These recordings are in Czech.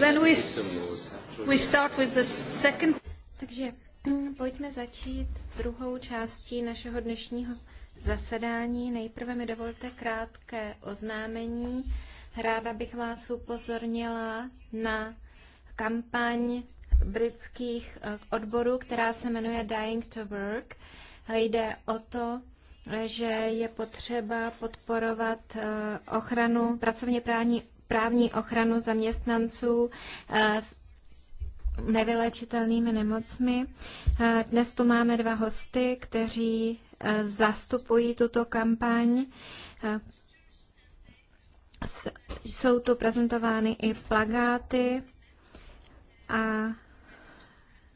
Then we, we start with the second... Takže mm, pojďme začít druhou částí našeho dnešního zasedání. Nejprve mi dovolte krátké oznámení. Ráda bych vás upozornila na kampaň britských eh, odborů, která se jmenuje Dying to Work. Jde o to, že je potřeba podporovat eh, ochranu, pracovně právní, právní ochranu zaměstnanců eh, s nevylečitelnými nemocmi. Eh, dnes tu máme dva hosty, kteří zastupují tuto kampaň. Jsou tu prezentovány i plagáty a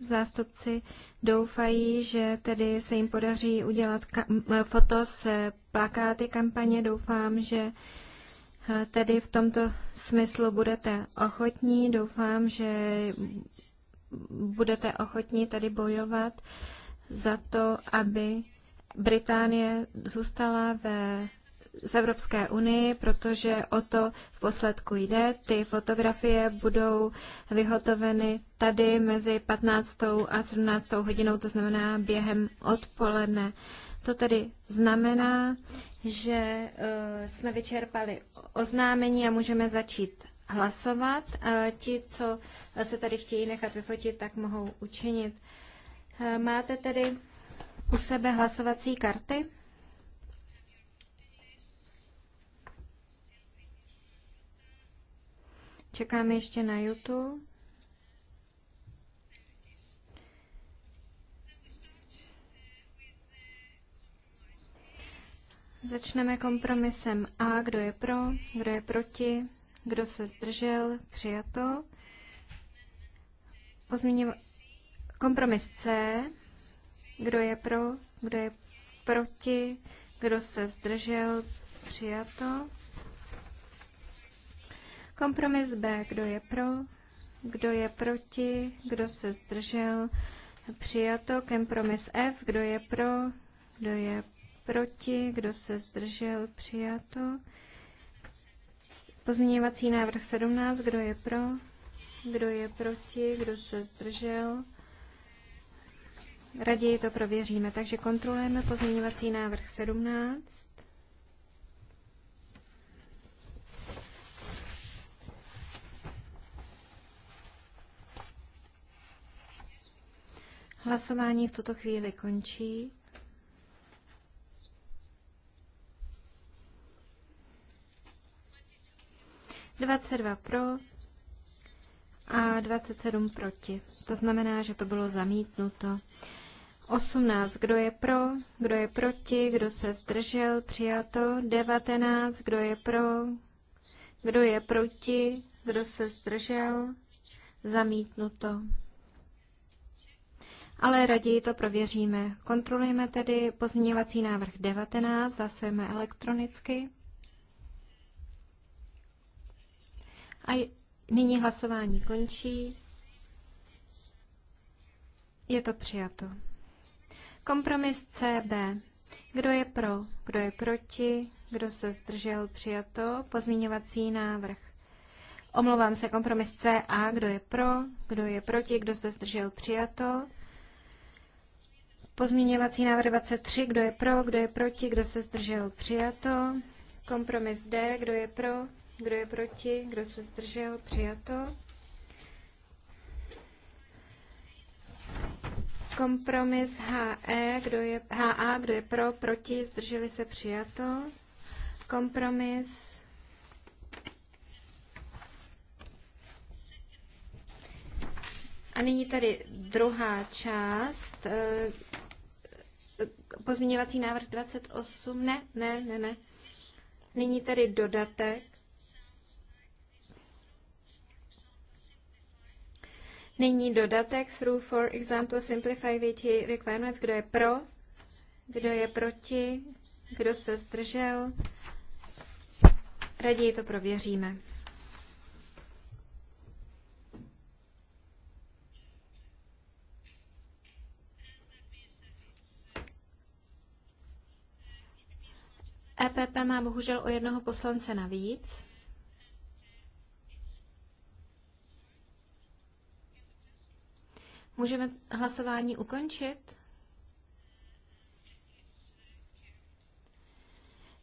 zástupci doufají, že tedy se jim podaří udělat foto z plakáty kampaně. Doufám, že eh, tedy v tomto smyslu budete ochotní. Doufám, že budete ochotní tady bojovat za to, aby Británie zůstala ve v Evropské unii, protože o to v posledku jde. Ty fotografie budou vyhotoveny tady mezi 15. a 17. hodinou, to znamená během odpoledne. To tedy znamená, že eh, jsme vyčerpali oznámení a můžeme začít hlasovat. Eh, ti, co se tady chtějí nechat vyfotit, tak mohou učinit. Eh, máte tedy u sebe hlasovací karty? Čekáme ještě na YouTube. Začneme kompromisem A, kdo je pro, kdo je proti, kdo se zdržel, přijato. Pozměním kompromis C, kdo je pro, kdo je proti, kdo se zdržel, přijato. Kompromis B, kdo je pro, kdo je proti, kdo se zdržel, přijato. Kompromis F, kdo je pro, kdo je proti, kdo se zdržel, přijato. Pozměňovací návrh 17, kdo je pro, kdo je proti, kdo se zdržel. Raději to prověříme, takže kontrolujeme pozměňovací návrh 17. Hlasování v tuto chvíli končí. Dvacet dva pro a 27 proti. To znamená, že to bylo zamítnuto. 18. Kdo je pro, kdo je proti, kdo se zdržel, přijato. 19. Kdo je pro, kdo je proti, kdo se zdržel, zamítnuto ale raději to prověříme. Kontrolujeme tedy pozměňovací návrh 19, zasujeme elektronicky. A nyní hlasování končí. Je to přijato. Kompromis CB. Kdo je pro, kdo je proti, kdo se zdržel, přijato. Pozměňovací návrh. Omlouvám se, kompromis CA. Kdo je pro, kdo je proti, kdo se zdržel, přijato. Pozměňovací návrh 23, kdo je pro, kdo je proti, kdo se zdržel, přijato. Kompromis D, kdo je pro, kdo je proti, kdo se zdržel, přijato. Kompromis HE, kdo je, HA, kdo je pro, proti, zdrželi se, přijato. Kompromis A nyní tady druhá část eh, pozměňovací návrh 28? Ne, ne, ne, ne. Nyní tedy dodatek. Nyní dodatek through, for example, simplify VAT requirements. Kdo je pro? Kdo je proti? Kdo se zdržel? Raději to prověříme. EPP má bohužel o jednoho poslance navíc. Můžeme hlasování ukončit?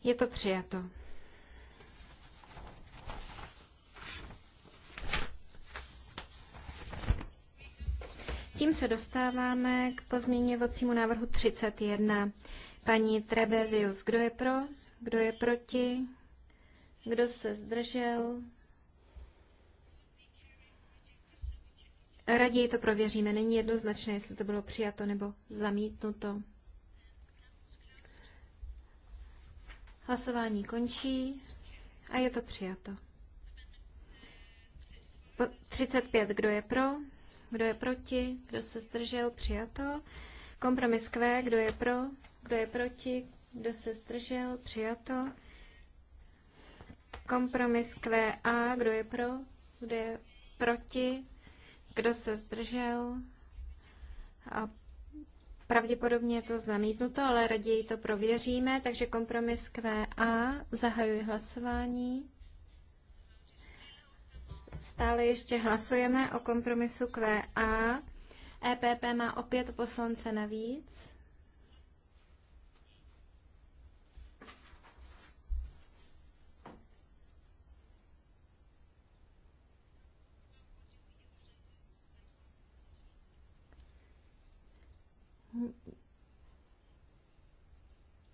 Je to přijato. Tím se dostáváme k pozměňovacímu návrhu 31. Paní Trebezius, kdo je pro? Kdo je proti? Kdo se zdržel? Raději to prověříme. Není jednoznačné, jestli to bylo přijato nebo zamítnuto. Hlasování končí a je to přijato. 35, kdo je pro, kdo je proti, kdo se zdržel, přijato. Kompromis Q, kdo je pro, kdo je proti, kdo se zdržel? Přijato. Kompromis QA. Kdo je pro? Kdo je proti? Kdo se zdržel? A pravděpodobně je to zamítnuto, ale raději to prověříme. Takže kompromis QA. Zahajuji hlasování. Stále ještě hlasujeme o kompromisu QA. EPP má opět poslance navíc.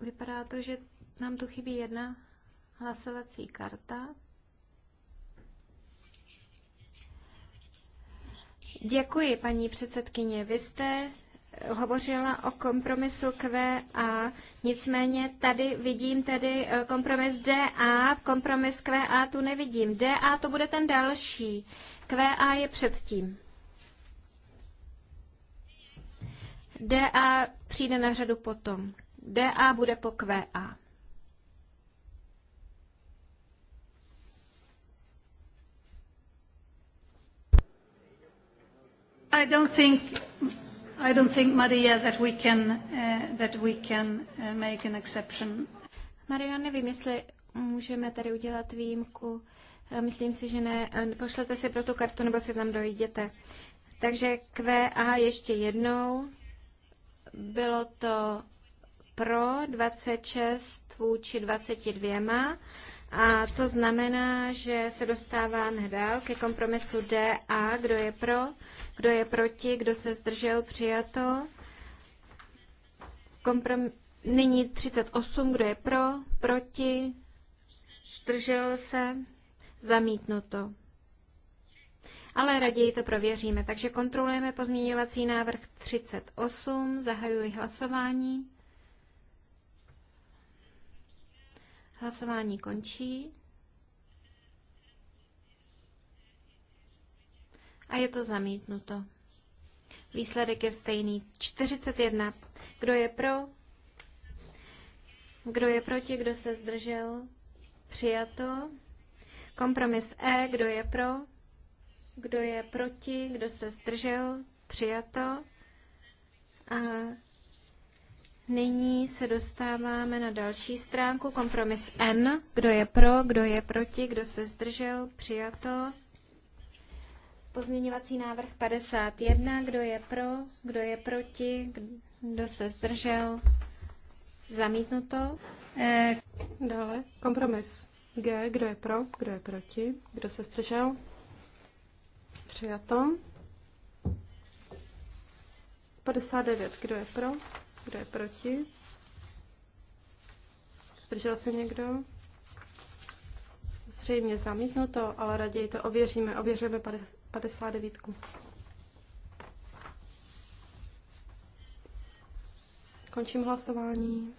Vypadá to, že nám tu chybí jedna hlasovací karta. Děkuji, paní předsedkyně. Vy jste hovořila o kompromisu Q a nicméně tady vidím tedy eh, kompromis DA, kompromis QA tu nevidím. DA to bude ten další, QA je předtím. DA přijde na řadu potom. DA bude po QA. I don't think I don't think, Maria, that we can uh, that we can uh, make an exception. Maria, nevím, jestli můžeme tady udělat výjimku. Myslím si, že ne. Pošlete si pro tu kartu, nebo si tam dojdete. Takže QA ještě jednou. Bylo to pro, 26 vůči 22. A to znamená, že se dostáváme dál ke kompromisu D a kdo je pro, kdo je proti, kdo se zdržel, přijato. Komprom- Nyní 38, kdo je pro, proti, zdržel se, zamítnuto. Ale raději to prověříme. Takže kontrolujeme pozměňovací návrh 38, zahajuji hlasování. Hlasování končí. A je to zamítnuto. Výsledek je stejný. 41. Kdo je pro? Kdo je proti? Kdo se zdržel? Přijato. Kompromis E. Kdo je pro? Kdo je proti? Kdo se zdržel? Přijato. A Nyní se dostáváme na další stránku, kompromis N. Kdo je pro, kdo je proti, kdo se zdržel, přijato. Pozměňovací návrh 51. Kdo je pro, kdo je proti, kdo se zdržel, zamítnuto. Eh. Dále kompromis G. Kdo je pro, kdo je proti, kdo se zdržel, přijato. 59. Kdo je pro? Kdo je proti? Zdržel se někdo? Zřejmě zamítnuto, ale raději to ověříme. Ověřujeme 59. Končím hlasování.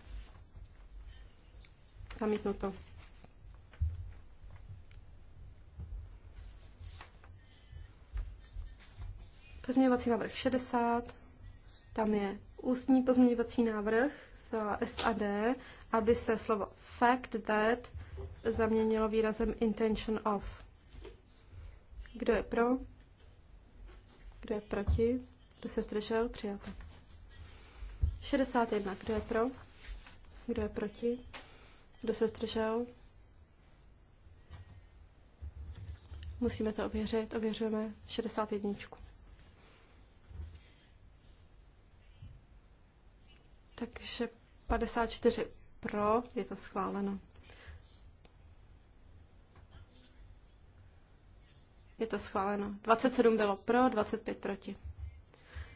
Zamítnuto. Pozměňovací návrh 60. Tam je ústní pozměňovací návrh za SAD, aby se slovo fact that zaměnilo výrazem intention of. Kdo je pro? Kdo je proti? Kdo se zdržel? Přijato. 61. Kdo je pro? Kdo je proti? Kdo se zdržel? Musíme to ověřit. Ověřujeme 61. Takže 54 pro, je to schváleno. Je to schváleno. 27 bylo pro, 25 proti.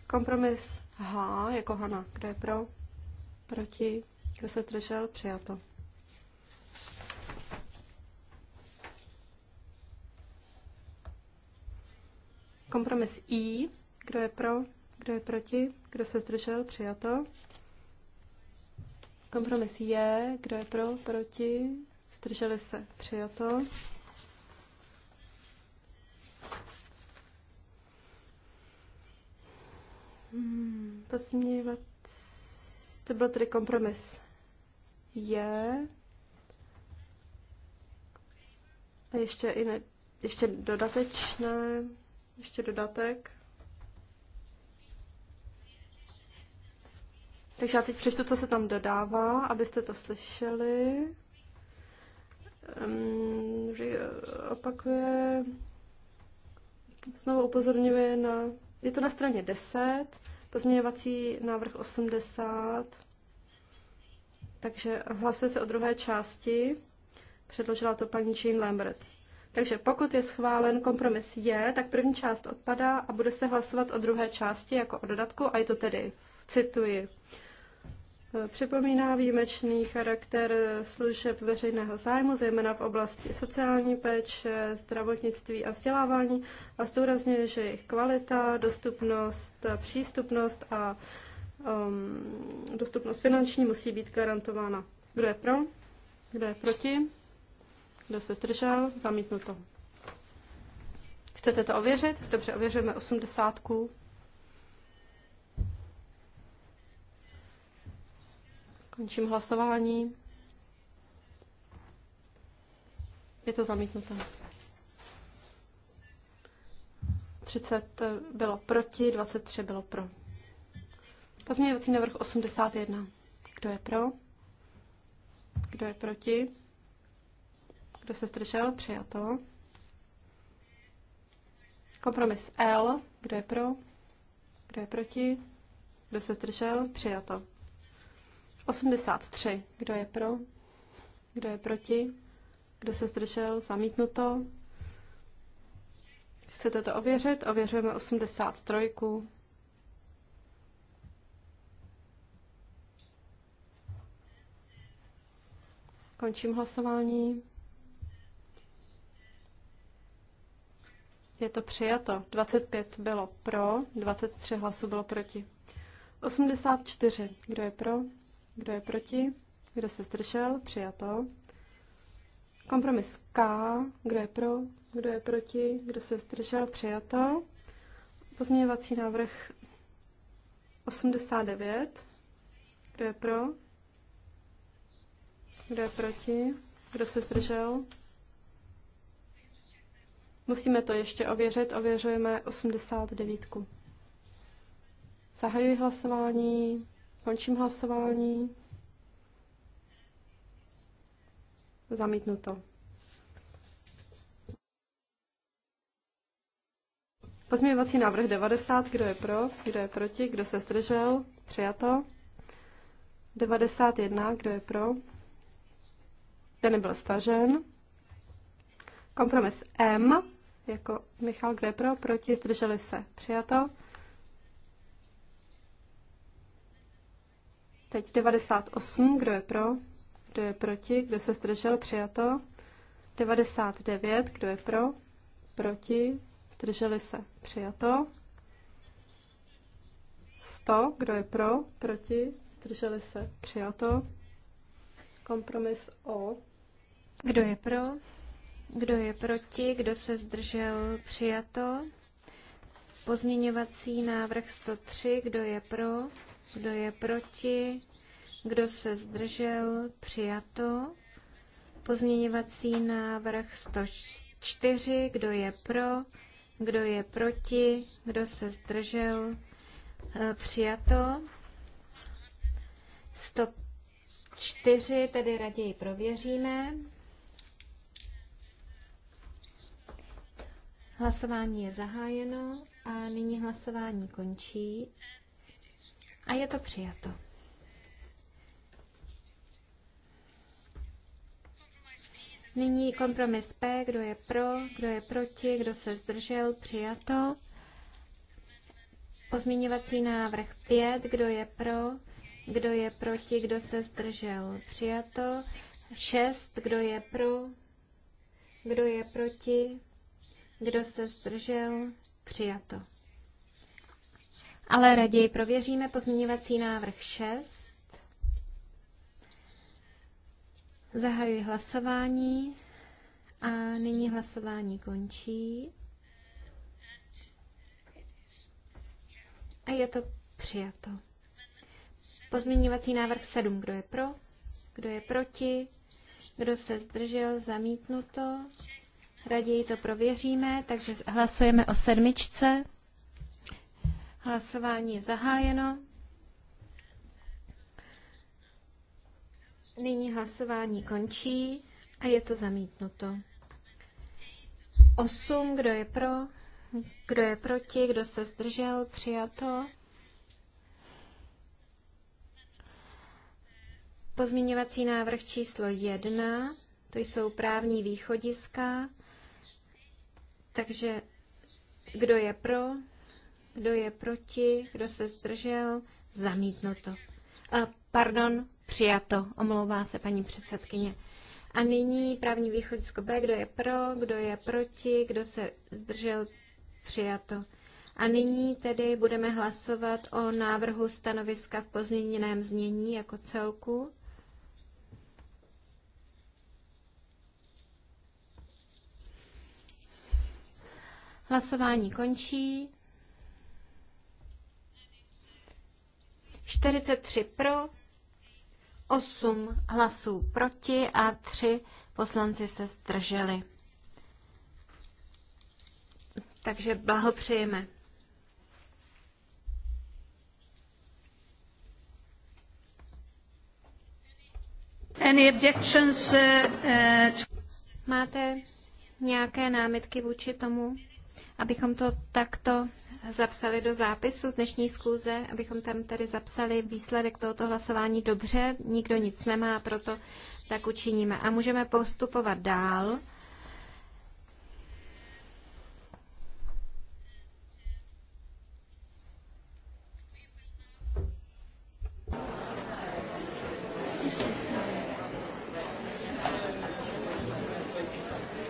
Kompromis H jako Hana. Kdo je pro? Proti. Kdo se zdržel? Přijato. Kompromis I. Kdo je pro? Kdo je proti? Kdo se zdržel? Přijato. Kompromis je, kdo je pro, proti, zdrželi se, přijato. Hmm, pozměňovat, to byl tedy kompromis je. A ještě, i ne, ještě dodatečné, ještě dodatek. Takže já teď přečtu, co se tam dodává, abyste to slyšeli. Um, opakuje, znovu upozorňuje na, je to na straně 10, pozměňovací návrh 80, takže hlasuje se o druhé části, předložila to paní Jean Lambert. Takže pokud je schválen kompromis je, tak první část odpadá a bude se hlasovat o druhé části jako o dodatku a je to tedy, cituji, Připomíná výjimečný charakter služeb veřejného zájmu, zejména v oblasti sociální péče, zdravotnictví a vzdělávání a zdůrazňuje, že jejich kvalita, dostupnost, přístupnost a um, dostupnost finanční musí být garantována. Kdo je pro? Kdo je proti? Kdo se zdržel? Zamítnuto. Chcete to ověřit? Dobře, ověřujeme osmdesátku. Končím hlasování. Je to zamítnuté. 30 eh, bylo proti, 23 bylo pro. Pozměňovací návrh 81. Kdo je pro? Kdo je proti? Kdo se zdržel? Přijato. Kompromis L. Kdo je pro? Kdo je proti? Kdo se zdržel? Přijato. 83. Kdo je pro? Kdo je proti? Kdo se zdržel? Zamítnuto. Chcete to ověřit? Ověřujeme 83. Končím hlasování. Je to přijato. 25 bylo pro, 23 hlasů bylo proti. 84. Kdo je pro? Kdo je proti? Kdo se zdržel? Přijato. Kompromis K. Kdo je pro? Kdo je proti? Kdo se zdržel? Přijato. Pozměňovací návrh 89. Kdo je pro? Kdo je proti? Kdo se zdržel? Musíme to ještě ověřit. Ověřujeme 89. Zahajuji hlasování. Končím hlasování. Zamítnuto. Pozměňovací návrh 90, kdo je pro, kdo je proti, kdo se zdržel, přijato. 91, kdo je pro, ten nebyl stažen. Kompromis M, jako Michal, kdo je pro, proti, zdrželi se, přijato. Teď 98, kdo je pro, kdo je proti, kdo se zdržel, přijato. 99, kdo je pro, proti, zdrželi se, přijato. 100, kdo je pro, proti, zdrželi se, přijato. Kompromis O. Kdo je pro, kdo je proti, kdo se zdržel, přijato. Pozměňovací návrh 103, kdo je pro, kdo je proti, kdo se zdržel, přijato. Pozměňovací návrh 104, kdo je pro, kdo je proti, kdo se zdržel, e, přijato. 104, tedy raději prověříme. Hlasování je zahájeno a nyní hlasování končí. A je to přijato. Nyní kompromis P, kdo je pro, kdo je proti, kdo se zdržel, přijato. Pozměňovací návrh 5, kdo je pro, kdo je proti, kdo se zdržel, přijato. 6, kdo je pro, kdo je proti, kdo se zdržel, přijato ale raději prověříme pozměňovací návrh 6. Zahajuji hlasování a nyní hlasování končí. A je to přijato. Pozměňovací návrh 7. Kdo je pro? Kdo je proti? Kdo se zdržel? Zamítnuto. Raději to prověříme, takže hlasujeme o sedmičce. Hlasování je zahájeno. Nyní hlasování končí a je to zamítnuto. 8. Kdo je pro? Kdo je proti? Kdo se zdržel? Přijato. Pozměňovací návrh číslo 1. To jsou právní východiska. Takže kdo je pro? kdo je proti, kdo se zdržel, zamítnuto. A, pardon, přijato, omlouvá se paní předsedkyně. A nyní právní východisko B, kdo je pro, kdo je proti, kdo se zdržel, přijato. A nyní tedy budeme hlasovat o návrhu stanoviska v pozměněném znění jako celku. Hlasování končí. 43 pro, 8 hlasů proti a 3 poslanci se strželi. Takže blahopřejeme. Any objections, uh, uh... Máte nějaké námitky vůči tomu, abychom to takto zapsali do zápisu z dnešní schůze, abychom tam tady zapsali výsledek tohoto hlasování dobře. Nikdo nic nemá, proto tak učiníme. A můžeme postupovat dál.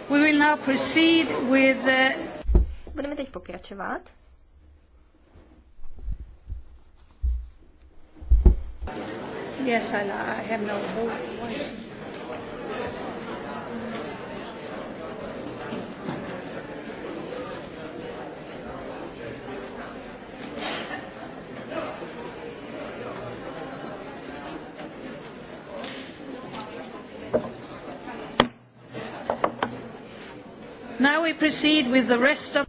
We will now proceed with the... Budeme teď pokračovat. Yes, I, I have no voice. Now we proceed with the rest of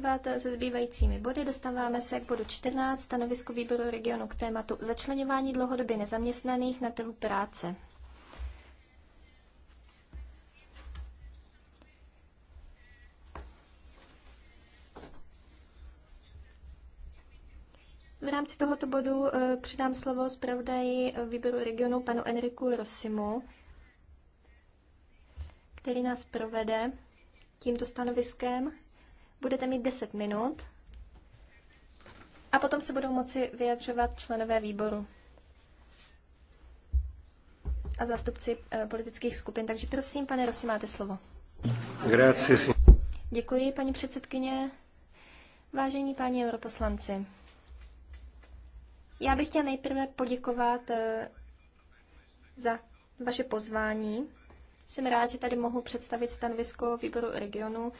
pokračovat se zbývajícími body. Dostáváme se k bodu 14, stanovisko výboru regionu k tématu začlenování dlouhodobě nezaměstnaných na trhu práce. V rámci tohoto bodu eh, přidám slovo zpravodaji eh, výboru regionu panu Enriku Rosimu, který nás provede tímto stanoviskem. Budete mít 10 minut a potom se budou moci vyjadřovat členové výboru a zástupci eh, politických skupin. Takže prosím, pane Rosi, máte slovo. Děkuji, paní předsedkyně. Vážení páni europoslanci, já bych chtěla nejprve poděkovat eh, za vaše pozvání. Jsem rád, že tady mohu představit stanovisko výboru regionu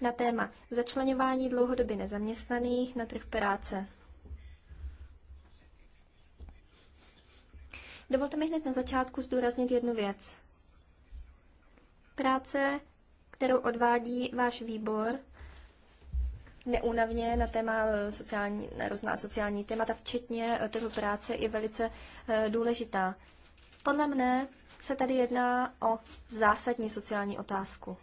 na téma začlenování dlouhodobě nezaměstnaných na trh práce. Dovolte mi hned na začátku zdůraznit jednu věc. Práce, kterou odvádí váš výbor neúnavně na téma eh, sociální, na různá sociální témata, včetně eh, trhu práce, je velice eh, důležitá. Podle mne se tady jedná o zásadní sociální otázku.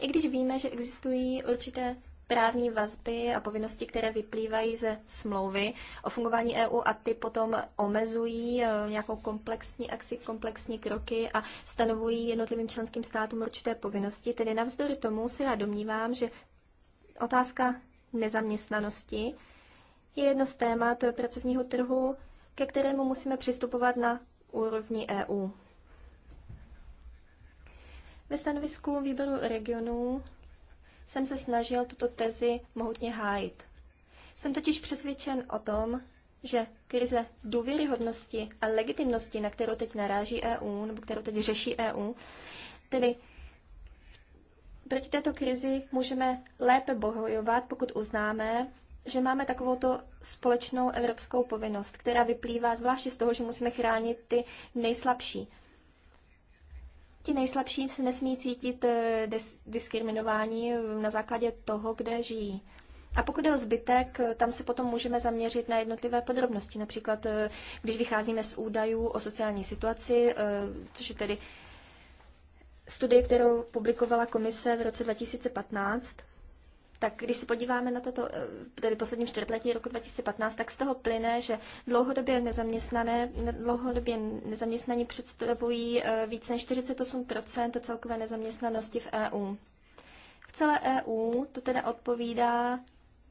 I když víme, že existují určité právní vazby a povinnosti, které vyplývají ze smlouvy o fungování EU a ty potom omezují eh, nějakou komplexní akci, komplexní kroky a stanovují jednotlivým členským státům určité povinnosti. Tedy navzdory tomu se já domnívám, že otázka nezaměstnanosti je jedno z témat pracovního trhu, ke kterému musíme přistupovat na úrovni EU. Ve stanovisku výboru regionů jsem se snažil tuto tezi mohutně hájit. Jsem totiž přesvědčen o tom, že krize důvěryhodnosti a legitimnosti, na kterou teď naráží EU, nebo kterou teď řeší EU, tedy proti této krizi můžeme lépe bojovat, pokud uznáme, že máme takovouto společnou evropskou povinnost, která vyplývá zvláště z toho, že musíme chránit ty nejslabší. Ti nejslabší se nesmí cítit eh, diskriminování na základě toho, kde žijí. A pokud je o zbytek, eh, tam se potom můžeme zaměřit na jednotlivé podrobnosti. Například, eh, když vycházíme z údajů o sociální situaci, což je tedy studie, kterou publikovala komise v roce 2015, tak když se podíváme na toto, eh, tedy poslední čtvrtletí roku 2015, tak z toho plyne, že dlouhodobě nezaměstnané, dlouhodobě nezaměstnaní představují eh, více než 48 celkové nezaměstnanosti v EU. V celé EU to teda odpovídá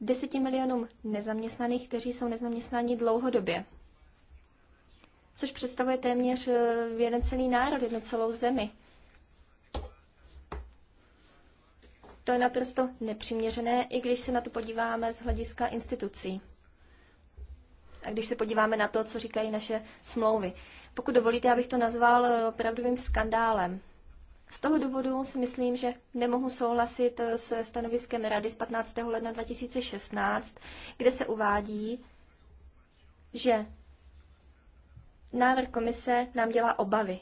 10 milionům nezaměstnaných, kteří jsou nezaměstnaní dlouhodobě. Což představuje téměř eh, jeden celý národ, jednu celou zemi. To je naprosto nepřiměřené, i když se na to podíváme z hlediska institucí. A když se podíváme na to, co říkají naše smlouvy. Pokud dovolíte, abych to nazval eh, opravdovým skandálem. Z toho důvodu si myslím, že nemohu souhlasit eh, se stanoviskem Rady z 15. ledna 2016, kde se uvádí, že návrh komise nám dělá obavy.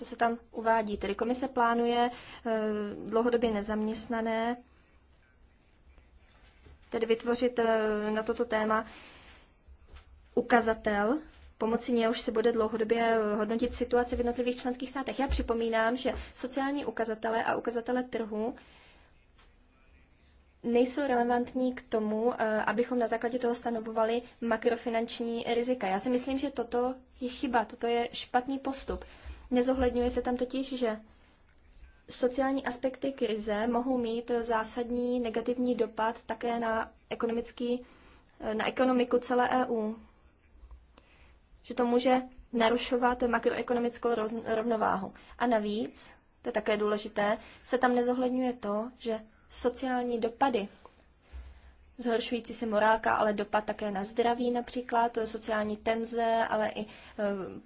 To se tam uvádí. Tedy komise plánuje eh, dlouhodobě nezaměstnané, tedy vytvořit eh, na toto téma ukazatel, pomocí něhož se bude dlouhodobě eh, hodnotit situace v jednotlivých členských státech. Já připomínám, že sociální ukazatele a ukazatele trhu nejsou relevantní k tomu, abychom na základě toho stanovovali makrofinanční rizika. Já si myslím, že toto je chyba, toto je špatný postup. Nezohledňuje se tam totiž, že sociální aspekty krize mohou mít zásadní negativní dopad také na, ekonomický, na ekonomiku celé EU. Že to může narušovat makroekonomickou rovnováhu. A navíc, to je také důležité, se tam nezohledňuje to, že sociální dopady zhoršující se morálka, ale dopad také na zdraví například, to je sociální tenze, ale i e,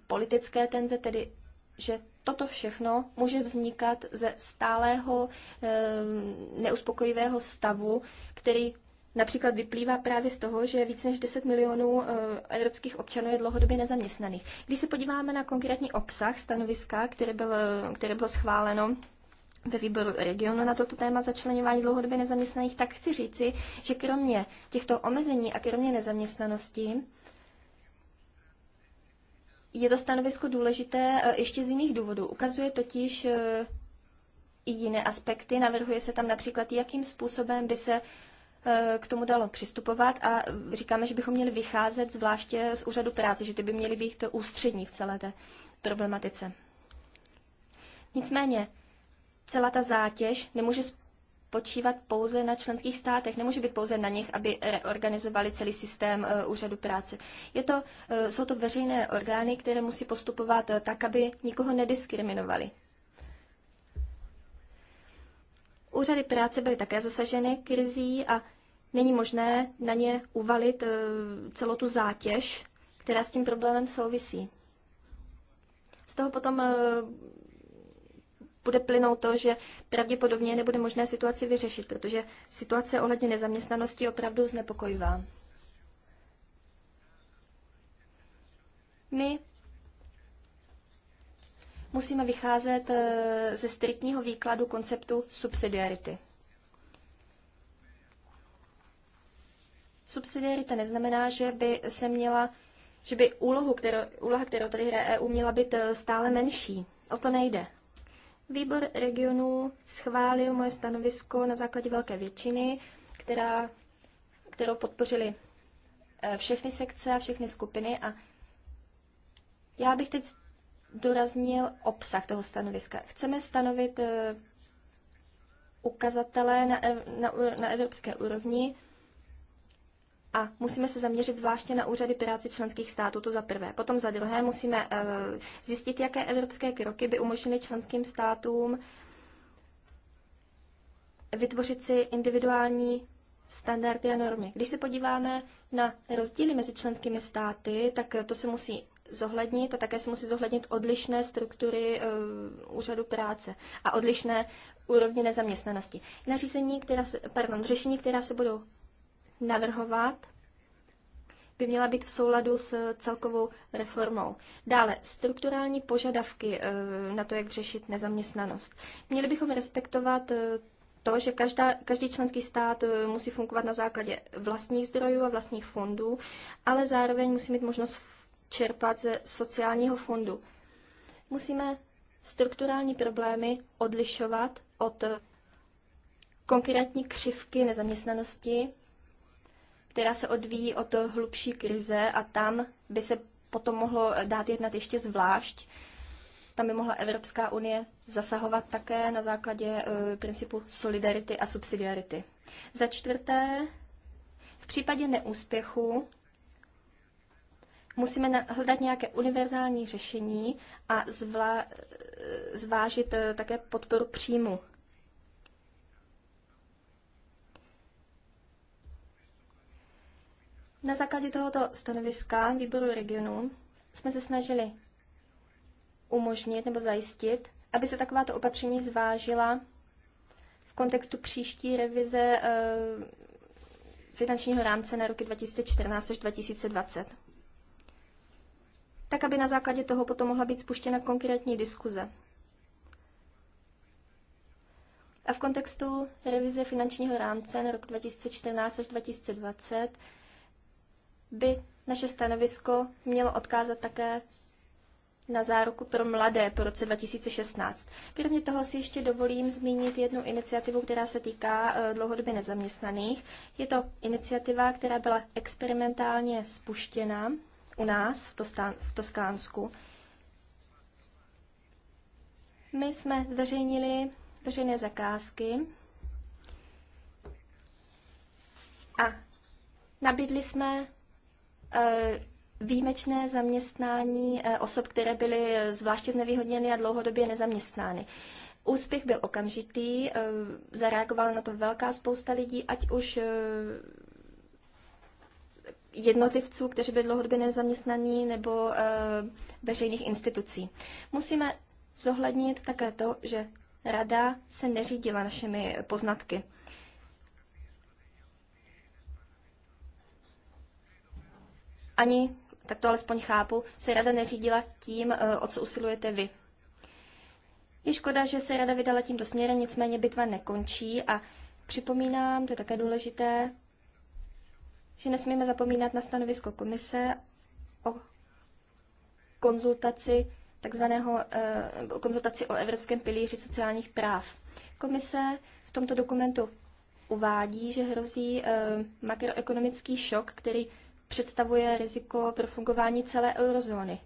politické tenze, tedy že toto všechno může vznikat ze stálého neuspokojivého stavu, který například vyplývá právě z toho, že více než 10 milionů eh, evropských občanů je dlouhodobě nezaměstnaných. Když se podíváme na konkrétní obsah stanoviska, které bylo, které bylo schváleno ve výboru regionu na toto téma začlenování dlouhodobě nezaměstnaných, tak chci říci, že kromě těchto omezení a kromě nezaměstnanosti je to stanovisko důležité e, ještě z jiných důvodů. Ukazuje totiž e, i jiné aspekty. Navrhuje se tam například, jakým způsobem by se e, k tomu dalo přistupovat a říkáme, že bychom měli vycházet zvláště z úřadu práce, že ty by měly být to ústřední v celé té problematice. Nicméně, celá ta zátěž nemůže spočívat pouze na členských státech, nemůže být pouze na nich, aby reorganizovali celý systém eh, úřadu práce. Je to, eh, jsou to veřejné orgány, které musí postupovat eh, tak, aby nikoho nediskriminovali. Úřady práce byly také zasaženy krizí a není možné na ně uvalit celou tu zátěž, která s tím problémem souvisí. Z toho potom bude plynout to, že pravděpodobně nebude možné situaci vyřešit, protože situace ohledně nezaměstnanosti je opravdu znepokojivá. My musíme vycházet eh, ze striktního výkladu konceptu subsidiarity. Subsidiarita neznamená, že by se měla, že by úlohu, kterou, úloha, kterou tady hraje EU, měla být eh, stále menší. O to nejde. Výbor regionů schválil moje stanovisko na základě velké většiny, která, kterou podpořili eh, všechny sekce a všechny skupiny a já bych teď doraznil obsah toho stanoviska. Chceme stanovit eh, ukazatele na, na, na evropské úrovni, a musíme se zaměřit zvláště na úřady práce členských států, to za prvé. Potom za druhé musíme eh, zjistit, jaké evropské kroky by umožnily členským státům vytvořit si individuální standardy a normy. Když se podíváme na rozdíly mezi členskými státy, tak to se musí zohlednit a také se musí zohlednit odlišné struktury uh, úřadu práce a odlišné úrovně nezaměstnanosti. Nařízení, která se, pardon, řešení, která se budou navrhovat, by měla být v souladu s celkovou reformou. Dále, strukturální požadavky eh, na to, jak řešit nezaměstnanost. Měli bychom respektovat eh, to, že každá, každý členský stát eh, musí fungovat na základě vlastních zdrojů a vlastních fondů, ale zároveň musí mít možnost čerpat ze sociálního fondu. Musíme strukturální problémy odlišovat od konkrétní křivky nezaměstnanosti která se odvíjí od hlubší krize a tam by se potom mohlo dát jednat ještě zvlášť. Tam by mohla Evropská unie zasahovat také na základě eh, principu solidarity a subsidiarity. Za čtvrté, v případě neúspěchu musíme hledat nějaké univerzální řešení a zvla, eh, zvážit eh, také podporu příjmu Na základě tohoto stanoviska výboru regionu jsme se snažili umožnit nebo zajistit, aby se takováto opatření zvážila v kontextu příští revize eh, finančního rámce na roky 2014 až 2020. Tak, aby na základě toho potom mohla být spuštěna konkrétní diskuze. A v kontextu revize finančního rámce na rok 2014 až 2020 by naše stanovisko mělo odkázat také na záruku pro mladé po roce 2016. Kromě toho si ještě dovolím zmínit jednu iniciativu, která se týká eh, dlouhodobě nezaměstnaných. Je to iniciativa, která byla experimentálně spuštěna u nás v, Tostán, v Toskánsku. My jsme zveřejnili veřejné zakázky a nabídli jsme Eh, výjimečné zaměstnání eh, osob, které byly eh, zvláště znevýhodněny a dlouhodobě nezaměstnány. Úspěch byl okamžitý, zareagovala na to velká spousta lidí, ať už jednotlivců, kteří byli dlouhodobě nezaměstnaní, nebo veřejných institucí. Musíme zohlednit také to, že rada se neřídila našimi poznatky. ani, tak to alespoň chápu, se rada neřídila tím, eh, o co usilujete vy. Je škoda, že se rada vydala tímto směrem, nicméně bitva nekončí a připomínám, to je také důležité, že nesmíme zapomínat na stanovisko komise o konzultaci takzvaného eh, konzultaci o Evropském pilíři sociálních práv. Komise v tomto dokumentu uvádí, že hrozí eh, makroekonomický šok, který představuje riziko pro fungování celé eurozóny.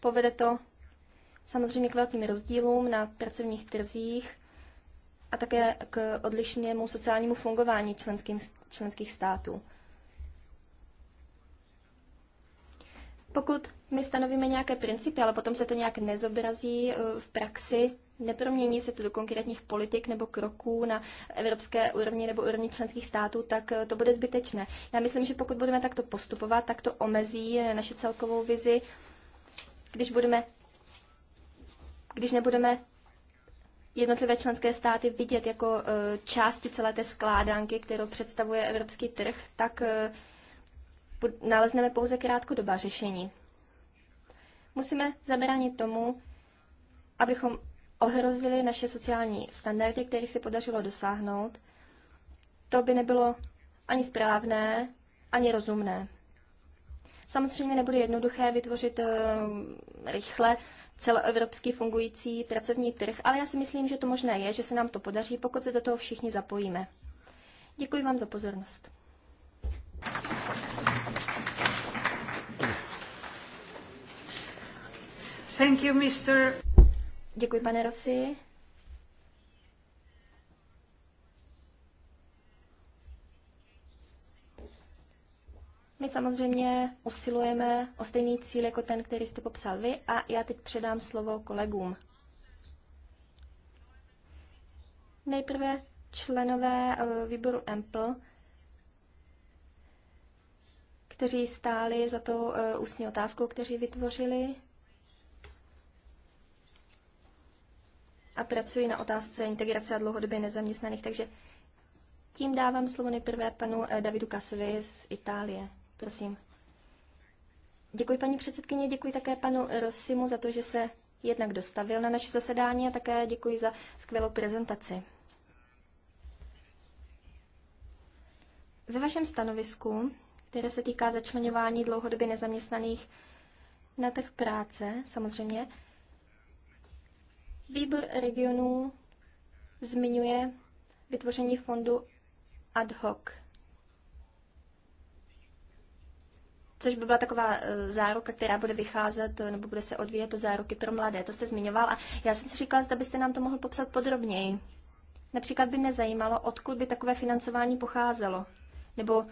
Povede to samozřejmě k velkým rozdílům na pracovních trzích a také k odlišnému sociálnímu fungování členským, členských států. Pokud my stanovíme nějaké principy, ale potom se to nějak nezobrazí eh, v praxi, nepromění se to do konkrétních politik nebo kroků na evropské úrovni nebo úrovni členských států, tak eh, to bude zbytečné. Já myslím, že pokud budeme takto postupovat, tak to omezí eh, naši celkovou vizi, když budeme když nebudeme jednotlivé členské státy vidět jako eh, části celé té skládánky, kterou představuje evropský trh, tak nalezneme pouze krátkodobá řešení. Musíme zabránit tomu, abychom ohrozily naše sociální standardy, které se podařilo dosáhnout, to by nebylo ani správné, ani rozumné. Samozřejmě nebude jednoduché vytvořit eh, rychle celoevropský fungující pracovní trh, ale já si myslím, že to možné je, že se nám to podaří, pokud se do toho všichni zapojíme. Děkuji vám za pozornost. Thank you, Mr. Děkuji, pane Rosy. My samozřejmě usilujeme o stejný cíl jako ten, který jste popsal vy a já teď předám slovo kolegům. Nejprve členové eh, výboru EMPL, kteří stáli za tou eh, ústní otázkou, kteří vytvořili a pracuji na otázce integrace a dlouhodobě nezaměstnaných. Takže tím dávám slovo nejprve panu eh, Davidu Kasovi z Itálie. Prosím. Děkuji paní předsedkyně, děkuji také panu Rossimu za to, že se jednak dostavil na naše zasedání a také děkuji za skvělou prezentaci. Ve vašem stanovisku, které se týká začlenování dlouhodobě nezaměstnaných na trh práce, samozřejmě, Výbor regionů zmiňuje vytvoření fondu ad hoc, což by byla taková e, záruka, která bude vycházet e, nebo bude se odvíjet od záruky pro mladé. To jste zmiňoval a já jsem si říkala, zda byste nám to mohl popsat podrobněji. Například by mě zajímalo, odkud by takové financování pocházelo, nebo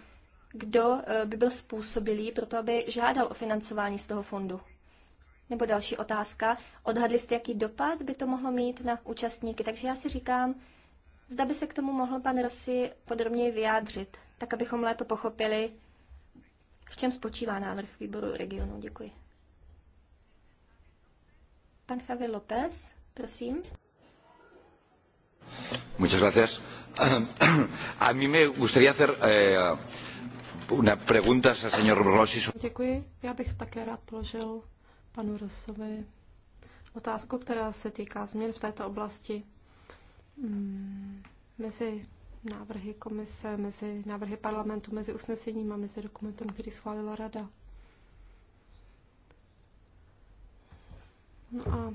kdo e, by byl způsobilý pro to, aby žádal o financování z toho fondu. Nebo další otázka, odhadli jste, jaký dopad by to mohlo mít na účastníky? Takže já si říkám, zda by se k tomu mohl pan Rossi podrobněji vyjádřit, tak abychom lépe pochopili, v čem spočívá návrh výboru regionu. Děkuji. Pan Javier López, prosím. Muchas gracias. A mí me gustaría hacer eh, una pregunta al señor Rossi. Děkuji. Já bych také rád položil panu Rosovi otázku, která se týká změn v této oblasti. Mm, mezi návrhy komise, mezi návrhy parlamentu, mezi usnesením a mezi dokumentem, který schválila rada. No a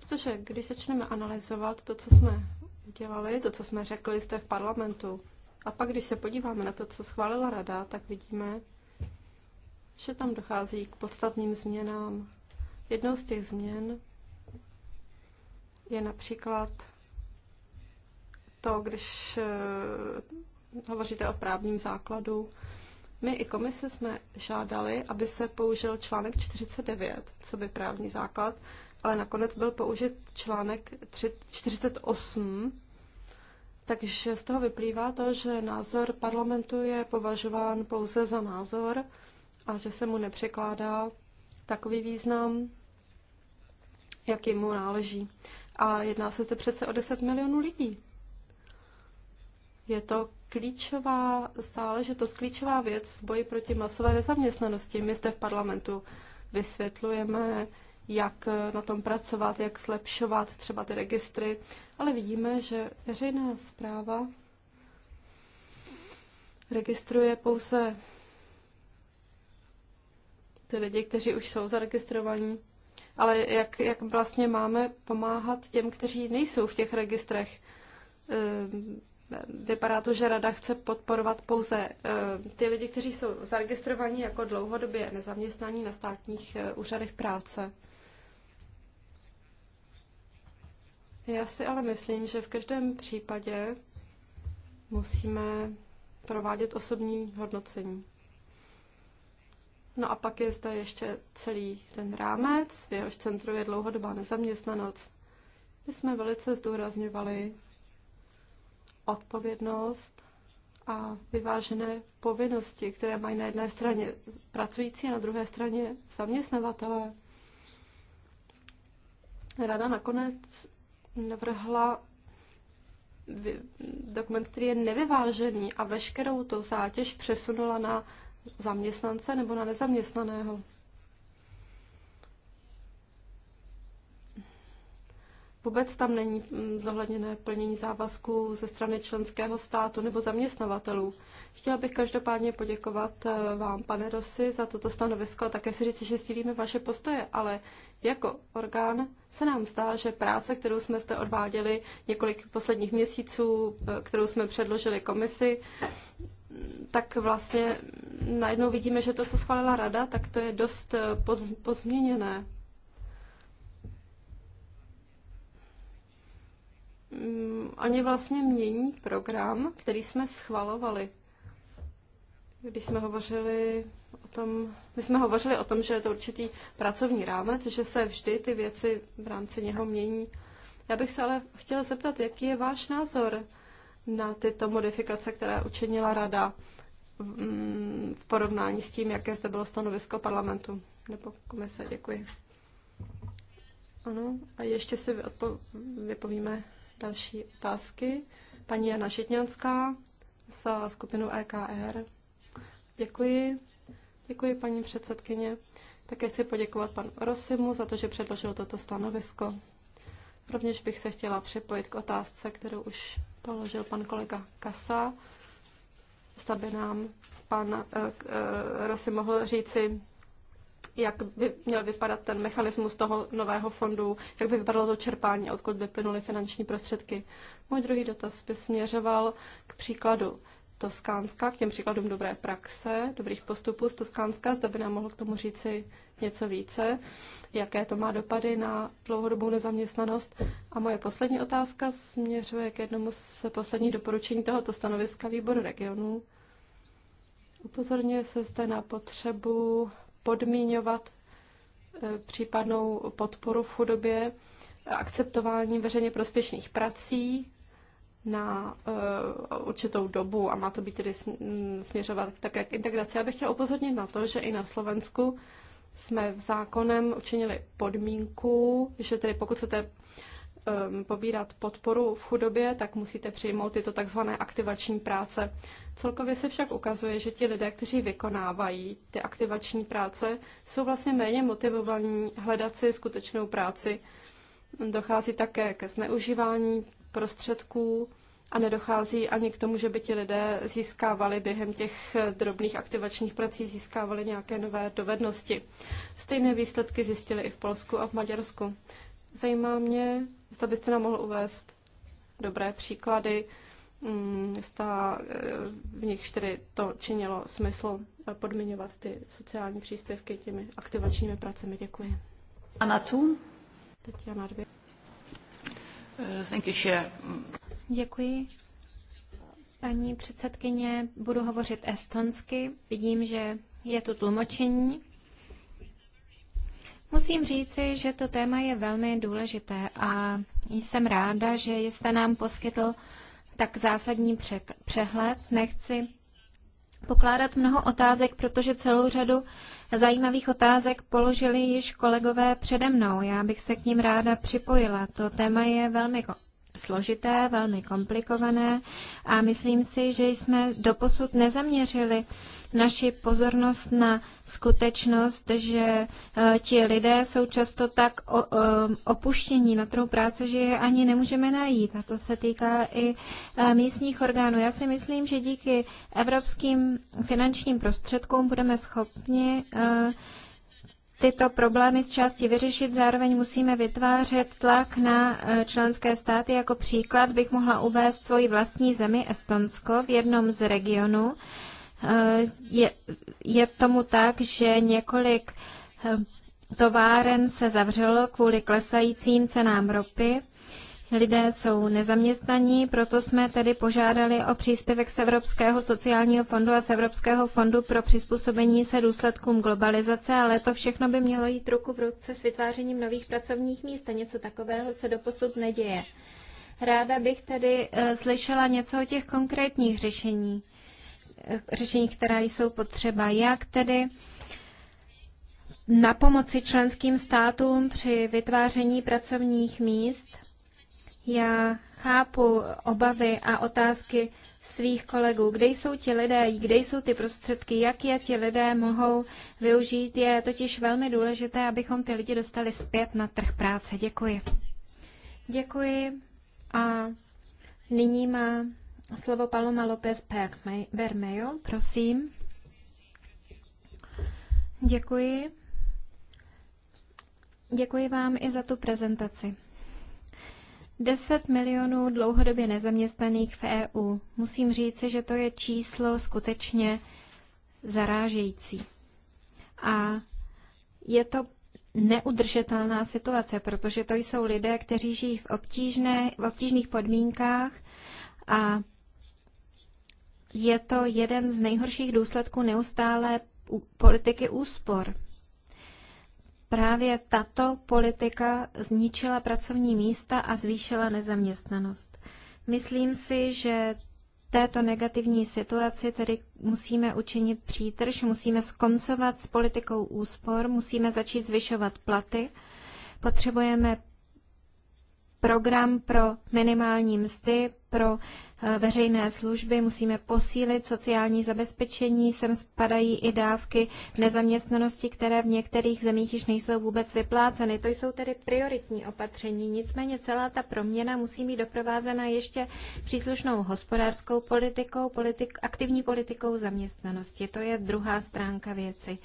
protože když začneme analyzovat to, co jsme udělali, to, co jsme řekli jste v parlamentu, a pak když se podíváme na to, co schválila rada, tak vidíme, že tam dochází k podstatným změnám. Jednou z těch změn je například to, když eh, hovoříte o právním základu. My i komise jsme žádali, aby se použil článek 49, co by právní základ, ale nakonec byl použit článek 48, takže z toho vyplývá to, že názor parlamentu je považován pouze za názor a že se mu nepřekládá takový význam, jaký mu náleží. A jedná se zde přece o 10 milionů lidí. Je to klíčová záležitost, klíčová věc v boji proti masové nezaměstnanosti. My zde v parlamentu vysvětlujeme, jak na tom pracovat, jak zlepšovat třeba ty registry, ale vidíme, že veřejná zpráva registruje pouze ty lidi, kteří už jsou zaregistrovaní. Ale jak, jak vlastně máme pomáhat těm, kteří nejsou v těch registrech? Ehm, vypadá to, že rada chce podporovat pouze ehm, ty lidi, kteří jsou zaregistrovaní jako dlouhodobě nezaměstnaní na státních eh, úřadech práce. Já si ale myslím, že v každém případě musíme provádět osobní hodnocení. No a pak je zde ještě celý ten rámec, v jehož centru je dlouhodobá nezaměstnanost. My jsme velice zdůrazňovali odpovědnost a vyvážené povinnosti, které mají na jedné straně pracující a na druhé straně zaměstnavatele. Rada nakonec navrhla dokument, který je nevyvážený a veškerou to zátěž přesunula na zaměstnance nebo na nezaměstnaného. Vůbec tam není mm, zohledněné plnění závazků ze strany členského státu nebo zaměstnavatelů. Chtěla bych každopádně poděkovat eh, vám, pane Rosy, za toto stanovisko a také si říci, že sdílíme vaše postoje, ale jako orgán se nám zdá, že práce, kterou jsme zde odváděli několik posledních měsíců, eh, kterou jsme předložili komisi, tak vlastně najednou vidíme, že to, co schválila rada, tak to je dost eh, poz, pozměněné. Mm, oni vlastně mění program, který jsme schvalovali. Když jsme hovořili o tom, my jsme hovořili o tom, že je to určitý pracovní rámec, že se vždy ty věci v rámci něho mění. Já bych se ale chtěla zeptat, jaký je váš názor? na tyto modifikace, které učinila rada mm, v porovnání s tím, jaké zde bylo stanovisko parlamentu nebo komise. Děkuji. Ano, a ještě si vypovíme další otázky. Paní Jana Šitňanská za skupinu EKR. Děkuji. Děkuji, paní předsedkyně. Také chci poděkovat panu Rosimu za to, že předložil toto stanovisko. Rovněž bych se chtěla připojit k otázce, kterou už položil pan kolega Kasa, zda by nám pan eh, eh Rosy mohl říci, jak by měl vypadat ten mechanismus toho nového fondu, jak by vypadalo to čerpání, odkud by plynuly finanční prostředky. Můj druhý dotaz by směřoval k příkladu Toskánska, k těm příkladům dobré praxe, dobrých postupů z Toskánska. Zda by nám mohl k tomu říci něco více, jaké to má dopady na dlouhodobou nezaměstnanost. A moje poslední otázka směřuje k jednomu z posledních doporučení tohoto stanoviska výboru regionů. Upozorňuje se zde na potřebu podmíňovat eh, případnou podporu v chudobě akceptování veřejně prospěšných prací na uh, určitou dobu a má to být tedy mm, směřovat také k integraci. Já bych chtěla upozornit na to, že i na Slovensku jsme v zákonem učinili podmínku, že tedy pokud chcete um, pobírat podporu v chudobě, tak musíte přijmout tyto takzvané aktivační práce. Celkově se však ukazuje, že ti lidé, kteří vykonávají ty aktivační práce, jsou vlastně méně motivovaní hledat si skutečnou práci. Dochází také ke zneužívání prostředků a nedochází ani k tomu, že by ti lidé získávali během těch drobných aktivačních prací, získávali nějaké nové dovednosti. Stejné výsledky zjistili i v Polsku a v Maďarsku. Zajímá mě, zda byste nám mohl uvést dobré příklady, mm, zda eh, v nich tedy to činilo smysl eh, podmiňovat ty sociální příspěvky těmi aktivačními pracemi. Děkuji. A na tu? Teď já na dvě. Děkuji. Paní předsedkyně, budu hovořit estonsky. Vidím, že je tu tlumočení. Musím říci, že to téma je velmi důležité a jsem ráda, že jste nám poskytl tak zásadní přehled. Nechci pokládat mnoho otázek, protože celou řadu zajímavých otázek položili již kolegové přede mnou. Já bych se k ním ráda připojila. To téma je velmi složité, velmi komplikované a myslím si, že jsme doposud nezaměřili naši pozornost na skutečnost, že eh, ti lidé jsou často tak eh, opuštění na trhu práce, že je ani nemůžeme najít. A to se týká i eh, místních orgánů. Já si myslím, že díky evropským finančním prostředkům budeme schopni tyto problémy z části vyřešit. Zároveň musíme vytvářet tlak na e, členské státy. Jako příklad bych mohla uvést svoji vlastní zemi Estonsko v jednom z regionů. E, je, je tomu tak, že několik e, továren se zavřelo kvůli klesajícím cenám ropy lidé jsou nezaměstnaní, proto jsme tedy požádali o příspěvek z Evropského sociálního fondu a z Evropského fondu pro přizpůsobení se důsledkům globalizace, ale to všechno by mělo jít ruku v ruce s vytvářením nových pracovních míst a něco takového se doposud neděje. Ráda bych tedy eh, slyšela něco o těch konkrétních řešení, eh, řešení, která jsou potřeba. Jak tedy na pomoci členským státům při vytváření pracovních míst já chápu obavy a otázky svých kolegů. Kde jsou ti lidé, kde jsou ty prostředky, jak je ti lidé mohou využít. Je totiž velmi důležité, abychom ty lidi dostali zpět na trh práce. Děkuji. Děkuji a nyní má slovo Paloma López Bermejo. Prosím. Děkuji. Děkuji vám i za tu prezentaci. 10 milionů dlouhodobě nezaměstnaných v EU. Musím říci, že to je číslo skutečně zarážející. A je to neudržitelná situace, protože to jsou lidé, kteří žijí v, obtížné, v obtížných podmínkách a je to jeden z nejhorších důsledků neustále politiky úspor právě tato politika zničila pracovní místa a zvýšila nezaměstnanost. Myslím si, že této negativní situaci tedy musíme učinit přítrž, musíme skoncovat s politikou úspor, musíme začít zvyšovat platy, potřebujeme program pro minimální mzdy, pro Eh, veřejné služby, musíme posílit sociální zabezpečení, sem spadají i dávky nezaměstnanosti, které v některých zemích již nejsou vůbec vypláceny. To jsou tedy prioritní opatření, nicméně celá ta proměna musí být doprovázena ještě příslušnou hospodářskou politikou, politik, aktivní politikou zaměstnanosti. To je druhá stránka věci.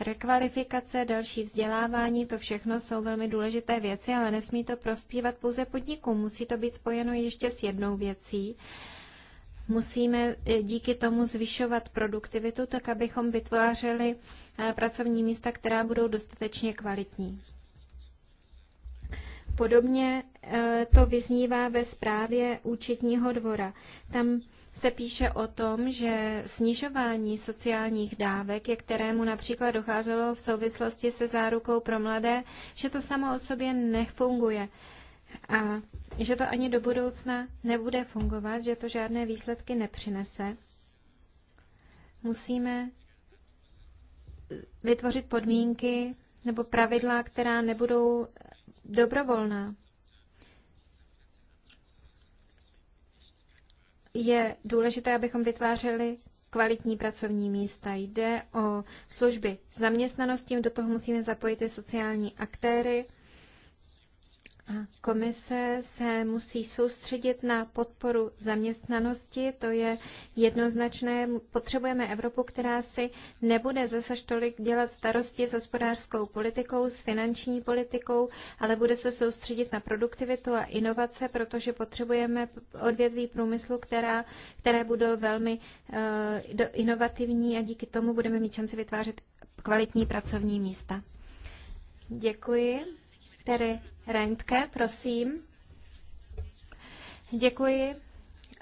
Rekvalifikace, další vzdělávání, to všechno jsou velmi důležité věci, ale nesmí to prospívat pouze podnikům. Musí to být spojeno ještě s jednou věcí, Musíme e, díky tomu zvyšovat produktivitu, tak abychom vytvářeli e, pracovní místa, která budou dostatečně kvalitní. Podobně e, to vyznívá ve zprávě účetního dvora. Tam se píše o tom, že snižování sociálních dávek, ke kterému například docházelo v souvislosti se zárukou pro mladé, že to samo o sobě nefunguje a že to ani do budoucna nebude fungovat, že to žádné výsledky nepřinese. Musíme vytvořit podmínky nebo pravidla, která nebudou dobrovolná. Je důležité, abychom vytvářeli kvalitní pracovní místa. Jde o služby zaměstnanosti, do toho musíme zapojit i sociální aktéry. Komise se musí soustředit na podporu zaměstnanosti, to je jednoznačné. Potřebujeme Evropu, která si nebude zase tolik dělat starosti s hospodářskou politikou, s finanční politikou, ale bude se soustředit na produktivitu a inovace, protože potřebujeme odvětví průmyslu, která, které budou velmi uh, inovativní a díky tomu budeme mít šanci vytvářet kvalitní pracovní místa. Děkuji. Tedy Rentke, prosím. Děkuji.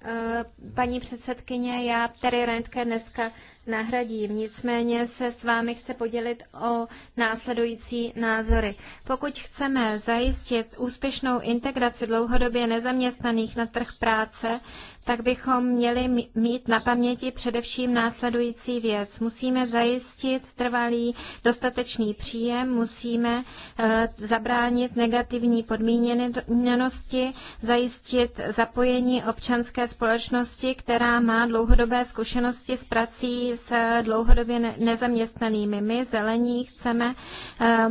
Eh, paní předsedkyně, já tady Rentke dneska nahradím. Nicméně se s vámi chce podělit o následující názory. Pokud chceme zajistit úspěšnou integraci dlouhodobě nezaměstnaných na trh práce, tak bychom měli mít na paměti především následující věc. Musíme zajistit trvalý dostatečný příjem, musíme eh, zabránit negativní podmíněnosti, zajistit zapojení občanské společnosti, která má dlouhodobé zkušenosti s prací s dlouhodobě nezaměstnanými. My zelení chceme eh,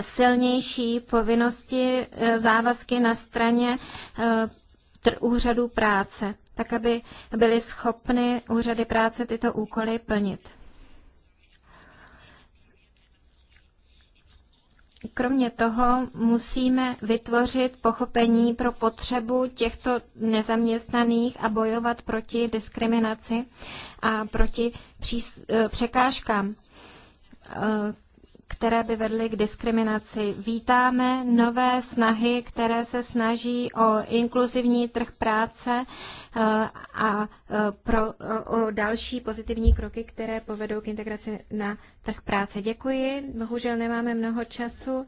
silnější povinnosti, eh, závazky na straně eh, úřadů práce, tak aby byly schopny úřady práce tyto úkoly plnit. Kromě toho musíme vytvořit pochopení pro potřebu těchto nezaměstnaných a bojovat proti diskriminaci a proti eh, překážkám, eh, které by vedly k diskriminaci. Vítáme nové snahy, které se snaží o inkluzivní trh práce eh, a eh, pro, eh, o další pozitivní kroky, které povedou k integraci na trh práce. Děkuji. Bohužel nemáme mnoho času.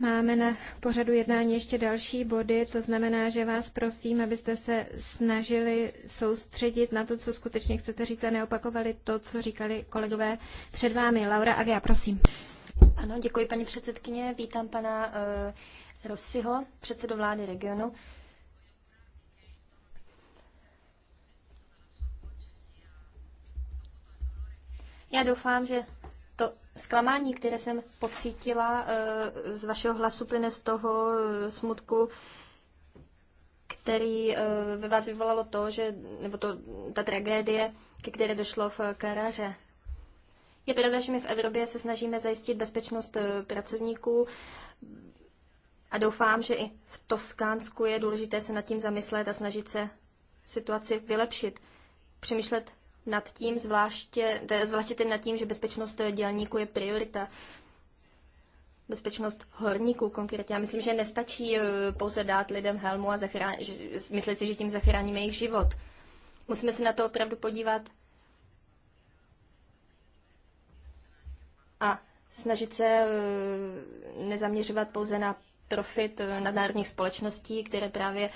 Máme na pořadu jednání ještě další body, to znamená, že vás prosím, abyste se snažili soustředit na to, co skutečně chcete říct a neopakovali to, co říkali kolegové před vámi. Laura Agia, prosím. Ano, děkuji paní předsedkyně. Vítám pana uh, Rossiho, předsedu vlády regionu. Já doufám, že Zklamání, které jsem pocítila eh, z vašeho hlasu, plyne z toho eh, smutku, který eh, ve vás vyvolalo to, že, nebo to, ta tragédie, ke které došlo v Karaře. Je pravda, že my v Evropě se snažíme zajistit bezpečnost pracovníků a doufám, že i v Toskánsku je důležité se nad tím zamyslet a snažit se situaci vylepšit. Přemýšlet nad tím, zvláště, zvláště tedy nad tím, že bezpečnost dělníků je priorita. Bezpečnost horníků konkrétně. Já myslím, že nestačí eh, pouze dát lidem helmu a zachrán, myslet si, že tím zachráníme jejich život. Musíme se na to opravdu podívat a snažit se eh, nezaměřovat pouze na profit eh, nadnárodních společností, které právě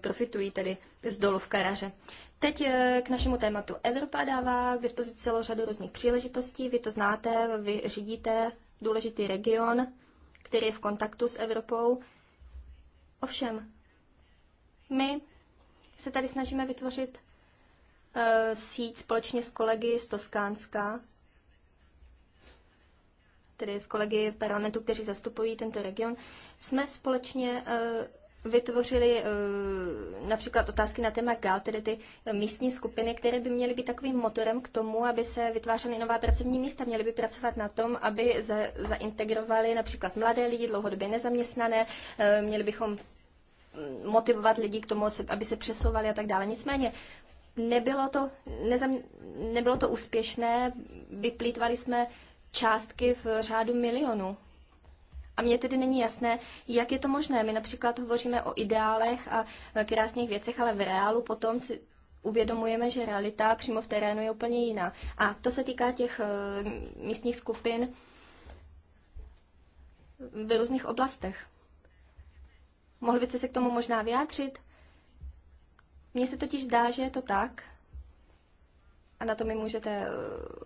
profitují tedy z dolu v Karaře. Teď eh, k našemu tématu. Evropa dává k dispozici celou řadu různých příležitostí. Vy to znáte, vy řídíte důležitý region, který je v kontaktu s Evropou. Ovšem, my se tady snažíme vytvořit uh, síť společně s kolegy z Toskánska, tedy s kolegy parlamentu, kteří zastupují tento region. Jsme společně uh, vytvořili eh, například otázky na téma GAL, tedy ty místní skupiny, které by měly být takovým motorem k tomu, aby se vytvářely nová pracovní místa, měly by pracovat na tom, aby zaintegrovali například mladé lidi, dlouhodobě nezaměstnané, eh, měli bychom mm, motivovat lidi k tomu, aby se přesouvali a tak dále. Nicméně nebylo to, nezam, nebylo to úspěšné, vyplýtvali jsme částky v řádu milionů. A mně tedy není jasné, jak je to možné. My například hovoříme o ideálech a krásných věcech, ale v reálu potom si uvědomujeme, že realita přímo v terénu je úplně jiná. A to se týká těch eh, místních skupin v různých oblastech. Mohli byste se k tomu možná vyjádřit? Mně se totiž zdá, že je to tak, a na to mi můžete eh,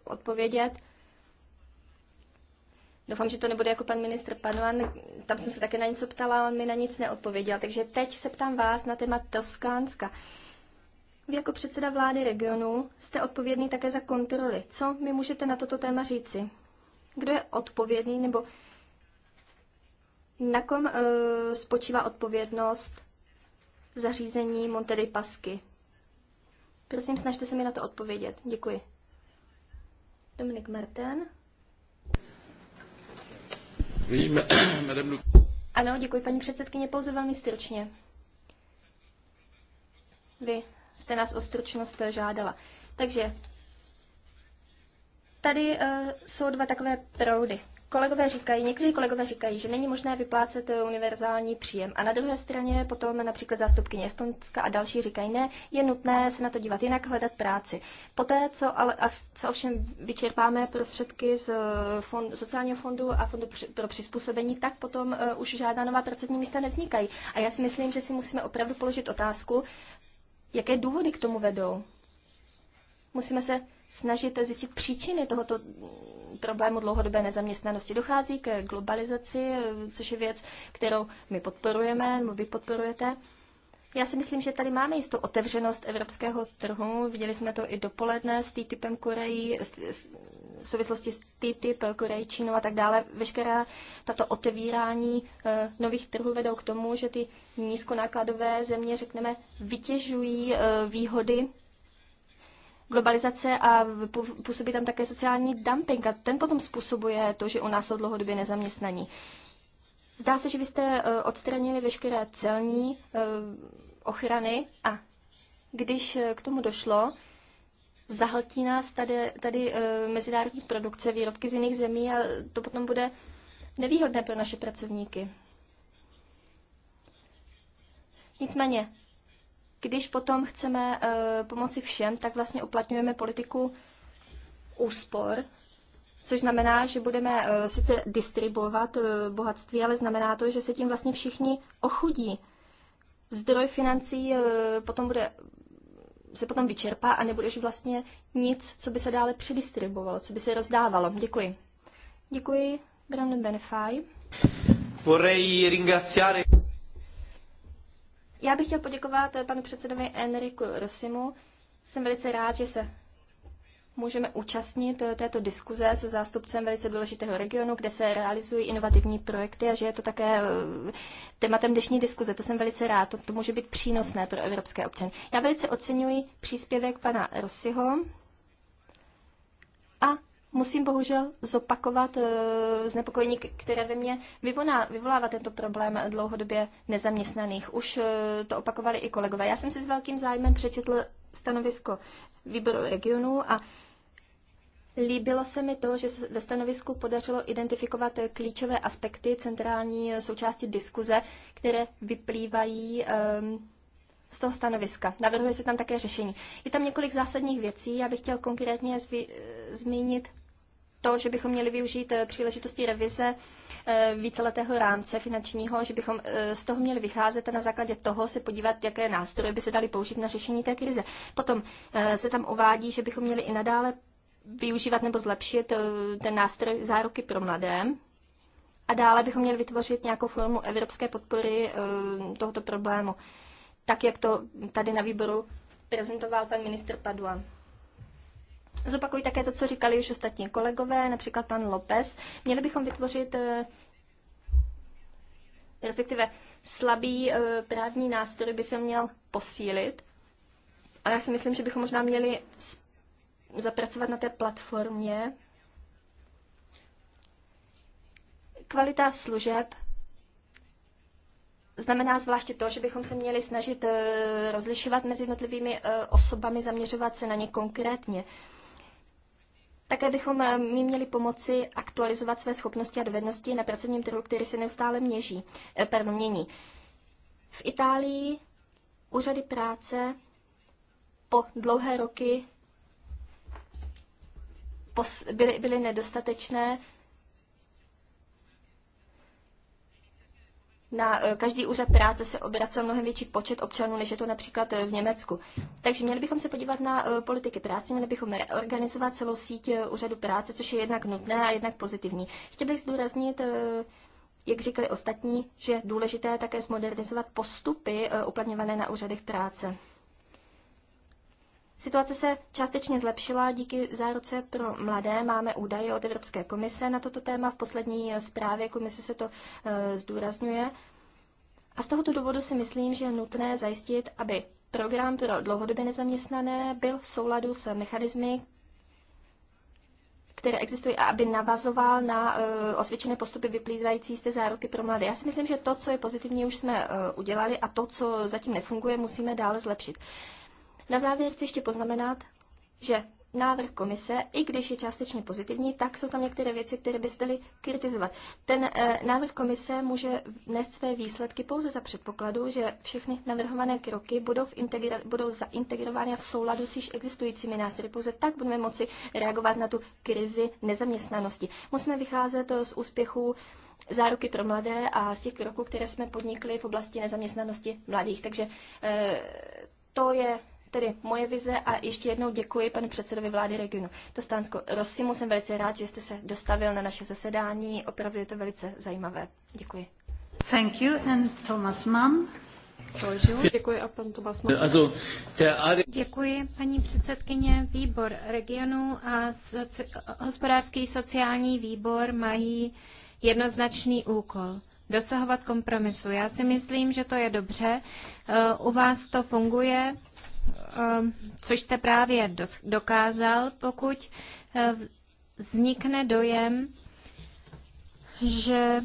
odpovědět, Doufám, že to nebude jako pan ministr Panovan, tam jsem se také na něco ptala, on mi na nic neodpověděl. Takže teď se ptám vás na téma Toskánska. Vy jako předseda vlády regionu jste odpovědný také za kontroly. Co mi můžete na toto téma říci? Kdo je odpovědný nebo na kom uh, spočívá odpovědnost zařízení Montedy Pasky? Prosím, snažte se mi na to odpovědět. Děkuji. Dominik Merten. Ano, děkuji paní předsedkyně, pouze velmi stručně. Vy jste nás o stručnost žádala. Takže tady uh, jsou dva takové proudy, Kolegové říkají, někteří kolegové říkají, že není možné vyplácet univerzální příjem. A na druhé straně potom například zástupkyně Estonska a další říkají, ne, je nutné se na to dívat jinak, hledat práci. Poté, co, ale, a co ovšem vyčerpáme prostředky z eh, fond, sociálního fondu a fondu pro přizpůsobení, tak potom uh, už žádná nová pracovní místa nevznikají. A já si myslím, že si musíme opravdu položit otázku, jaké důvody k tomu vedou. Musíme se snažit zjistit příčiny tohoto problému dlouhodobé nezaměstnanosti. Dochází k globalizaci, což je věc, kterou my podporujeme, nebo vy podporujete. Já si myslím, že tady máme jistou otevřenost evropského trhu. Viděli jsme to i dopoledne s TTIPem Koreji, v souvislosti s TTIP Koreji, Čínou a tak dále. Veškerá tato otevírání eh, nových trhů vedou k tomu, že ty nízkonákladové země, řekneme, vytěžují eh, výhody globalizace a působí tam také sociální dumping a ten potom způsobuje to, že u nás jsou dlouhodobě nezaměstnaní. Zdá se, že vy jste eh, odstranili veškeré celní eh, ochrany a když eh, k tomu došlo, zahltí nás tady, tady mezinárodní produkce, výrobky z jiných zemí a to potom bude nevýhodné pro naše pracovníky. Nicméně, když potom chceme eh, pomoci všem, tak vlastně uplatňujeme politiku úspor, což znamená, že budeme eh, sice distribuovat eh, bohatství, ale znamená to, že se tím vlastně všichni ochudí. Zdroj financí potom bude se potom vyčerpá a nebudeš vlastně nic, co by se dále předistribuovalo, co by se rozdávalo. Děkuji. Děkuji, Brandon Benefaj. Vorrei ringraziare já bych chtěl poděkovat panu předsedovi Enriku Rosimu. Jsem velice rád, že se můžeme účastnit této diskuze se zástupcem velice důležitého regionu, kde se realizují inovativní projekty a že je to také eh, tématem dnešní diskuze. To jsem velice rád, to, to může být přínosné pro evropské občany. Já velice oceňuji příspěvek pana Rosiho Musím bohužel zopakovat eh, znepokojení, které ve mně vyvolá, vyvolává tento problém dlouhodobě nezaměstnaných. Už eh, to opakovali i kolegové. Já jsem si s velkým zájmem přečetl stanovisko výboru regionu a Líbilo se mi to, že se ve stanovisku podařilo identifikovat klíčové aspekty centrální součásti diskuze, které vyplývají ehm, z toho stanoviska. Navrhuje se tam také řešení. Je tam několik zásadních věcí, já bych chtěl konkrétně zvi- zmínit to, že bychom měli využít eh, příležitosti revize eh, víceletého rámce finančního, že bychom eh, z toho měli vycházet a na základě toho se podívat, jaké nástroje by se daly použít na řešení té krize. Potom se tam uvádí, že bychom měli i nadále využívat nebo zlepšit ten nástroj záruky pro mladé. A dále bychom měli vytvořit nějakou formu evropské podpory tohoto problému, tak jak to tady na výboru prezentoval pan minister Paduan. Zopakuji také to, co říkali už ostatní kolegové, například pan López. Měli bychom vytvořit eh, respektive slabý eh, právní nástroj by se měl posílit. A já si myslím, že bychom možná měli zapracovat na té platformě kvalita služeb znamená zvláště to, že bychom se měli snažit eh, rozlišovat mezi jednotlivými osobami, zaměřovat se na ně konkrétně. Také bychom eh, mi měli pomoci aktualizovat své schopnosti a dovednosti na pracovním trhu, který se neustále měží, eh, pardon, mění. V Itálii úřady práce po dlouhé roky byly, byly nedostatečné na eh, každý úřad práce se obracel mnohem větší počet občanů, než je to například eh, v Německu. Takže měli bychom se podívat na eh, politiky práce, měli bychom reorganizovat celou síť úřadu práce, což je jednak nutné a jednak pozitivní. Chtěl bych zdůraznit, jak říkali ostatní, že důležité je také zmodernizovat postupy uplatňované na úřadech práce. Situace se částečně zlepšila díky záruce pro mladé. Máme údaje od Evropské komise na toto téma. V poslední eh, zprávě komise se to eh, zdůrazňuje. A z tohoto důvodu si myslím, že je nutné zajistit, aby program pro dlouhodobě nezaměstnané byl v souladu s mechanismy, které existují a aby navazoval na uh, osvědčené postupy vyplývající z té záruky pro mladé. Já si myslím, že to, co je pozitivní, už jsme udělali a to, co zatím nefunguje, musíme dále zlepšit. Na závěr chci ještě poznamenat, že návrh komise, i když je částečně pozitivní, tak jsou tam některé věci, které byste se kritizovat. Ten e, návrh komise může vnést své výsledky pouze za předpokladu, že všechny navrhované kroky budou, v integra- budou zaintegrovány v souladu s již existujícími nástroji. Pouze tak budeme moci reagovat na tu krizi nezaměstnanosti. Musíme vycházet eh, z úspěchů záruky pro mladé a z těch kroků, které jsme podnikli v oblasti nezaměstnanosti mladých. Takže e, to je tedy moje vize a ještě jednou děkuji panu předsedovi vlády regionu Tostánsko Rosimu. Jsem velice rád, že jste se dostavil na naše zasedání. Opravdu je to velice zajímavé. Děkuji. Thank you and Thomas Mann. Děkuji a pan Tomas Děkuji, paní předsedkyně. Výbor regionu a soci, hospodářský sociální výbor mají jednoznačný úkol dosahovat kompromisu. Já si myslím, že to je dobře. Eh, u vás to funguje, Ehm, což jste právě dokázal, pokud eh, vznikne dojem, že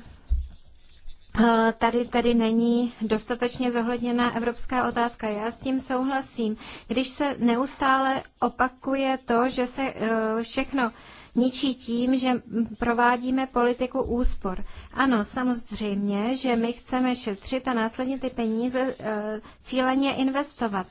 Eh, tady tady není dostatečně zohledněná evropská otázka. Já s tím souhlasím. Když se neustále opakuje to, že se eh, všechno ničí tím, že provádíme politiku úspor. Ano, samozřejmě, že my chceme šetřit a následně ty peníze eh, cíleně investovat.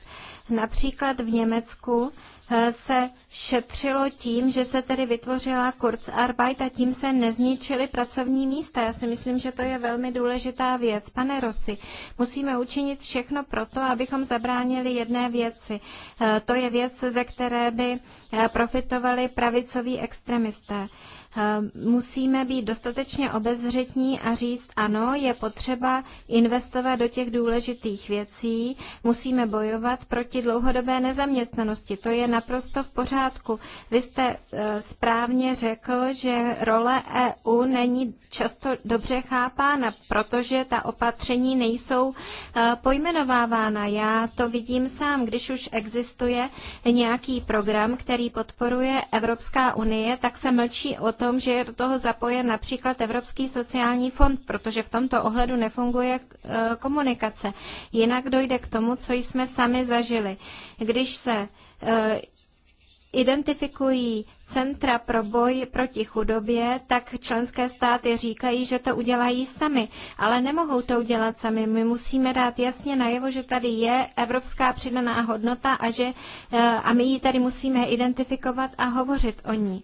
Například v Německu Eh, se šetřilo tím, že se tedy vytvořila Kurzarbeit a tím se nezničily pracovní místa. Já si myslím, že to je velmi důležitá věc. Pane Rosy, musíme učinit všechno proto, abychom zabránili jedné věci. Eh, to je věc, ze které by eh, profitovali pravicoví extremisté. Eh, musíme být dostatečně obezřetní a říct ano, je potřeba investovat do těch důležitých věcí, musíme bojovat proti dlouhodobé nezaměstnanosti. To je naprosto v pořádku. Vy jste eh, správně řekl, že role EU není často dobře chápána, protože ta opatření nejsou eh, pojmenovávána. Já to vidím sám, když už existuje nějaký program, který podporuje Evropská unie, tak se mlčí o tom, tom, že je do toho zapojen například Evropský sociální fond, protože v tomto ohledu nefunguje eh, komunikace. Jinak dojde k tomu, co jsme sami zažili. Když se eh, identifikují centra pro boj proti chudobě, tak členské státy říkají, že to udělají sami, ale nemohou to udělat sami. My musíme dát jasně najevo, že tady je evropská přidaná hodnota a, že, eh, a my ji tady musíme identifikovat a hovořit o ní.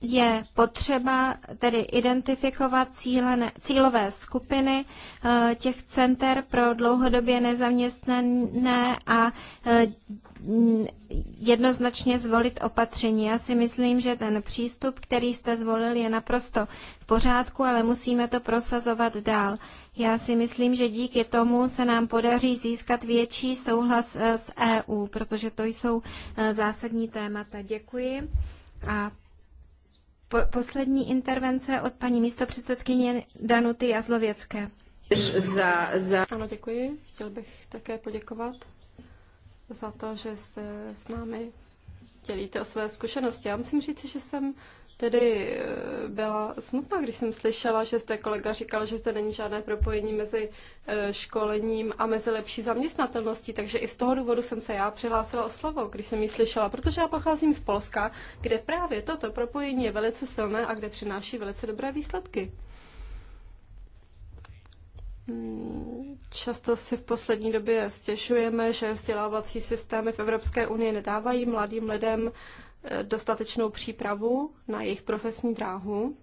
je potřeba tedy identifikovat cíle, cílové skupiny eh, těch center pro dlouhodobě nezaměstnané a eh, jednoznačně zvolit opatření. Já si myslím, že ten přístup, který jste zvolil, je naprosto v pořádku, ale musíme to prosazovat dál. Já si myslím, že díky tomu se nám podaří získat větší souhlas eh, s EU, protože to jsou zásadní témata. Děkuji a po, poslední intervence od paní místopředsedkyně Danuty Jazlověcké. Za, za... Ano, děkuji. Chtěl bych také poděkovat za to, že se s námi dělíte o své zkušenosti. Já musím říct, že jsem tedy eh, byla smutná, když jsem slyšela, že jste kolega říkal, že zde není žádné propojení mezi eh, školením a mezi lepší zaměstnatelností, takže i z toho důvodu jsem se já přihlásila o slovo, když jsem ji slyšela, protože já pocházím z Polska, kde právě toto propojení je velice silné a kde přináší velice dobré výsledky. Hmm, často si v poslední době stěžujeme, že vzdělávací systémy v Evropské unii nedávají mladým lidem dostatečnou přípravu na jejich profesní dráhu,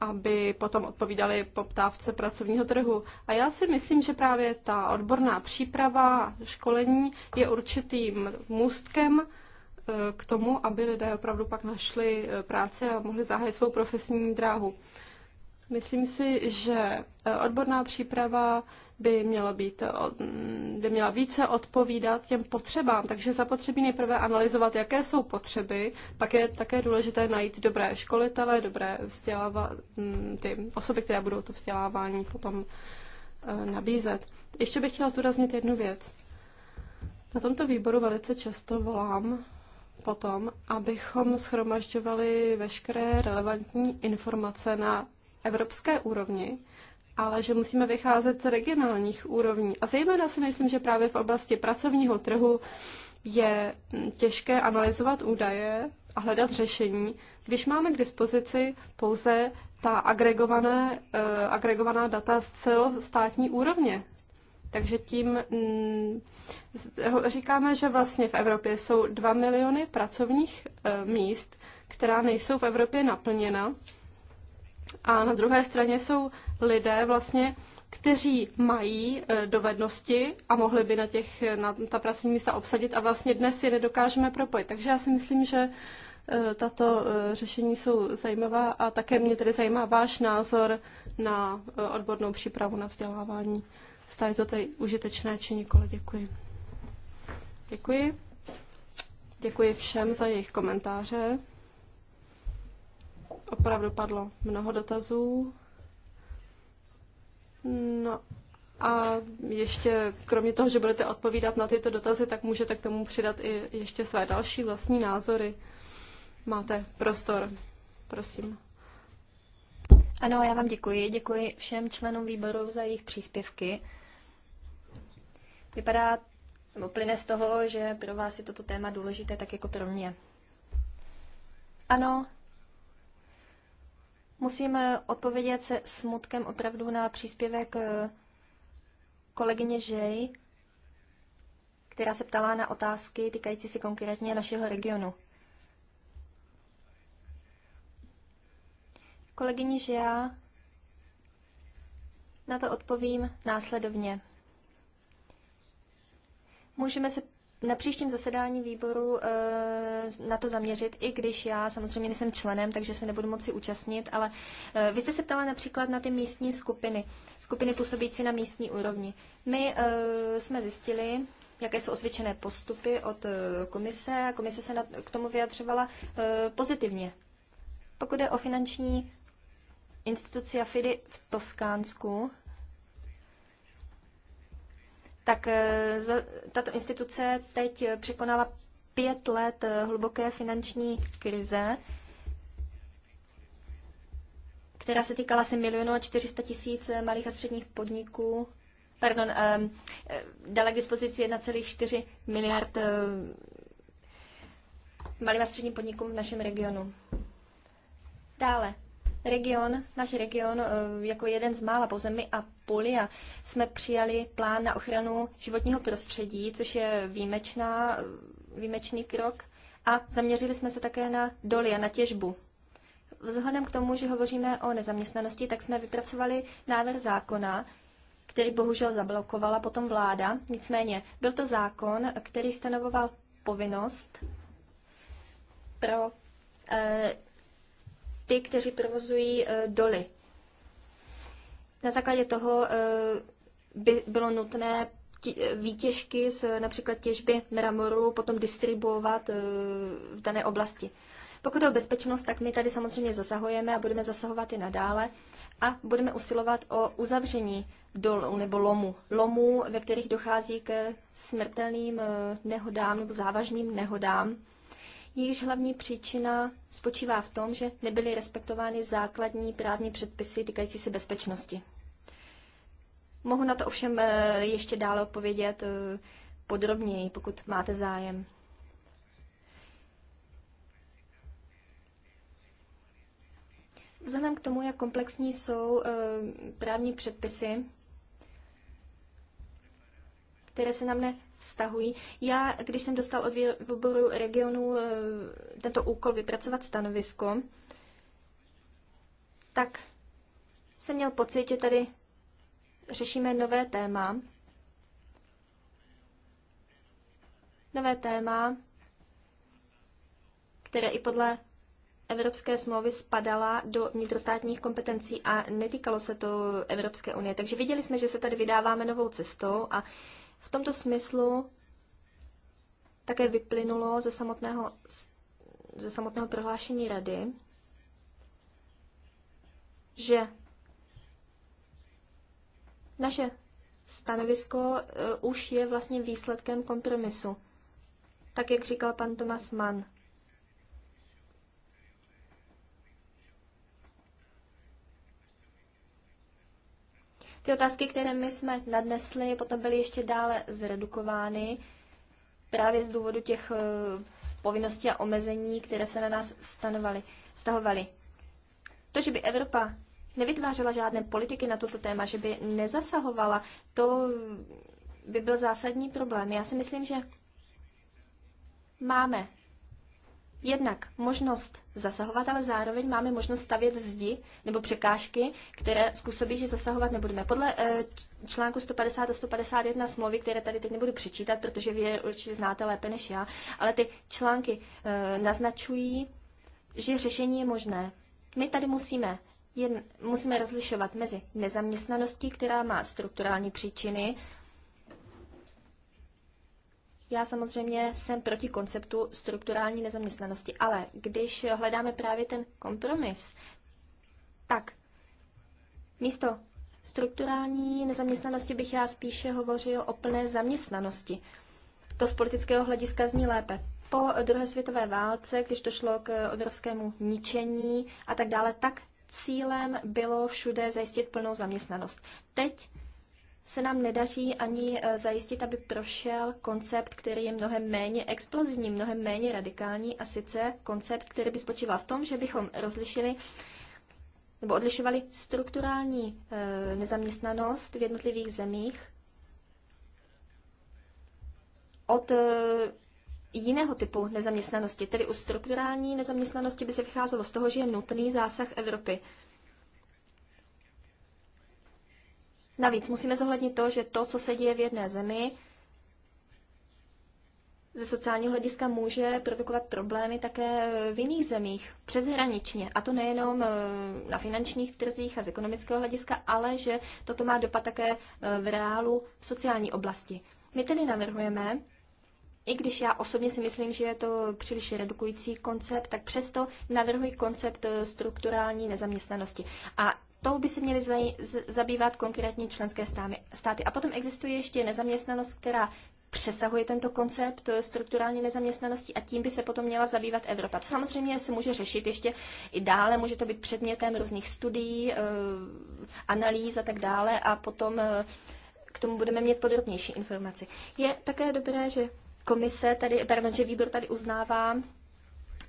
aby potom odpovídali poptávce pracovního trhu. A já si myslím, že právě ta odborná příprava, školení je určitým můstkem eh, k tomu, aby lidé opravdu pak našli eh, práci a mohli zahájit svou profesní dráhu. Myslím si, že eh, odborná příprava by, mělo být, eh, by měla více odpovídat těm potřebám. Takže zapotřebí nejprve analyzovat, jaké jsou potřeby, pak je také důležité najít dobré školitele, dobré vzdělává, mm, ty osoby, které budou to vzdělávání potom eh, nabízet. Ještě bych chtěla zdůraznit jednu věc. Na tomto výboru velice často volám potom, abychom schromažďovali veškeré relevantní informace na evropské úrovni, ale že musíme vycházet z regionálních úrovní. A zejména si myslím, že právě v oblasti pracovního trhu je mm, těžké analyzovat údaje a hledat řešení, když máme k dispozici pouze ta agregované, uh, agregovaná data z celostátní úrovně. Takže tím mm, říkáme, že vlastně v Evropě jsou 2 miliony pracovních uh, míst, která nejsou v Evropě naplněna. A na druhé straně jsou lidé vlastně, kteří mají e, dovednosti a mohli by na, těch, e, na ta pracovní místa obsadit a vlastně dnes je nedokážeme propojit. Takže já si myslím, že e, tato řešení jsou zajímavá a také mě tedy zajímá váš názor na odbornou přípravu na vzdělávání. Stále to tady užitečné či nikoli. Děkuji. Děkuji. Děkuji všem za jejich komentáře. Opravdu padlo mnoho dotazů. No a ještě kromě toho, že budete odpovídat na tyto dotazy, tak můžete k tomu přidat i ještě své další vlastní názory. Máte prostor, prosím. Ano, já vám děkuji. Děkuji všem členům výboru za jejich příspěvky. Vypadá, nebo plyne z toho, že pro vás je toto téma důležité, tak jako pro mě. Ano, Musíme odpovědět se smutkem opravdu na příspěvek eh, kolegyně Žej, která se ptala na otázky týkající se konkrétně našeho regionu. Kolegyni Žia na to odpovím následovně. Můžeme se na příštím zasedání výboru eh, na to zaměřit, i když já samozřejmě nejsem členem, takže se nebudu moci účastnit, ale eh, vy jste se ptala například na ty místní skupiny, skupiny působící na místní úrovni. My eh, jsme zjistili, jaké jsou osvědčené postupy od komise a komise se k tomu vyjadřovala pozitivně. Pokud je o finanční instituci AFIDy v Toskánsku, tak eh, tato instituce teď překonala pět let eh, hluboké finanční krize, která se týkala asi milionu a 400 tisíc eh, malých a středních podniků. Pardon, ehm, dala k dispozici 1,4 miliard malým a středním podnikům v našem regionu. Dále, Region, náš region, eh, jako jeden z mála a zemi a Polia, jsme přijali plán na ochranu životního prostředí, což je výjimečná, eh, výjimečný krok. A zaměřili jsme se také na doly a na těžbu. Vzhledem k tomu, že hovoříme o nezaměstnanosti, tak jsme vypracovali návrh zákona, který bohužel zablokovala potom vláda. Nicméně byl to zákon, který stanovoval povinnost pro eh, ty, kteří provozují eh, doly. Na základě toho eh, by bylo nutné eh, výtěžky z například těžby mramoru potom distribuovat v dané oblasti. Pokud o bezpečnost, tak my tady samozřejmě zasahujeme a budeme zasahovat i nadále a budeme usilovat o uzavření dolů nebo lomu. Lomů, ve kterých dochází ke smrtelným nehodám nebo závažným nehodám Jejichž hlavní příčina spočívá v tom, že nebyly respektovány základní právní předpisy týkající se bezpečnosti. Mohu na to ovšem eh, ještě dále odpovědět eh, podrobněji, pokud máte zájem. Vzhledem k tomu, jak komplexní jsou eh, právní předpisy, které se na mne vztahují. Já, když jsem dostal od výboru regionu eh, tento úkol vypracovat stanovisko, tak jsem měl pocit, že tady řešíme nové téma. Nové téma, které i podle evropské smlouvy spadala do vnitrostátních kompetencí a netýkalo se to Evropské unie. Takže viděli jsme, že se tady vydáváme novou cestou a v tomto smyslu také vyplynulo ze samotného, ze samotného prohlášení rady, že naše stanovisko eh, už je vlastně výsledkem kompromisu, tak jak říkal pan Thomas Mann. Ty otázky, které my jsme nadnesli, potom byly ještě dále zredukovány právě z důvodu těch eh, povinností a omezení, které se na nás stanovaly, stahovaly. To, že by Evropa nevytvářela žádné politiky na toto téma, že by nezasahovala, to by byl zásadní problém. Já si myslím, že máme jednak možnost zasahovat, ale zároveň máme možnost stavět zdi nebo překážky, které způsobí, že zasahovat nebudeme. Podle eh, článku 150 a 151 smlouvy, které tady teď nebudu přečítat, protože vy je určitě znáte lépe než já, ale ty články eh, naznačují, že řešení je možné. My tady musíme jen musíme rozlišovat mezi nezaměstnaností, která má strukturální příčiny, já samozřejmě jsem proti konceptu strukturální nezaměstnanosti, ale když hledáme právě ten kompromis, tak místo strukturální nezaměstnanosti bych já spíše hovořil o plné zaměstnanosti. To z politického hlediska zní lépe. Po druhé světové válce, když došlo k obrovskému ničení a tak dále, tak cílem bylo všude zajistit plnou zaměstnanost. Teď se nám nedaří ani eh, zajistit, aby prošel koncept, který je mnohem méně explozivní, mnohem méně radikální, a sice koncept, který by spočíval v tom, že bychom rozlišili nebo odlišovali strukturální eh, nezaměstnanost v jednotlivých zemích od eh, jiného typu nezaměstnanosti. Tedy u strukturální nezaměstnanosti by se vycházelo z toho, že je nutný zásah Evropy. Navíc musíme zohlednit to, že to, co se děje v jedné zemi, ze sociálního hlediska může produkovat problémy také e, v jiných zemích, přeshraničně. A to nejenom e, na finančních trzích a z ekonomického hlediska, ale že toto má dopad také e, v reálu v sociální oblasti. My tedy navrhujeme, i když já osobně si myslím, že je to příliš redukující koncept, tak přesto navrhuji koncept strukturální nezaměstnanosti. A tou by se měly zabývat konkrétní členské státy. A potom existuje ještě nezaměstnanost, která přesahuje tento koncept strukturální nezaměstnanosti a tím by se potom měla zabývat Evropa. To samozřejmě se může řešit ještě i dále, může to být předmětem různých studií, eh, analýz a tak dále a potom eh, k tomu budeme mít podrobnější informaci. Je také dobré, že komise tady, pardon, že výbor tady uznává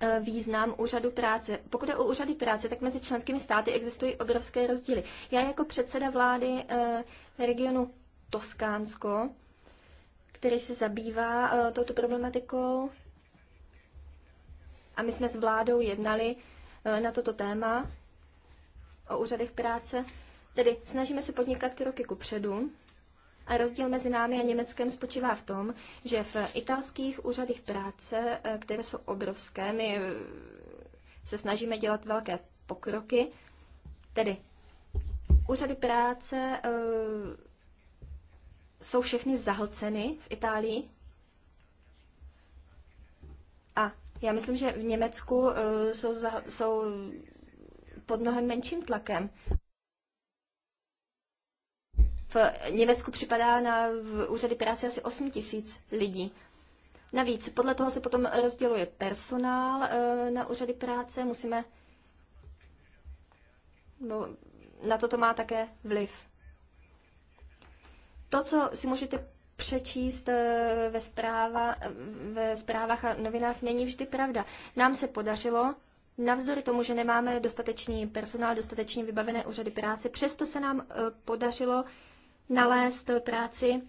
E, význam úřadu práce. Pokud je o úřady práce, tak mezi členskými státy existují obrovské rozdíly. Já jako předseda vlády e, regionu Toskánsko, který se zabývá e, touto problematikou, a my jsme s vládou jednali na toto téma o úřadech práce, tedy snažíme se podnikat kroky ku předu a rozdíl mezi námi a Německem spočívá v tom, že v italských úřadech práce, eh, které jsou obrovské, my eh, se snažíme dělat velké pokroky, tedy úřady práce eh, jsou všechny zahlceny v Itálii. A já myslím, že v Německu jsou, jsou pod mnohem menším tlakem. V Německu připadá na úřady práce asi 8 tisíc lidí. Navíc podle toho se potom rozděluje personál eh, na úřady práce. Musíme No, na to to má také vliv. To, co si můžete přečíst eh, ve, zpráva, ve zprávách a novinách, není vždy pravda. Nám se podařilo, navzdory tomu, že nemáme dostatečný personál, dostatečně vybavené úřady práce, přesto se nám eh, podařilo nalézt práci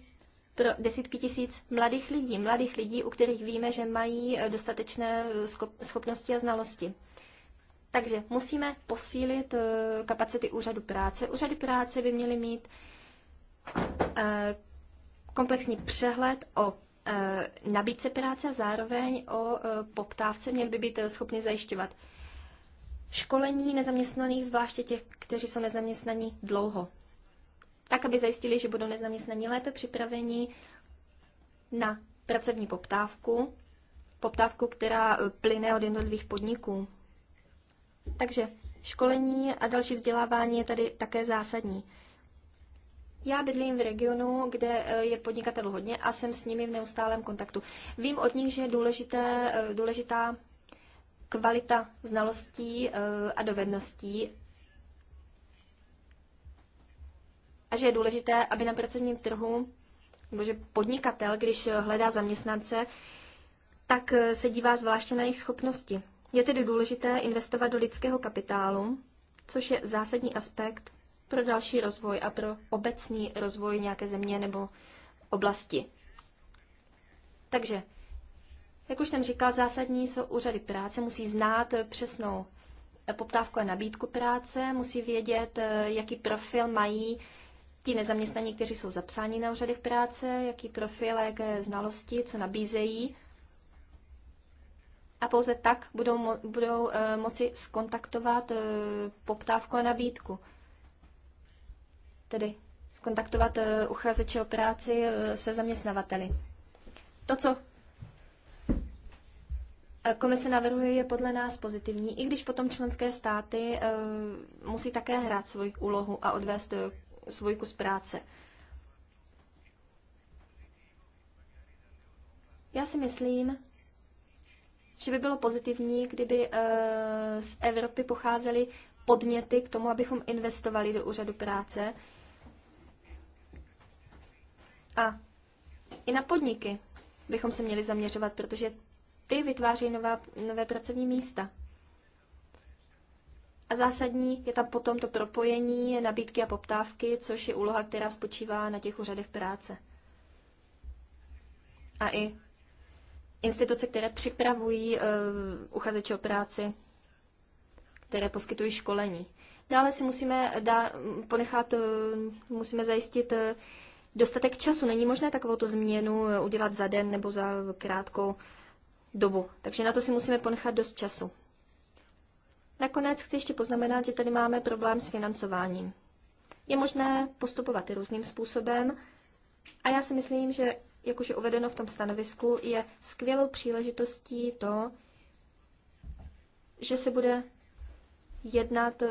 pro desítky tisíc mladých lidí, mladých lidí, u kterých víme, že mají eh, dostatečné eh, schopnosti a znalosti. Takže musíme posílit eh, kapacity úřadu práce. Úřady práce by měly mít komplexní přehled o nabídce práce a zároveň o poptávce. měl by být schopny zajišťovat školení nezaměstnaných, zvláště těch, kteří jsou nezaměstnaní dlouho tak aby zajistili, že budou nezaměstnaní lépe připraveni na pracovní poptávku, poptávku, která e, plyne od jednotlivých podniků. Takže školení a další vzdělávání je tady také zásadní. Já bydlím v regionu, kde e, je podnikatelů hodně a jsem s nimi v neustálém kontaktu. Vím od nich, že je důležité, e, důležitá kvalita znalostí a dovedností a že je důležité, aby na pracovním trhu, nebo že podnikatel, když hledá zaměstnance, tak se dívá zvláště na jejich schopnosti. Je tedy důležité investovat do lidského kapitálu, což je zásadní aspekt pro další rozvoj a pro obecný rozvoj nějaké země nebo oblasti. Takže, jak už jsem říkal, zásadní jsou úřady práce, musí znát přesnou poptávku a nabídku práce, musí vědět, jaký profil mají ti nezaměstnaní, kteří jsou zapsáni na úřadech práce, jaký profil a jaké znalosti, co nabízejí. A pouze tak budou, mo- budou uh, moci skontaktovat uh, poptávku a nabídku. Tedy skontaktovat uh, uchazeče o práci uh, se zaměstnavateli. To, co Komise navrhuje je podle nás pozitivní, i když potom členské státy musí také hrát svoji úlohu a odvést svůj kus práce. Já si myslím, že by bylo pozitivní, kdyby eh, z Evropy pocházely podněty k tomu, abychom investovali do úřadu práce a i na podniky bychom se měli zaměřovat, protože ty vytvářejí nová, nové pracovní místa. A zásadní je tam potom to propojení nabídky a poptávky, což je úloha, která spočívá na těch úřadech práce. A i instituce, které připravují uh, uchazeče o práci, které poskytují školení. Dále si musíme dá, ponechat, uh, musíme zajistit uh, dostatek času. Není možné takovou tu změnu udělat za den nebo za krátkou dobu. Takže na to si musíme ponechat dost času. Nakonec chci ještě poznamenat, že tady máme problém s financováním. Je možné postupovat i různým způsobem a já si myslím, že, jak už je uvedeno v tom stanovisku, je skvělou příležitostí to, že se bude jednat e,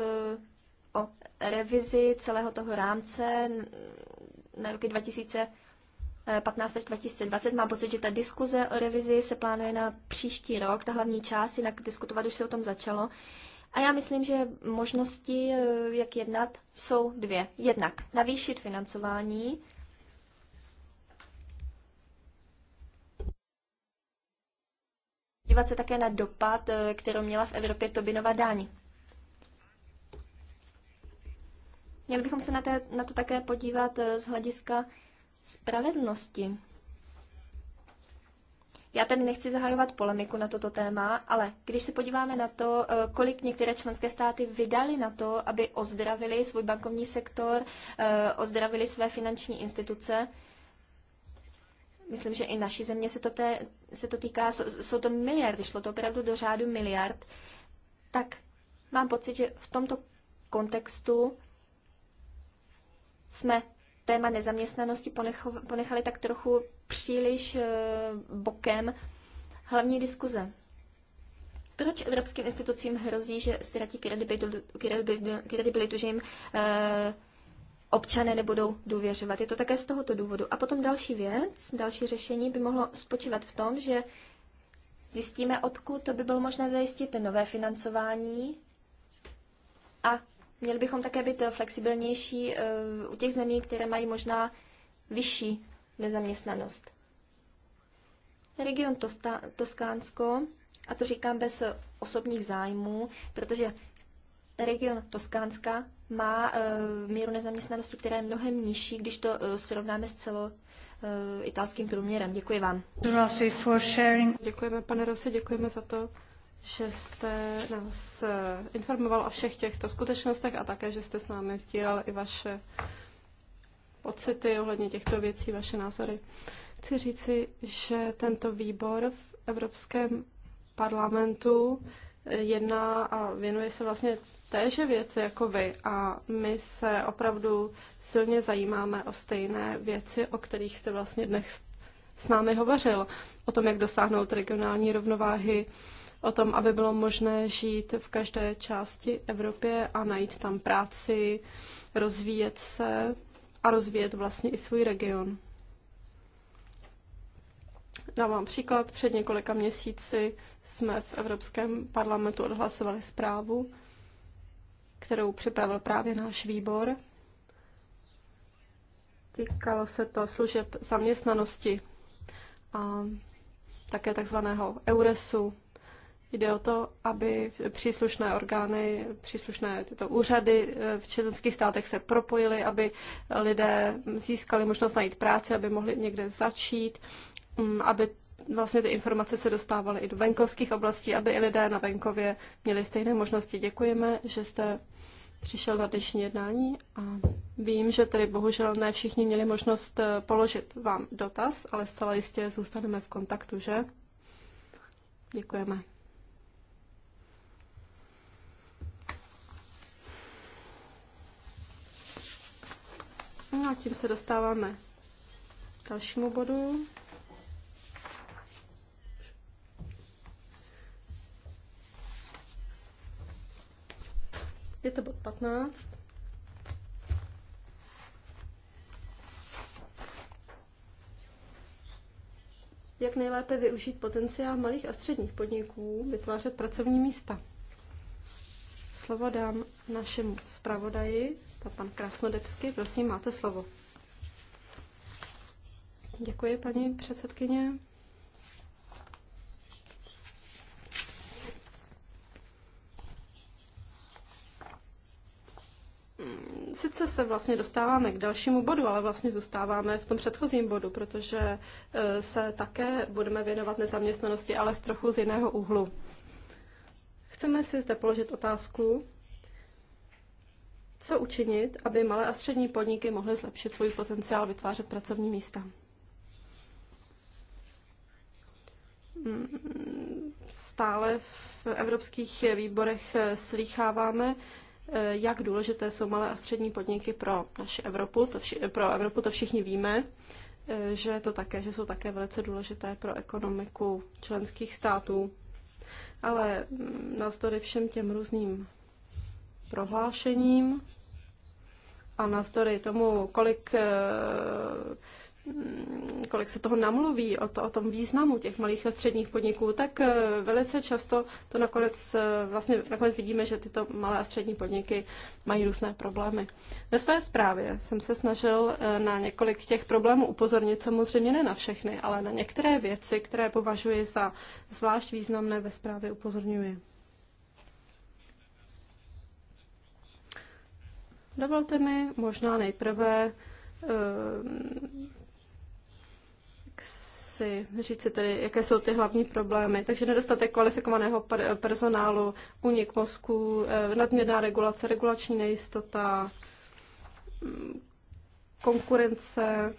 o revizi celého toho rámce na roky 2015 až 2020. Mám pocit, že ta diskuze o revizi se plánuje na příští rok. Ta hlavní část, jinak diskutovat už se o tom začalo. A já myslím, že možnosti, eh, jak jednat, jsou dvě. Jednak navýšit financování dívat se také na dopad, eh, kterou měla v Evropě Tobinova daň. Měli bychom se na, té, na to také podívat eh, z hlediska spravedlnosti. Já tady nechci zahajovat polemiku na toto téma, ale když se podíváme na to, eh, kolik některé členské státy vydali na to, aby ozdravili svůj bankovní sektor, eh, ozdravili své finanční instituce, myslím, že i naší země se to, té, se to týká, jsou to miliardy, šlo to opravdu do řádu miliard, tak mám pocit, že v tomto kontextu jsme téma nezaměstnanosti ponechali tak trochu příliš eh, bokem hlavní diskuze. Proč evropským institucím hrozí, že ztratí kredibilitu, kredibilitu že jim e, občané nebudou důvěřovat? Je to také z tohoto důvodu. A potom další věc, další řešení by mohlo spočívat v tom, že zjistíme, odkud to by bylo možné zajistit nové financování a Měli bychom také být flexibilnější eh, u těch zemí, které mají možná vyšší nezaměstnanost. Region Toskánsko, a to říkám bez osobních zájmů, protože region Toskánska má eh, míru nezaměstnanosti, která je mnohem nižší, když to eh, srovnáme s celou italským průměrem. Děkuji vám. Děkujeme, pane Rose, děkujeme za to, že jste nás eh, informoval o všech těchto skutečnostech a také, že jste s námi sdílel i vaše pocity ohledně těchto věcí, vaše názory. Chci říci, že tento výbor v Evropském parlamentu eh, jedná a věnuje se vlastně téže věci jako vy a my se opravdu silně zajímáme o stejné věci, o kterých jste vlastně dnes s námi hovořil, o tom, jak dosáhnout regionální rovnováhy, o tom, aby bylo možné žít v každé části Evropě a najít tam práci, rozvíjet se a rozvíjet vlastně i svůj region. Dám vám příklad. Před několika měsíci jsme v Evropském parlamentu odhlasovali zprávu, kterou připravil právě náš výbor. Týkalo se to služeb zaměstnanosti a také takzvaného EURESu, Jde o to, aby příslušné orgány, příslušné tyto úřady eh, v členských státech se propojily, aby lidé získali možnost najít práci, aby mohli někde začít, mm, aby vlastně ty informace se dostávaly i do venkovských oblastí, aby i lidé na venkově měli stejné možnosti. Děkujeme, že jste přišel na dnešní jednání a vím, že tedy bohužel ne všichni měli možnost eh, položit vám dotaz, ale zcela jistě zůstaneme v kontaktu, že? Děkujeme. No a tím se dostáváme k dalšímu bodu. Je to bod 15. Jak nejlépe využít potenciál malých a středních podniků, vytvářet pracovní místa. Slovo dám našemu zpravodaji, to pan Krasnodebský, prosím, máte slovo. Děkuji, paní předsedkyně. Sice se vlastně dostáváme k dalšímu bodu, ale vlastně zůstáváme v tom předchozím bodu, protože e, se také budeme věnovat nezaměstnanosti, ale z trochu z jiného úhlu. Chceme si zde položit otázku, co učinit, aby malé a střední podniky mohly zlepšit svůj potenciál vytvářet pracovní místa? Stále v evropských výborech slýcháváme, jak důležité jsou malé a střední podniky pro naši Evropu. To vši, pro Evropu to všichni víme, že, to také, že jsou také velice důležité pro ekonomiku členských států. Ale navzdory všem těm různým prohlášením a navzdory tomu, kolik, eh, kolik se toho namluví o, to, o tom významu těch malých a středních podniků, tak eh, velice často to nakonec, eh, vlastně nakonec vidíme, že tyto malé a střední podniky mají různé problémy. Ve své zprávě jsem se snažil na několik těch problémů upozornit, samozřejmě ne na všechny, ale na některé věci, které považuji za zvlášť významné ve zprávě upozorňuji. Dovolte mi možná nejprve eh, si říci tedy, jaké jsou ty hlavní problémy. Takže nedostatek kvalifikovaného personálu, unik mozku, eh, nadměrná regulace, regulační nejistota, mm, konkurence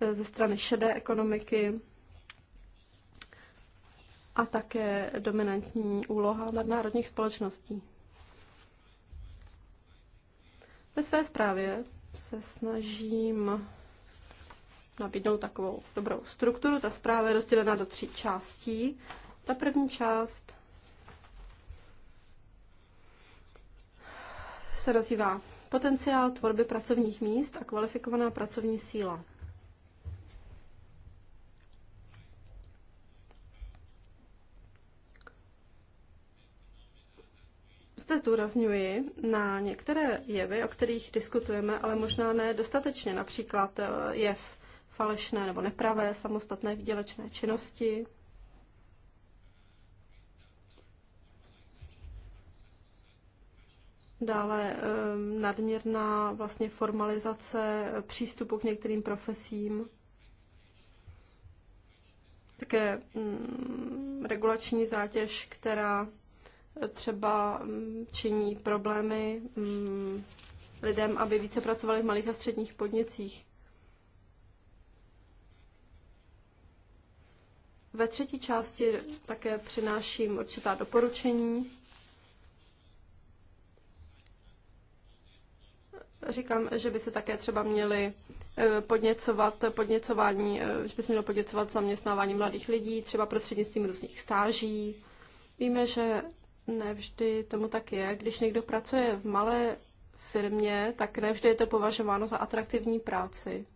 eh, ze strany šedé ekonomiky a také dominantní úloha nadnárodních společností. Ve své zprávě se snažím nabídnout takovou dobrou strukturu. Ta zpráva je rozdělena do tří částí. Ta první část se nazývá Potenciál tvorby pracovních míst a kvalifikovaná pracovní síla. Zde zdůrazňuji na některé jevy, o kterých diskutujeme, ale možná ne dostatečně, například eh, jev falešné nebo nepravé samostatné výdělečné činnosti, Dále eh, nadměrná vlastně formalizace přístupu k některým profesím, také mm, regulační zátěž, která třeba mm, činí problémy mm, lidem, aby více pracovali v malých a středních podnicích. Ve třetí části také přináším určitá doporučení. Říkám, že by se také třeba měli eh, podněcovat podněcování, eh, že by se mělo podněcovat zaměstnávání mladých lidí, třeba prostřednictvím různých stáží. Víme, že nevždy tomu tak je. Když někdo pracuje v malé firmě, tak nevždy je to považováno za atraktivní práci,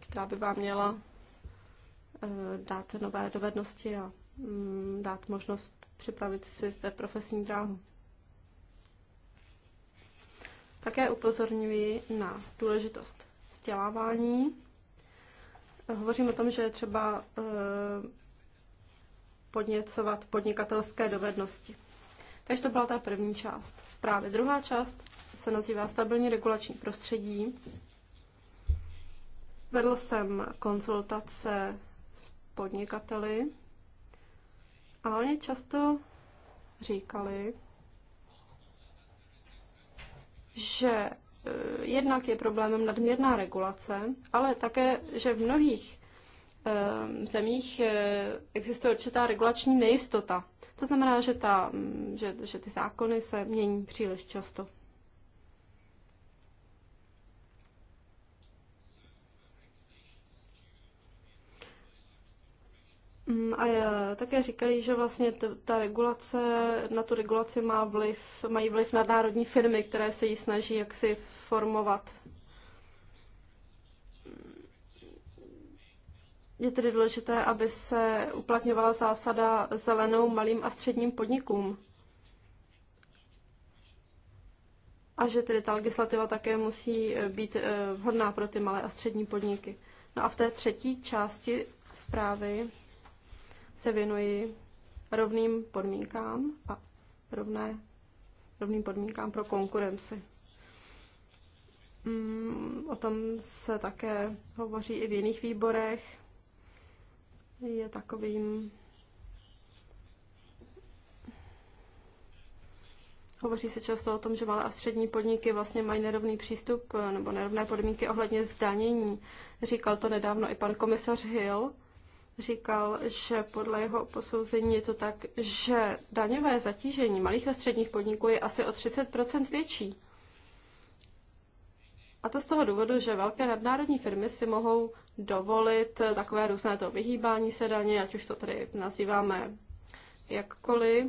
která by vám měla eh, dát nové dovednosti a mm, dát možnost připravit si z té profesní dráhu. Také upozorňuji na důležitost vzdělávání. Hovořím o tom, že třeba eh, podněcovat podnikatelské dovednosti. Takže to byla ta první část zprávy. Druhá část se nazývá stabilní regulační prostředí. Vedl jsem konzultace s podnikateli a oni často říkali, že eh, jednak je problémem nadměrná regulace, ale také, že v mnohých Eh, zemích eh, existuje určitá regulační nejistota. To znamená, že, ta, mm, že, že ty zákony se mění příliš často. Mm, a eh, také říkají, že vlastně ta regulace, na tu regulaci má vliv, mají vliv nadnárodní firmy, které se ji snaží jaksi formovat Je tedy důležité, aby se uplatňovala zásada zelenou malým a středním podnikům. A že tedy ta legislativa také musí eh, být eh, vhodná pro ty malé a střední podniky. No a v té třetí části zprávy se věnuji rovným podmínkám a rovné, rovným podmínkám pro konkurenci. Mm, o tom se také hovoří i v jiných výborech je takovým Hovoří se často o tom, že malé a střední podniky vlastně mají nerovný přístup eh, nebo nerovné podmínky ohledně zdanění. Říkal to nedávno i pan komisař Hill. Říkal, že podle jeho posouzení je to tak, že daňové zatížení malých a středních podniků je asi o 30 větší. A to z toho důvodu, že velké nadnárodní firmy si mohou dovolit takové různé to vyhýbání se daně, ať už to tady nazýváme jakkoliv.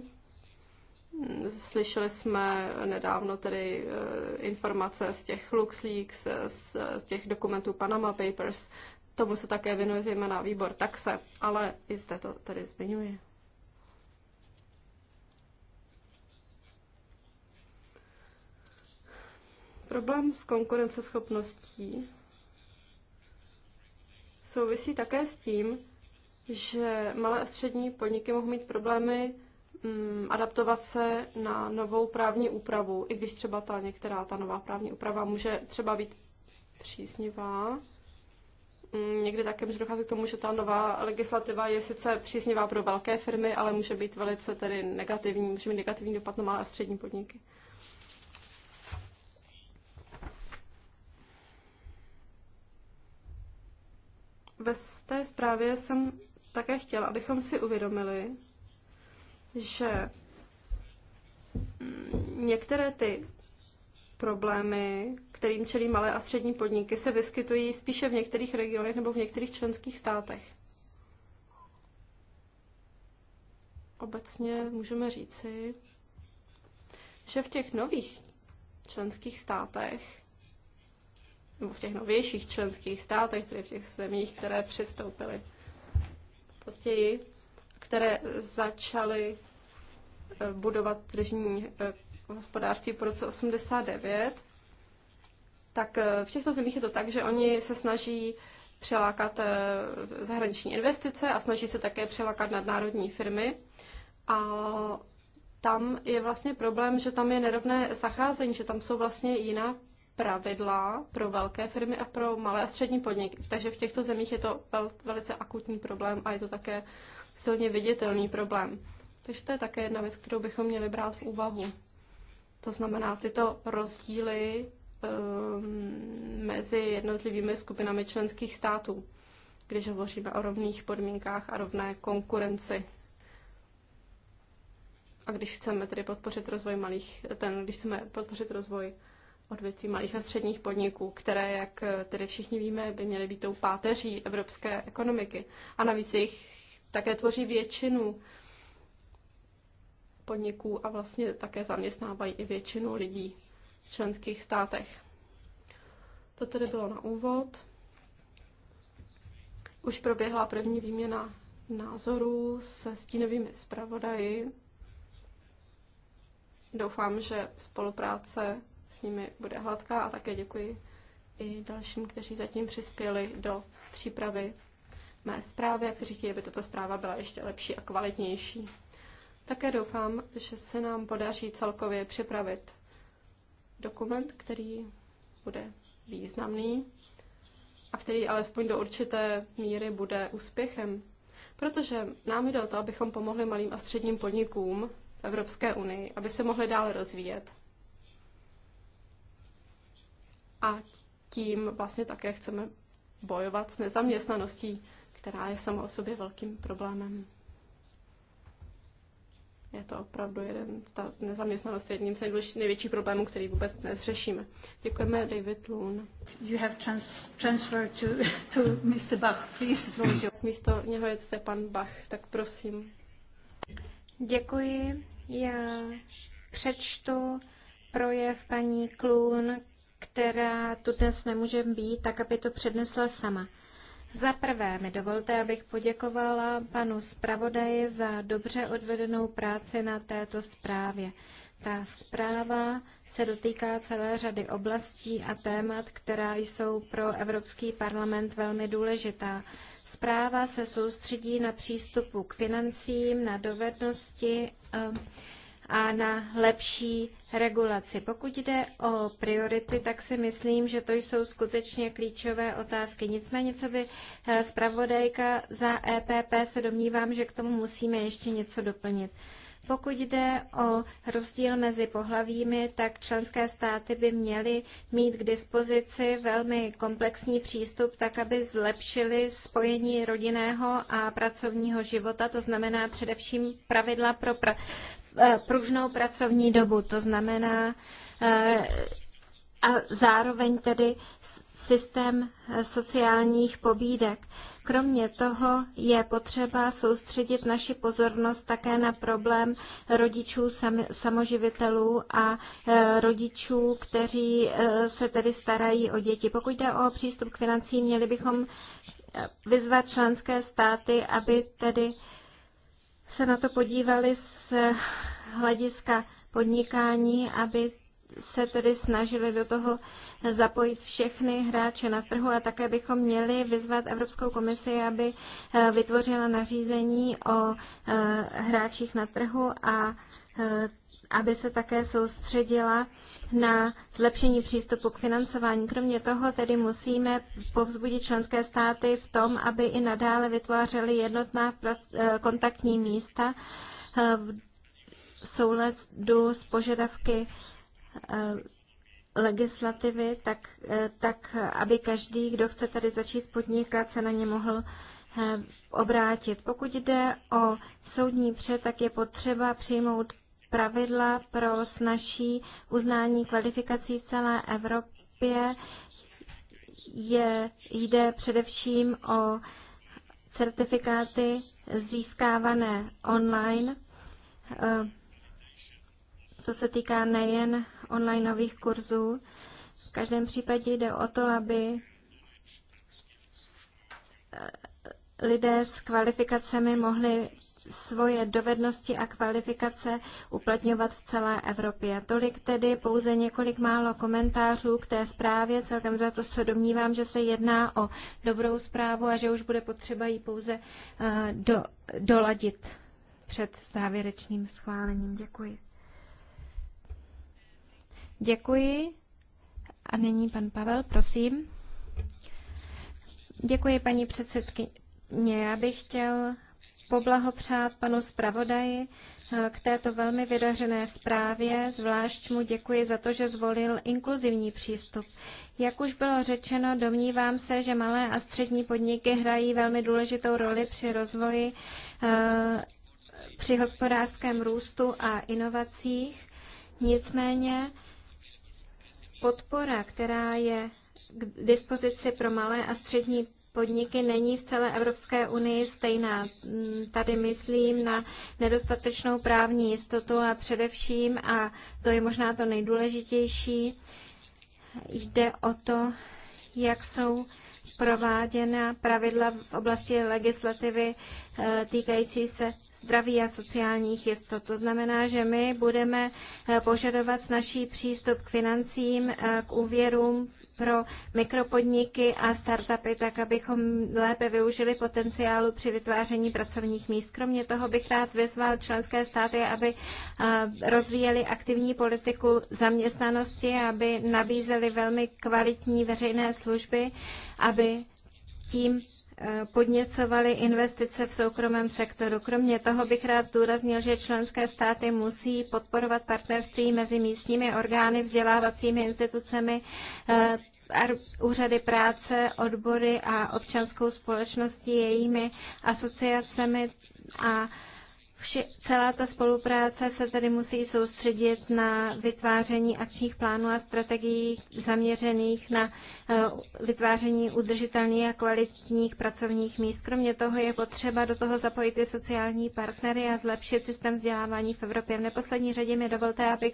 Slyšeli jsme nedávno tedy eh, informace z těch LuxLeaks, eh, z eh, těch dokumentů Panama Papers. Tomu se také věnuje zejména výbor taxe, ale i zde to tedy zmiňuje. Problém s konkurenceschopností souvisí také s tím, že malé a střední podniky mohou mít problémy mm, adaptovat se na novou právní úpravu, i když třeba ta některá ta nová právní úprava může třeba být příznivá. Mm, někdy také může docházet k tomu, že ta nová legislativa je sice příznivá pro velké firmy, ale může být velice tedy negativní, může mít negativní dopad na malé a střední podniky. ve té zprávě jsem také chtěla, abychom si uvědomili, že mm, některé ty problémy, kterým čelí malé a střední podniky, se vyskytují spíše v některých regionech nebo v některých členských státech. Obecně můžeme říci, že v těch nových členských státech nebo v těch novějších členských státech, tedy v těch zemích, které přistoupily později, které začaly eh, budovat tržní eh, hospodářství po roce 89, tak eh, v těchto zemích je to tak, že oni se snaží přilákat zahraniční investice a snaží se také přilákat nadnárodní firmy. A tam je vlastně problém, že tam je nerovné zacházení, že tam jsou vlastně jiná pravidla pro velké firmy a pro malé a střední podniky. Takže v těchto zemích je to vel, velice akutní problém a je to také silně viditelný problém. Takže to je také jedna věc, kterou bychom měli brát v úvahu. To znamená tyto rozdíly um, mezi jednotlivými skupinami členských států, když hovoříme o rovných podmínkách a rovné konkurenci. A když chceme tedy podpořit rozvoj malých, ten, když chceme podpořit rozvoj odvětví malých a středních podniků, které, jak eh, tedy všichni víme, by měly být tou páteří evropské ekonomiky. A navíc jich také tvoří většinu podniků a vlastně také zaměstnávají i většinu lidí v členských státech. To tedy bylo na úvod. Už proběhla první výměna názorů se stínovými zpravodaji. Doufám, že spolupráce s nimi bude hladká a také děkuji i dalším, kteří zatím přispěli do přípravy mé zprávy a kteří chtějí, aby tato zpráva byla ještě lepší a kvalitnější. Také doufám, že se nám podaří celkově připravit dokument, který bude významný a který alespoň do určité míry bude úspěchem. Protože nám jde o to, abychom pomohli malým a středním podnikům v Evropské unii, aby se mohli dále rozvíjet a tím vlastně také chceme bojovat s nezaměstnaností, která je sama o sobě velkým problémem. Je to opravdu jeden, ta nezaměstnanost je jedním z největších problémů, který vůbec dnes řešíme. Děkujeme, David Loon. You have trans, transfer to, to Mr. Bach, please. Místo něho je pan Bach, tak prosím. Děkuji. Já přečtu projev paní Klun, která tu dnes nemůže být, tak aby to přednesla sama. Za prvé mi dovolte, abych poděkovala panu zpravodaji za dobře odvedenou práci na této zprávě. Ta zpráva se dotýká celé řady oblastí a témat, která jsou pro Evropský parlament velmi důležitá. Zpráva se soustředí na přístupu k financím, na dovednosti, a na lepší regulaci. Pokud jde o priority, tak si myslím, že to jsou skutečně klíčové otázky. Nicméně, co by eh, zpravodajka za EPP, se domnívám, že k tomu musíme ještě něco doplnit. Pokud jde o rozdíl mezi pohlavími, tak členské státy by měly mít k dispozici velmi komplexní přístup, tak aby zlepšili spojení rodinného a pracovního života, to znamená především pravidla pro pra- Eh, pružnou pracovní dobu. To znamená eh, a zároveň tedy systém eh, sociálních pobídek. Kromě toho je potřeba soustředit naši pozornost také na problém rodičů samoživitelů a rodičů, kteří se tedy starají o děti. Pokud jde o přístup k financím, měli bychom vyzvat členské státy, aby tedy se na to podívali z hlediska podnikání, aby se tedy snažili do toho zapojit všechny hráče na trhu a také bychom měli vyzvat Evropskou komisi, aby eh, vytvořila nařízení o eh, hráčích na trhu a eh, aby se také soustředila na zlepšení přístupu k financování. Kromě toho tedy musíme povzbudit členské státy v tom, aby i nadále vytvářely jednotná eh, kontaktní místa eh, v souladu s požadavky eh, legislativy, tak, tak aby každý, kdo chce tady začít podnikat, se na ně mohl obrátit. Pokud jde o soudní pře, tak je potřeba přijmout pravidla pro snažší uznání kvalifikací v celé Evropě. Je, jde především o certifikáty získávané online. Eh, to se týká nejen online nových kurzů. V každém případě jde o to, aby eh, lidé s kvalifikacemi mohli svoje dovednosti a kvalifikace uplatňovat v celé Evropě. Tolik tedy pouze několik málo komentářů k té zprávě. Celkem za to se domnívám, že se jedná o dobrou zprávu a že už bude potřeba ji pouze eh, do, doladit před závěrečným schválením. Děkuji. Děkuji. A nyní pan Pavel, prosím. Děkuji, paní předsedkyně. Já bych chtěl poblahopřát panu zpravodaji eh, k této velmi vydařené zprávě. Zvlášť mu děkuji za to, že zvolil inkluzivní přístup. Jak už bylo řečeno, domnívám se, že malé a střední podniky hrají velmi důležitou roli při rozvoji, eh, při hospodářském růstu a inovacích. Nicméně podpora, která je k dispozici pro malé a střední podniky není v celé Evropské unii stejná. Tady myslím na nedostatečnou právní jistotu a především, a to je možná to nejdůležitější, jde o to, jak jsou prováděna pravidla v oblasti legislativy eh, týkající se zdraví a sociálních jistot. To znamená, že my budeme eh, požadovat naší přístup k financím, eh, k úvěrům pro mikropodniky a startupy, tak abychom lépe využili potenciálu při vytváření pracovních míst. Kromě toho bych rád vyzval členské státy, aby eh, rozvíjeli aktivní politiku zaměstnanosti, aby nabízeli velmi kvalitní veřejné služby, aby tím podněcovaly investice v soukromém sektoru. Kromě toho bych rád zdůraznil, že členské státy musí podporovat partnerství mezi místními orgány, vzdělávacími institucemi, eh, úřady práce, odbory a občanskou společností, jejími asociacemi a Vši, celá ta spolupráce se tedy musí soustředit na vytváření akčních plánů a strategií zaměřených na eh, vytváření udržitelných a kvalitních pracovních míst. Kromě toho je potřeba do toho zapojit i sociální partnery a zlepšit systém vzdělávání v Evropě. V neposlední řadě mi dovolte, abych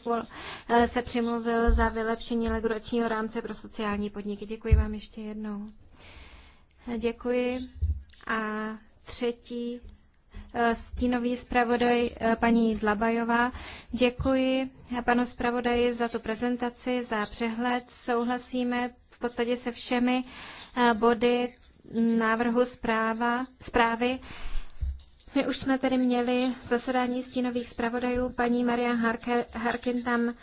eh, se přimluvil za vylepšení legročního rámce pro sociální podniky. Děkuji vám ještě jednou. Děkuji. A třetí Eh, stínový zpravodaj eh, paní Dlabajová. Děkuji eh, panu zpravodaji za tu prezentaci, za přehled. Souhlasíme v podstatě se všemi body návrhu zpráva, zprávy. My už jsme tady měli zasedání stínových zpravodajů. Paní Maria Harkin tam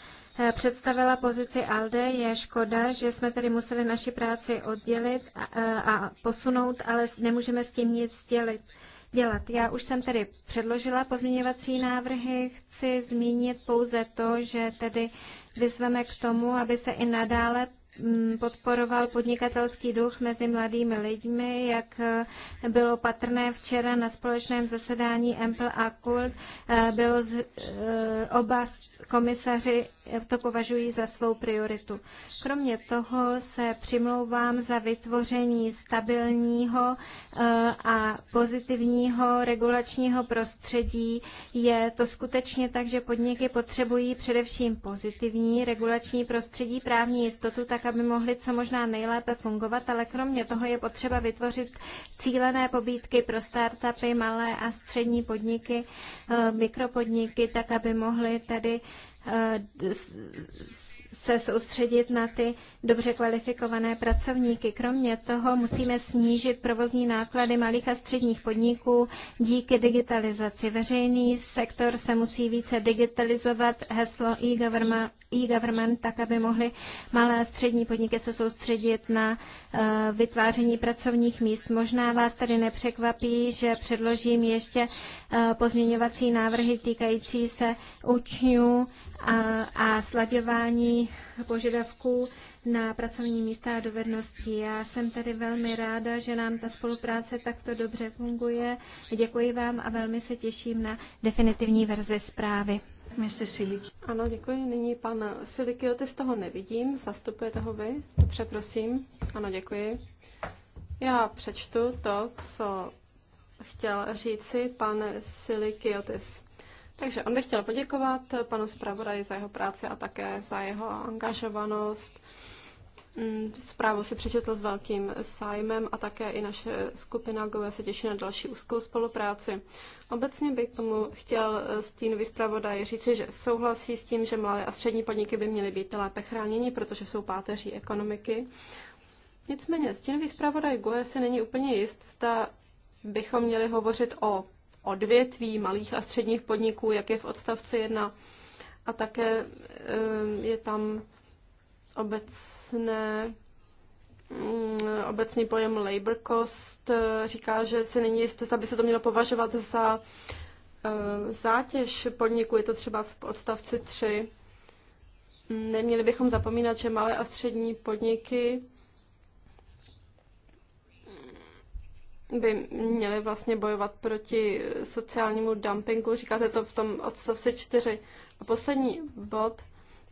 představila pozici ALDE. Je škoda, že jsme tedy museli naši práci oddělit a, a posunout, ale nemůžeme s tím nic dělit dělat. Já už jsem tedy předložila pozměňovací návrhy. Chci zmínit pouze to, že tedy vyzveme k tomu, aby se i nadále Mm, podporoval podnikatelský duch mezi mladými lidmi, jak eh, bylo patrné včera na společném zasedání Empl a Kult. Eh, bylo z, eh, oba komisaři to považují za svou prioritu. Kromě toho se přimlouvám za vytvoření stabilního a pozitivního regulačního prostředí. Je to skutečně tak, že podniky potřebují především pozitivní regulační prostředí, právní jistotu, tak aby mohly co možná nejlépe fungovat, ale kromě toho je potřeba vytvořit cílené pobídky pro startupy, malé a střední podniky, eh, mikropodniky, tak, aby mohly tady eh, se soustředit na ty dobře kvalifikované pracovníky. Kromě toho musíme snížit provozní náklady malých a středních podniků díky digitalizaci. Veřejný sektor se musí více digitalizovat, heslo e-government, e-government tak, aby mohly malé a střední podniky se soustředit na eh, vytváření pracovních míst. Možná vás tady nepřekvapí, že předložím ještě eh, pozměňovací návrhy týkající se učňů, a slaďování požadavků na pracovní místa a dovednosti. Já jsem tady velmi ráda, že nám ta spolupráce takto dobře funguje. Děkuji vám a velmi se těším na definitivní verzi zprávy. Ano, děkuji. Nyní pan Silikiotis, toho nevidím. Zastupujete ho vy? Dobře, prosím. Ano, děkuji. Já přečtu to, co chtěl říci pan Silikiotis. Takže on bych chtěl poděkovat panu zpravodaji za jeho práci a také za jeho angažovanost. Mm, zprávu si přečetl s velkým zájmem a také i naše skupina GOVE se těší na další úzkou spolupráci. Obecně bych tomu chtěl eh, stínový zpravodaj říci, že souhlasí s tím, že malé a střední podniky by měly být lépe chráněni, protože jsou páteří ekonomiky. Nicméně stínový zpravodaj GOE se není úplně jist, zda bychom měli hovořit o odvětví malých a středních podniků, jak je v odstavci 1. A také je tam obecné mm, obecný pojem labor cost říká, že se není jisté, aby se to mělo považovat za zátěž podniku, je to třeba v odstavci 3. Neměli bychom zapomínat, že malé a střední podniky by měli vlastně bojovat proti sociálnímu dumpingu. Říkáte to v tom odstavci 4. A poslední bod.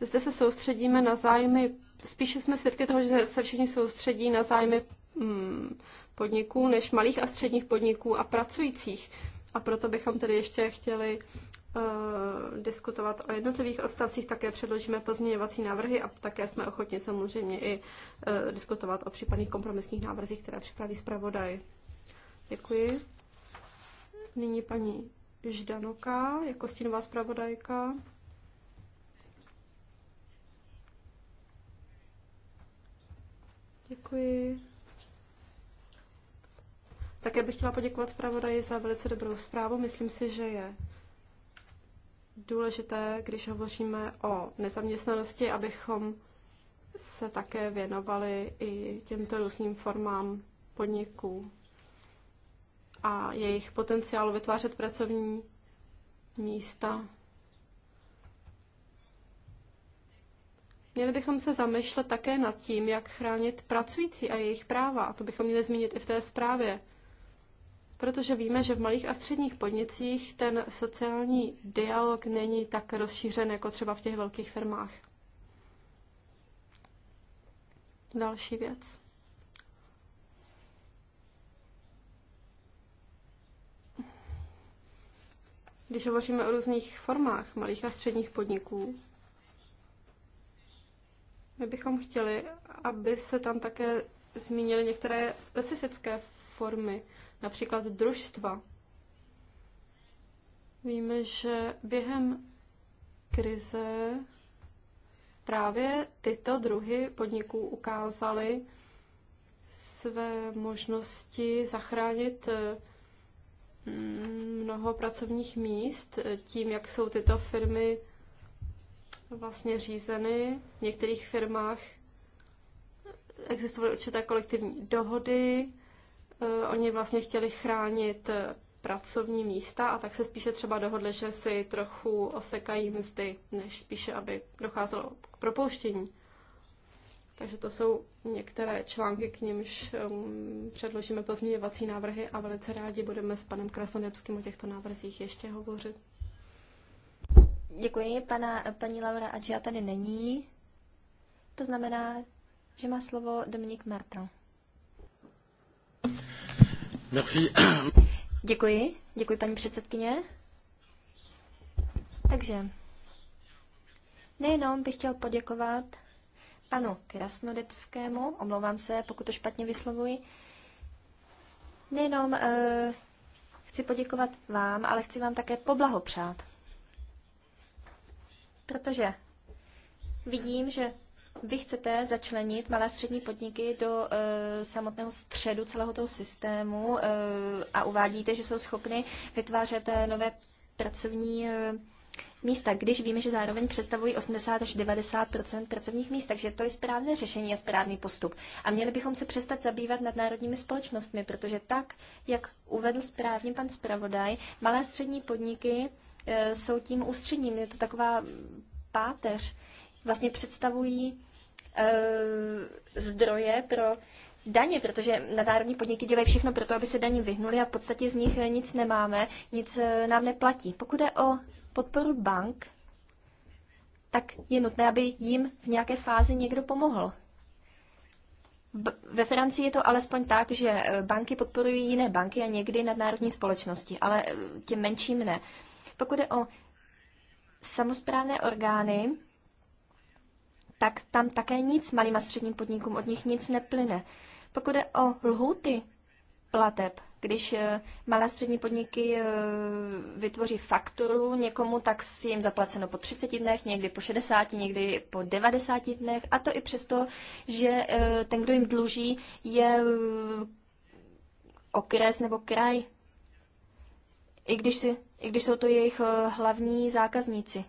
Zde se soustředíme na zájmy, spíše jsme svědky toho, že se všichni soustředí na zájmy hmm, podniků než malých a středních podniků a pracujících. A proto bychom tedy ještě chtěli uh, diskutovat o jednotlivých odstavcích, také předložíme pozměňovací návrhy a také jsme ochotni samozřejmě i uh, diskutovat o případných kompromisních návrzích, které připraví zpravodaj. Děkuji. Nyní paní Ždanoka jako stínová zpravodajka. Děkuji. Také bych chtěla poděkovat zpravodaji za velice dobrou zprávu. Myslím si, že je důležité, když hovoříme o nezaměstnanosti, abychom se také věnovali i těmto různým formám podniků a jejich potenciálu vytvářet pracovní místa. Měli bychom se zamýšlet také nad tím, jak chránit pracující a jejich práva. A to bychom měli zmínit i v té zprávě. Protože víme, že v malých a středních podnicích ten sociální dialog není tak rozšířen jako třeba v těch velkých firmách. Další věc. Když hovoříme o různých formách malých a středních podniků, my bychom chtěli, aby se tam také zmínily některé specifické formy, například družstva. Víme, že během krize právě tyto druhy podniků ukázaly své možnosti zachránit mnoho pracovních míst tím, jak jsou tyto firmy vlastně řízeny. V některých firmách existovaly určité kolektivní dohody, eh, oni vlastně chtěli chránit pracovní místa a tak se spíše třeba dohodli, že si trochu osekají mzdy, než spíše, aby docházelo k propouštění. Takže to jsou některé články, k nimž um, předložíme pozměňovací návrhy a velice rádi budeme s panem Krasnodebským o těchto návrzích ještě hovořit. Děkuji. Pana, paní Laura Adžia tady není. To znamená, že má slovo Dominik Marta. Merci. Děkuji. Děkuji, paní předsedkyně. Takže nejenom bych chtěl poděkovat panu Krasnodebskému, omlouvám se, pokud to špatně vyslovuji. Nejenom eh, chci poděkovat vám, ale chci vám také poblahopřát. Protože vidím, že vy chcete začlenit malé střední podniky do e, samotného středu celého toho systému e, a uvádíte, že jsou schopny vytvářet eh, nové pracovní e, místa, když víme, že zároveň představují 80 až 90 pracovních míst, takže to je správné řešení a správný postup. A měli bychom se přestat zabývat nad národními společnostmi, protože tak, jak uvedl správně pan zpravodaj, malé a střední podniky e, jsou tím ústředním, je to taková páteř, vlastně představují e, zdroje pro daně, protože nadárodní podniky dělají všechno pro to, aby se daní vyhnuli a v podstatě z nich nic nemáme, nic e, nám neplatí. Pokud je o podporu bank, tak je nutné, aby jim v nějaké fázi někdo pomohl. Ve Francii je to alespoň tak, že eh, banky podporují jiné banky a někdy nadnárodní společnosti, ale eh, těm menším ne. Pokud je o samozprávné orgány, tak tam také nic malým a středním podnikům od nich nic neplyne. Pokud je o lhuty plateb, když eh, malé střední podniky eh, vytvoří fakturu někomu, tak si jim zaplaceno po 30 dnech, někdy po 60, někdy po 90 dnech. A to i přesto, že eh, ten, kdo jim dluží, je okres nebo kraj. I když, si, i když jsou to jejich hlavní zákazníci.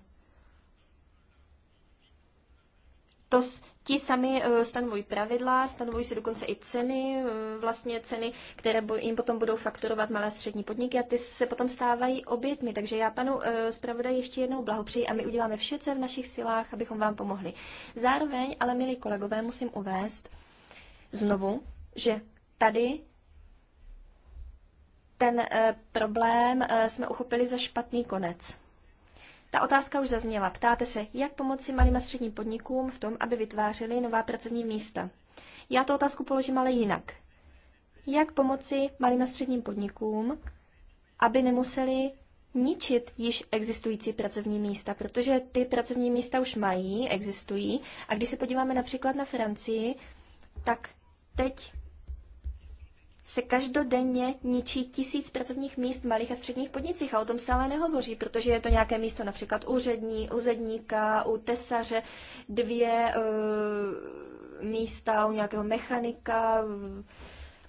To Ti sami eh, stanovují pravidla, stanovují si dokonce i ceny, eh, vlastně ceny, které jim potom budou fakturovat malé a střední podniky a ty se potom stávají obětmi. Takže já panu eh, zpravodaj ještě jednou blahopřeji a my uděláme vše, co je v našich silách, abychom vám pomohli. Zároveň, ale milí kolegové, musím uvést znovu, že tady ten problém jsme uchopili za špatný konec. Ta otázka už zazněla. Ptáte se, jak pomoci malým a středním podnikům v tom, aby vytvářeli nová pracovní místa. Já tu otázku položím ale jinak. Jak pomoci malým a středním podnikům, aby nemuseli ničit již existující pracovní místa, protože ty pracovní místa už mají, existují. A když se podíváme například na Francii, tak teď se každodenně ničí tisíc pracovních míst v malých a středních podnicích a o tom se ale nehovoří, protože je to nějaké místo například úřední, úředníka, u tesaře, dvě e, místa u nějakého mechanika,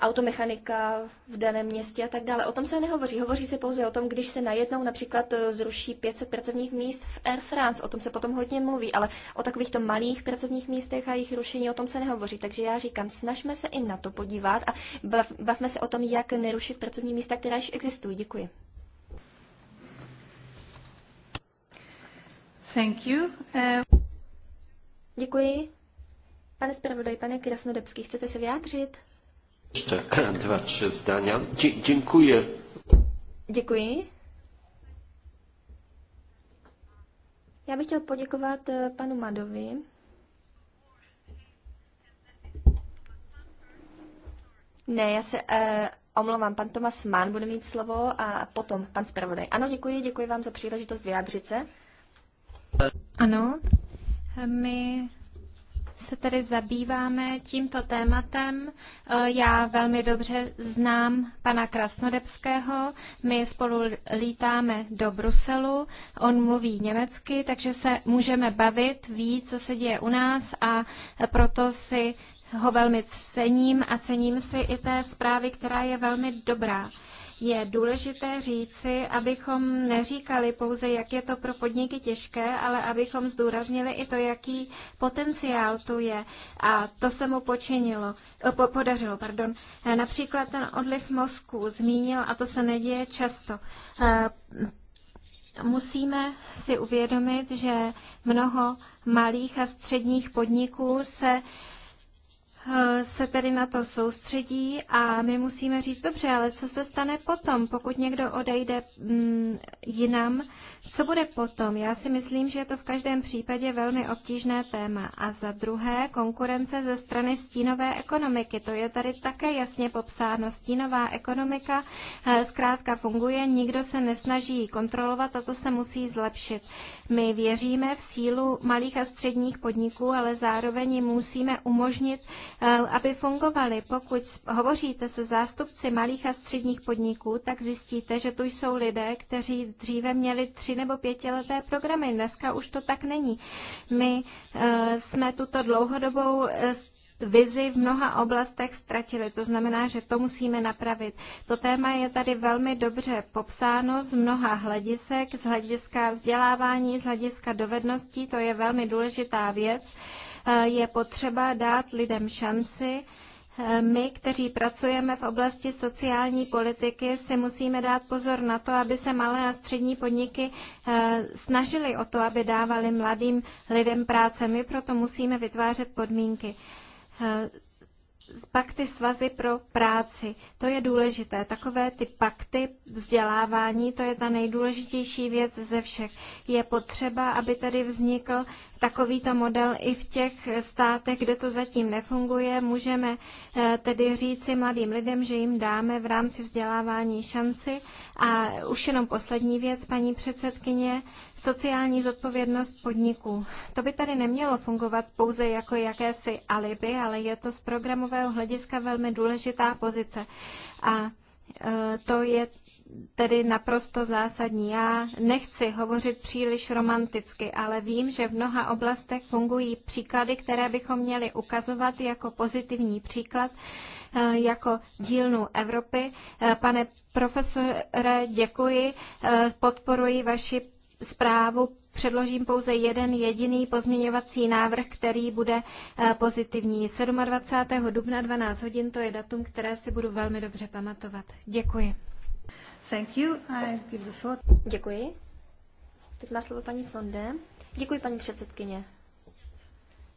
automechanika v daném městě a tak dále. O tom se nehovoří. Hovoří se pouze o tom, když se najednou například eh, zruší 500 pracovních míst v Air France. O tom se potom hodně mluví, ale o takovýchto malých pracovních místech a jejich rušení o tom se nehovoří. Takže já říkám, snažme se i na to podívat a bavme se o tom, jak nerušit pracovní místa, která již existují. Děkuji. Thank you. Uh... Děkuji. Pane zpravodaj, pane Krasnodebský, chcete se vyjádřit? Ještě dva, tři Dě, děkuji. Děkuji. Já bych chtěl poděkovat panu Madovi. Ne, já se eh, omlouvám, pan Tomas Mann bude mít slovo a potom pan zpravodaj. Ano, děkuji, děkuji vám za příležitost vyjádřit se. Ano, my se tedy zabýváme tímto tématem. Eh, já velmi dobře znám pana Krasnodebského. My spolu lítáme do Bruselu. On mluví německy, takže se můžeme bavit, ví, co se děje u nás a proto si ho velmi cením a cením si i té zprávy, která je velmi dobrá je důležité říci, abychom neříkali pouze, jak je to pro podniky těžké, ale abychom zdůraznili i to, jaký potenciál tu je. A to se mu počinilo, eh, po, podařilo. Pardon. Eh, například ten odliv mozku zmínil, a to se neděje často eh, musíme si uvědomit, že mnoho malých a středních podniků se Eh, se tedy na to soustředí a my musíme říct, dobře, ale co se stane potom, pokud někdo odejde mm, jinam, co bude potom? Já si myslím, že je to v každém případě velmi obtížné téma. A za druhé, konkurence ze strany stínové ekonomiky. To je tady také jasně popsáno. Stínová ekonomika eh, zkrátka funguje, nikdo se nesnaží kontrolovat a to se musí zlepšit. My věříme v sílu malých a středních podniků, ale zároveň musíme umožnit, Eh, aby fungovaly. Pokud hovoříte se zástupci malých a středních podniků, tak zjistíte, že tu jsou lidé, kteří dříve měli tři nebo pětileté programy. Dneska už to tak není. My eh, jsme tuto dlouhodobou eh, vizi v mnoha oblastech ztratili. To znamená, že to musíme napravit. To téma je tady velmi dobře popsáno z mnoha hledisek, z hlediska vzdělávání, z hlediska dovedností. To je velmi důležitá věc. Eh, je potřeba dát lidem šanci. Eh, my, kteří pracujeme v oblasti sociální politiky, si musíme dát pozor na to, aby se malé a střední podniky eh, snažily o to, aby dávali mladým lidem práce. My proto musíme vytvářet podmínky pakty svazy pro práci. To je důležité. Takové ty pakty vzdělávání, to je ta nejdůležitější věc ze všech. Je potřeba, aby tady vznikl takovýto model i v těch státech, kde to zatím nefunguje. Můžeme eh, tedy říci mladým lidem, že jim dáme v rámci vzdělávání šanci. A už jenom poslední věc, paní předsedkyně, sociální zodpovědnost podniků. To by tady nemělo fungovat pouze jako jakési alibi, ale je to z programového hlediska velmi důležitá pozice. A eh, to je tedy naprosto zásadní. Já nechci hovořit příliš romanticky, ale vím, že v mnoha oblastech fungují příklady, které bychom měli ukazovat jako pozitivní příklad, eh, jako dílnu Evropy. Eh, pane profesore, děkuji, eh, podporuji vaši zprávu. Předložím pouze jeden jediný pozměňovací návrh, který bude pozitivní. 27. dubna 12 hodin, to je datum, které si budu velmi dobře pamatovat. Děkuji. Thank you. I give the floor. Děkuji. Teď má slovo paní Sonde. Děkuji, paní předsedkyně.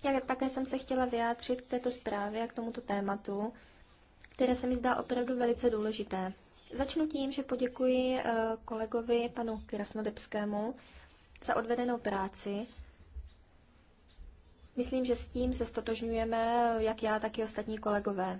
Já také jsem se chtěla vyjádřit k této zprávě a k tomuto tématu, které se mi zdá opravdu velice důležité. Začnu tím, že poděkuji eh, kolegovi panu Krasnodebskému za odvedenou práci. Myslím, že s tím se stotožňujeme, jak já, tak i ostatní kolegové.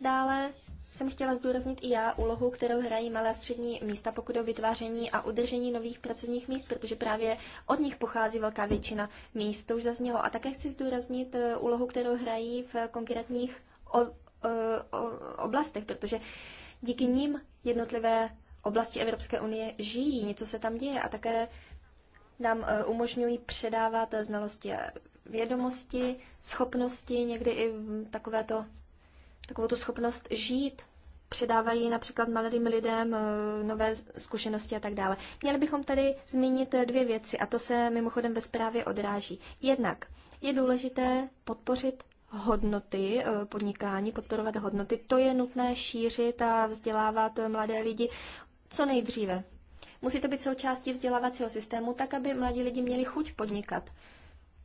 Dále jsem chtěla zdůraznit i já úlohu, kterou hrají malé střední místa, pokud o vytváření a udržení nových pracovních míst, protože právě od nich pochází velká většina míst, to už zaznělo. A také chci zdůraznit eh, úlohu, kterou hrají v konkrétních o, o, eh, o, oblastech, protože díky nim jednotlivé oblasti Evropské unie žijí, něco se tam děje a také nám eh, umožňují předávat znalosti a vědomosti, schopnosti, někdy i takovéto takovou tu schopnost žít. Předávají například mladým lidem eh, nové zkušenosti a tak dále. Měli bychom tady zmínit eh, dvě věci a to se mimochodem ve zprávě odráží. Jednak je důležité podpořit hodnoty eh, podnikání, podporovat hodnoty. To je nutné šířit a vzdělávat mladé lidi co nejdříve. Musí to být součástí vzdělávacího systému, tak aby mladí lidi měli chuť podnikat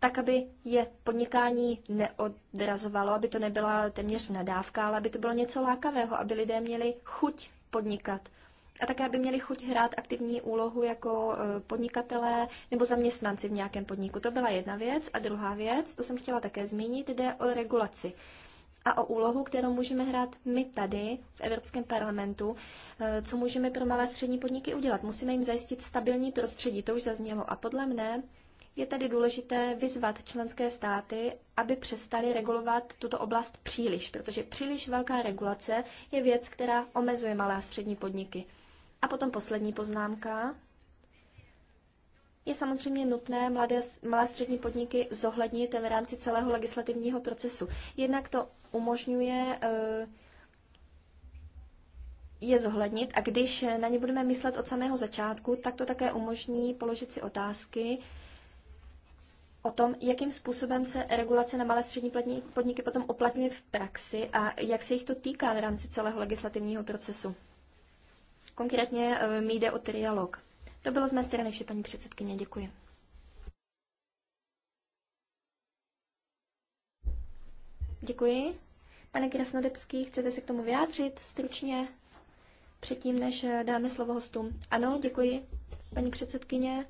tak aby je podnikání neodrazovalo, aby to nebyla téměř nadávka, ale aby to bylo něco lákavého, aby lidé měli chuť podnikat. A také, aby měli chuť hrát aktivní úlohu jako e, podnikatelé nebo zaměstnanci v nějakém podniku. To byla jedna věc. A druhá věc, to jsem chtěla také zmínit, jde o regulaci a o úlohu, kterou můžeme hrát my tady v Evropském parlamentu, e, co můžeme pro malé střední podniky udělat. Musíme jim zajistit stabilní prostředí, to už zaznělo. A podle mne je tedy důležité vyzvat členské státy, aby přestali regulovat tuto oblast příliš, protože příliš velká regulace je věc, která omezuje malé a střední podniky. A potom poslední poznámka. Je samozřejmě nutné mladé, malé střední podniky zohlednit v rámci celého legislativního procesu. Jednak to umožňuje eh, je zohlednit a když na ně budeme myslet od samého začátku, tak to také umožní položit si otázky, o tom, jakým způsobem se regulace na malé střední podniky potom uplatňuje v praxi a jak se jich to týká v rámci celého legislativního procesu. Konkrétně eh, mi jde o trialog. To bylo z mé strany vše, paní předsedkyně. Děkuji. Děkuji. Pane Krasnodebský, chcete se k tomu vyjádřit stručně předtím, než eh, dáme slovo hostům? Ano, děkuji, paní předsedkyně.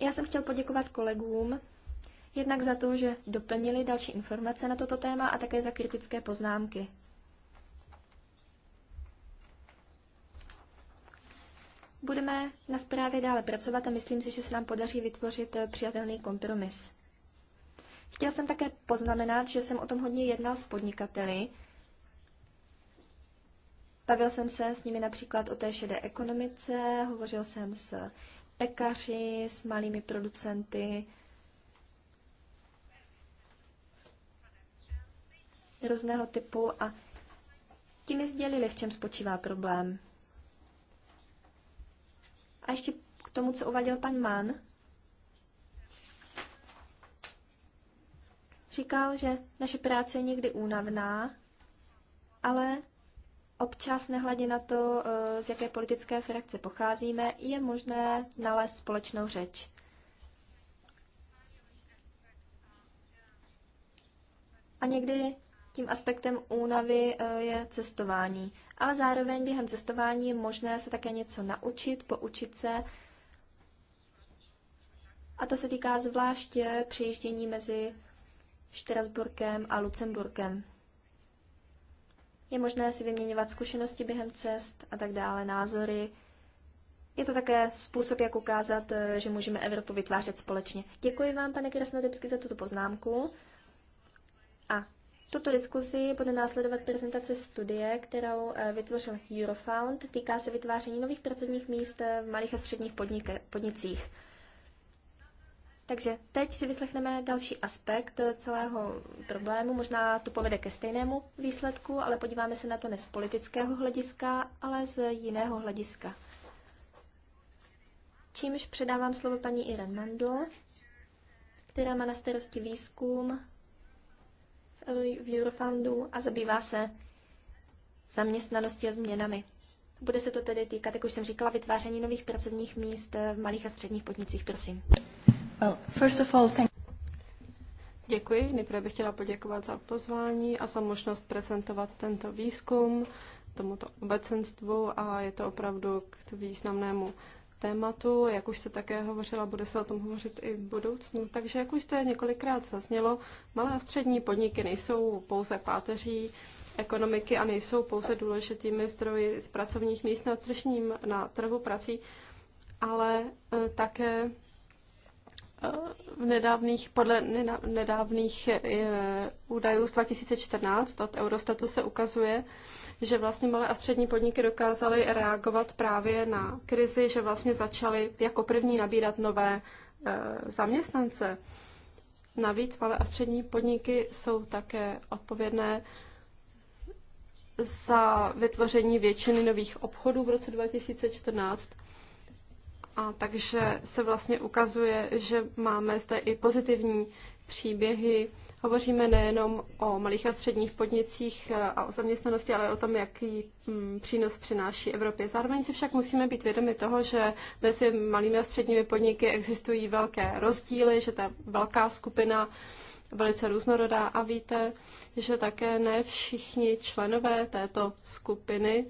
Já jsem chtěl poděkovat kolegům, jednak za to, že doplnili další informace na toto téma a také za kritické poznámky. Budeme na zprávě dále pracovat a myslím si, že se nám podaří vytvořit eh, přijatelný kompromis. Chtěl jsem také poznamenat, že jsem o tom hodně jednal s podnikateli. Bavil jsem se s nimi například o té šedé ekonomice, hovořil jsem s pekaři, s malými producenty, různého typu a ti mi sdělili, v čem spočívá problém. A ještě k tomu, co uváděl pan Mann, říkal, že naše práce je někdy únavná, ale Občas, nehledě na to, eh, z jaké politické frakce pocházíme, je možné nalézt společnou řeč. A někdy tím aspektem únavy eh, je cestování. Ale zároveň během cestování je možné se také něco naučit, poučit se. A to se týká zvláště přejiždění mezi Štrasburkem a Lucemburkem. Je možné si vyměňovat zkušenosti během cest a tak dále, názory. Je to také způsob, jak ukázat, eh, že můžeme Evropu vytvářet společně. Děkuji vám, pane Krasnodebsky, za tuto poznámku. A tuto diskuzi bude následovat prezentace studie, kterou eh, vytvořil Eurofound. Týká se vytváření nových pracovních míst eh, v malých a středních podnik- podnicích. Takže teď si vyslechneme další aspekt celého problému. Možná to povede ke stejnému výsledku, ale podíváme se na to ne z politického hlediska, ale z jiného hlediska. Čímž předávám slovo paní Iren Mandl, která má na starosti výzkum v Eurofoundu a zabývá se zaměstnaností a změnami. Bude se to tedy týkat, jak už jsem říkala, vytváření nových pracovních míst v malých a středních podnicích. Prosím. Well, first of all, thank Děkuji. Nejprve bych chtěla poděkovat za pozvání a za možnost prezentovat tento výzkum tomuto obecenstvu a je to opravdu k významnému tématu. Jak už jste také hovořila, bude se o tom hovořit i v budoucnu. Takže jak už jste několikrát zaznělo, malé a střední podniky nejsou pouze páteří ekonomiky a nejsou pouze důležitými zdroji z pracovních míst na, tržním, na trhu prací, ale eh, také v nedávných, podle nedávných eh, údajů z 2014 od Eurostatu se ukazuje, že vlastně malé a střední podniky dokázaly reagovat právě na krizi, že vlastně začaly jako první nabírat nové eh, zaměstnance. Navíc malé a střední podniky jsou také odpovědné za vytvoření většiny nových obchodů v roce 2014 a takže se vlastně ukazuje, že máme zde i pozitivní příběhy. Hovoříme nejenom o malých a středních podnicích a o zaměstnanosti, ale o tom, jaký mm, přínos přináší Evropě. Zároveň si však musíme být vědomi toho, že mezi malými a středními podniky existují velké rozdíly, že ta velká skupina velice různorodá a víte, že také ne všichni členové této skupiny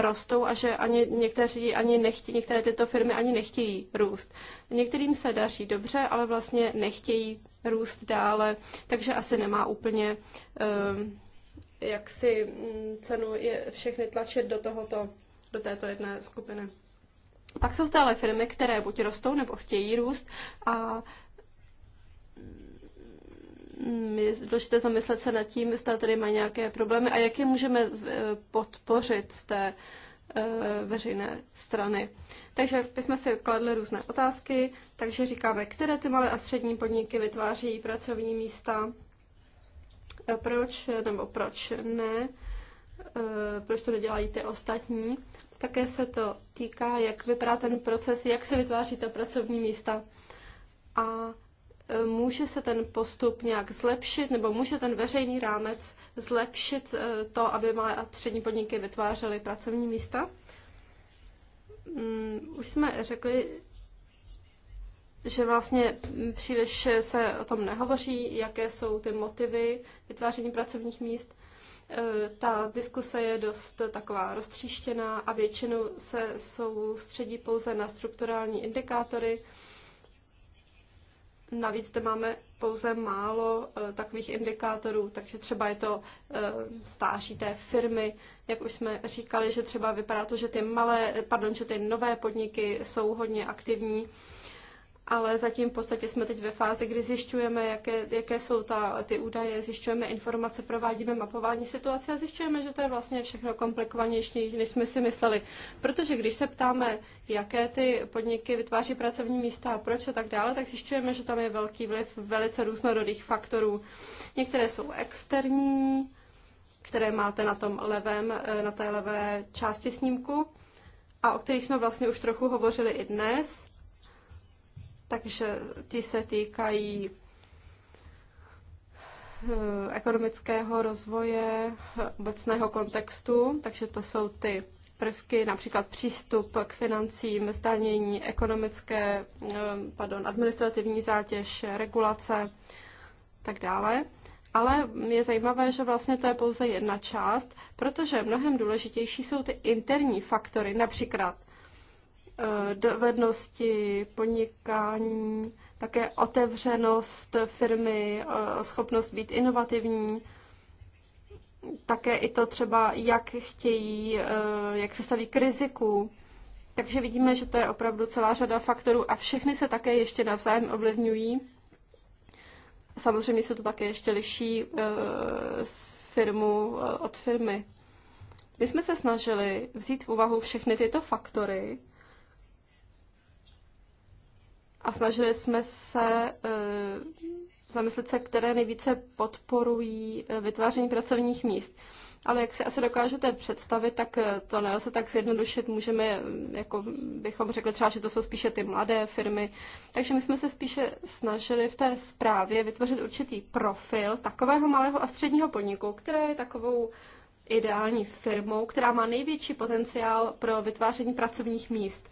rostou a že ani někteří ani nechtějí, některé tyto firmy ani nechtějí růst. Některým se daří dobře, ale vlastně nechtějí růst dále, takže asi nemá úplně eh, jaksi mm, cenu je všechny tlačit do tohoto, do této jedné skupiny. Pak jsou stále firmy, které buď rostou nebo chtějí růst a Mm, je důležité zamyslet se nad tím, jestli tady má nějaké problémy a jak je můžeme eh, podpořit z té eh, veřejné strany. Takže my jsme si kladli různé otázky, takže říkáme, které ty malé a střední podniky vytváří pracovní místa, eh, proč nebo proč ne, proč to nedělají ty ostatní. Také se to týká, jak vypadá ten proces, jak se vytváří ta pracovní místa. A může se ten postup nějak zlepšit, nebo může ten veřejný rámec zlepšit eh, to, aby malé a střední podniky vytvářely pracovní místa? Hmm, už jsme řekli, že vlastně příliš se o tom nehovoří, jaké jsou ty motivy vytváření pracovních míst. Eh, ta diskuse je dost taková roztříštěná a většinou se soustředí pouze na strukturální indikátory, Navíc zde máme pouze málo eh, takových indikátorů, takže třeba je to eh, stáří té firmy, jak už jsme říkali, že třeba vypadá to, že ty malé, eh, pardon, že ty nové podniky jsou hodně aktivní ale zatím v podstatě jsme teď ve fázi, kdy zjišťujeme, jaké, jaké jsou ta, ty údaje, zjišťujeme informace, provádíme mapování situace a zjišťujeme, že to je vlastně všechno komplikovanější, než jsme si mysleli. Protože když se ptáme, jaké ty podniky vytváří pracovní místa a proč a tak dále, tak zjišťujeme, že tam je velký vliv velice různorodých faktorů. Některé jsou externí, které máte na tom levém, na té levé části snímku a o kterých jsme vlastně už trochu hovořili i dnes – takže ty se týkají eh, ekonomického rozvoje, obecného kontextu, takže to jsou ty prvky, například přístup k financím, zdanění, ekonomické, eh, pardon, administrativní zátěž, regulace, tak dále. Ale je zajímavé, že vlastně to je pouze jedna část, protože mnohem důležitější jsou ty interní faktory, například Eh, dovednosti, podnikání, také otevřenost firmy, eh, schopnost být inovativní, také i to třeba, jak chtějí, eh, jak se staví k riziku. Takže vidíme, že to je opravdu celá řada faktorů a všechny se také ještě navzájem ovlivňují. Samozřejmě se to také ještě liší z firmu od firmy. My jsme se snažili vzít v úvahu všechny tyto faktory, a snažili jsme se eh, zamyslet se, které nejvíce podporují eh, vytváření pracovních míst. Ale jak si asi dokážete představit, tak eh, to nelze tak zjednodušit. Můžeme, mm, jako bychom řekli třeba, že to jsou spíše ty mladé firmy. Takže my jsme se spíše snažili v té zprávě vytvořit určitý profil takového malého a středního podniku, které je takovou ideální firmou, která má největší potenciál pro vytváření pracovních míst.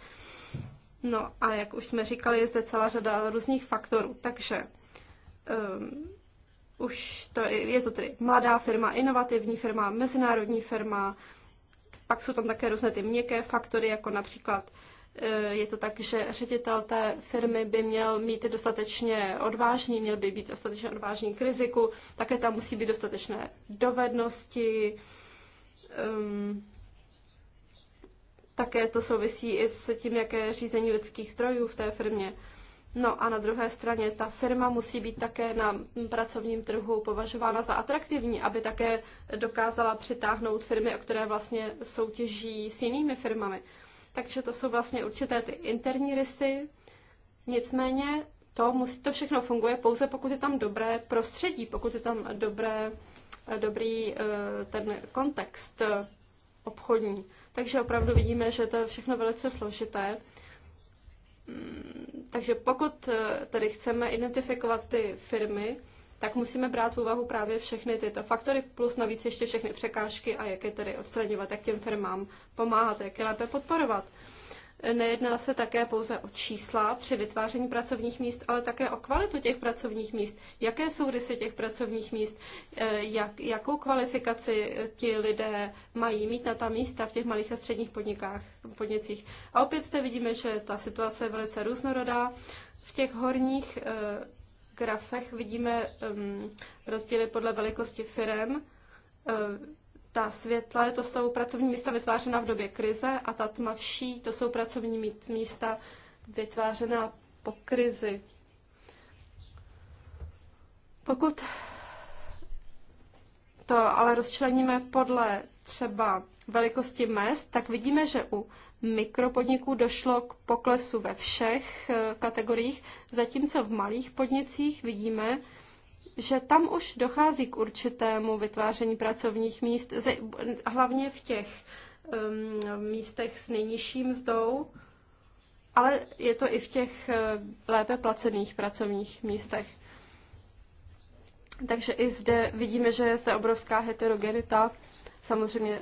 No a jak už jsme říkali, je zde celá řada různých faktorů. Takže um, už to je, je to tedy mladá firma, inovativní firma, mezinárodní firma, pak jsou tam také různé ty měkké faktory, jako například eh, je to tak, že ředitel té firmy by měl mít dostatečně odvážný, měl by být dostatečně odvážný k riziku, také tam musí být dostatečné dovednosti, um, také to souvisí i s tím, jaké je řízení lidských strojů v té firmě. No a na druhé straně ta firma musí být také na pracovním trhu považována za atraktivní, aby také dokázala přitáhnout firmy, které vlastně soutěží s jinými firmami. Takže to jsou vlastně určité ty interní rysy. Nicméně to, musí, to všechno funguje pouze, pokud je tam dobré prostředí, pokud je tam dobré, dobrý eh, ten kontext eh, obchodní. Takže opravdu vidíme, že to je všechno velice složité. Mm, takže pokud eh, tedy chceme identifikovat ty firmy, tak musíme brát v úvahu právě všechny tyto faktory, plus navíc ještě všechny překážky a jak je tedy odstraňovat, jak těm firmám pomáhat, jak je lépe podporovat. Nejedná se také pouze o čísla při vytváření pracovních míst, ale také o kvalitu těch pracovních míst. Jaké jsou rysy těch pracovních míst? Eh, jak, jakou kvalifikaci eh, ti lidé mají mít na ta místa v těch malých a středních podnikách, podnicích? A opět zde vidíme, že ta situace je velice různorodá. V těch horních eh, grafech vidíme ehm, rozdíly podle velikosti firem ta světla, to jsou pracovní místa vytvářená v době krize a ta tmavší, to jsou pracovní místa vytvářená po krizi. Pokud to ale rozčleníme podle třeba velikosti mest, tak vidíme, že u mikropodniků došlo k poklesu ve všech eh, kategoriích, zatímco v malých podnicích vidíme, že tam už dochází k určitému vytváření pracovních míst, hlavně v těch um, místech s nejnižší mzdou, ale je to i v těch eh, lépe placených pracovních místech. Takže i zde vidíme, že je zde obrovská heterogenita. Samozřejmě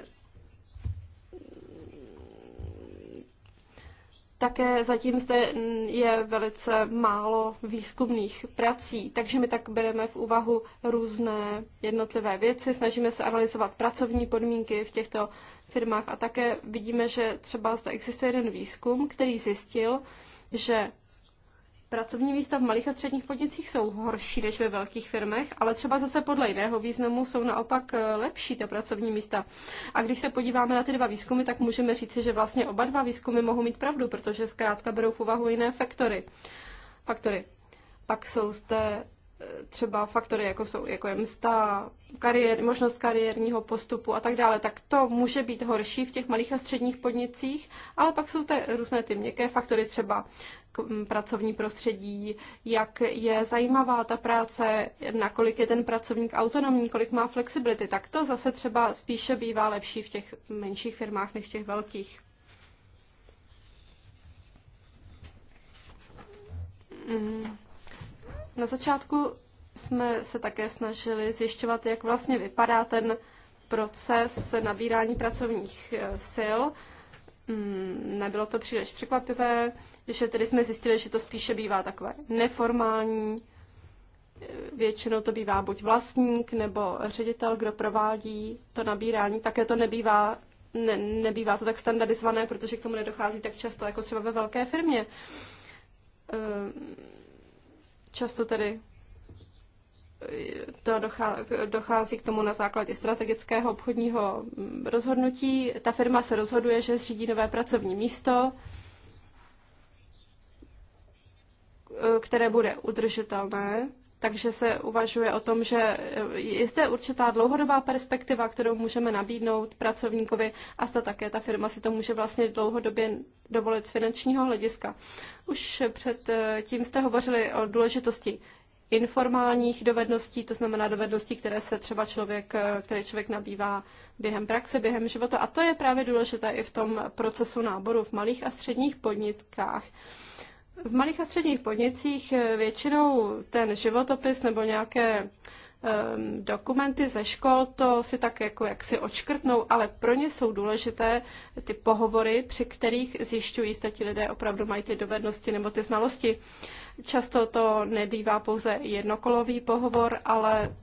Také zatím zde je velice málo výzkumných prací, takže my tak bereme v úvahu různé jednotlivé věci, snažíme se analyzovat pracovní podmínky v těchto firmách a také vidíme, že třeba zde existuje jeden výzkum, který zjistil, že Pracovní místa v malých a středních podnicích jsou horší než ve velkých firmech, ale třeba zase podle jiného významu jsou naopak eh, lepší ta pracovní místa. A když se podíváme na ty dva výzkumy, tak můžeme říci, že vlastně oba dva výzkumy mohou mít pravdu, protože zkrátka berou v úvahu jiné faktory. faktory. Pak jsou zde eh, třeba faktory, jako, jsou, jako je msta, kariér, možnost kariérního postupu a tak dále, tak to může být horší v těch malých a středních podnicích, ale pak jsou to různé ty měkké faktory, třeba pracovní prostředí, jak je zajímavá ta práce, nakolik je ten pracovník autonomní, kolik má flexibility, tak to zase třeba spíše bývá lepší v těch menších firmách než v těch velkých. Mm. Na začátku jsme se také snažili zjišťovat, jak vlastně vypadá ten proces nabírání pracovních eh, sil. Mm, nebylo to příliš překvapivé že tedy jsme zjistili, že to spíše bývá takové neformální, eh, většinou to bývá buď vlastník nebo ředitel, kdo provádí to nabírání, také to nebývá, ne, nebývá to tak standardizované, protože k tomu nedochází tak často, jako třeba ve velké firmě. Eh, často tedy eh, to dochází k tomu na základě strategického obchodního mm, rozhodnutí. Ta firma se rozhoduje, že zřídí nové pracovní místo, Eh, které bude udržitelné, takže se uvažuje o tom, že eh, je zde určitá dlouhodobá perspektiva, kterou můžeme nabídnout pracovníkovi a zda také ta firma si to může vlastně dlouhodobě dovolit z finančního hlediska. Už před eh, tím jste hovořili o důležitosti informálních dovedností, to znamená dovedností, které se třeba člověk, který člověk nabývá během praxe, během života. A to je právě důležité i v tom procesu náboru v malých a středních podnikách. V malých a středních podnicích eh, většinou ten životopis nebo nějaké um, dokumenty ze škol, to si tak jako jak si očkrtnou, ale pro ně jsou důležité ty pohovory, při kterých zjišťují, zda ti lidé opravdu mají ty dovednosti nebo ty znalosti. Často to nebývá pouze jednokolový pohovor, ale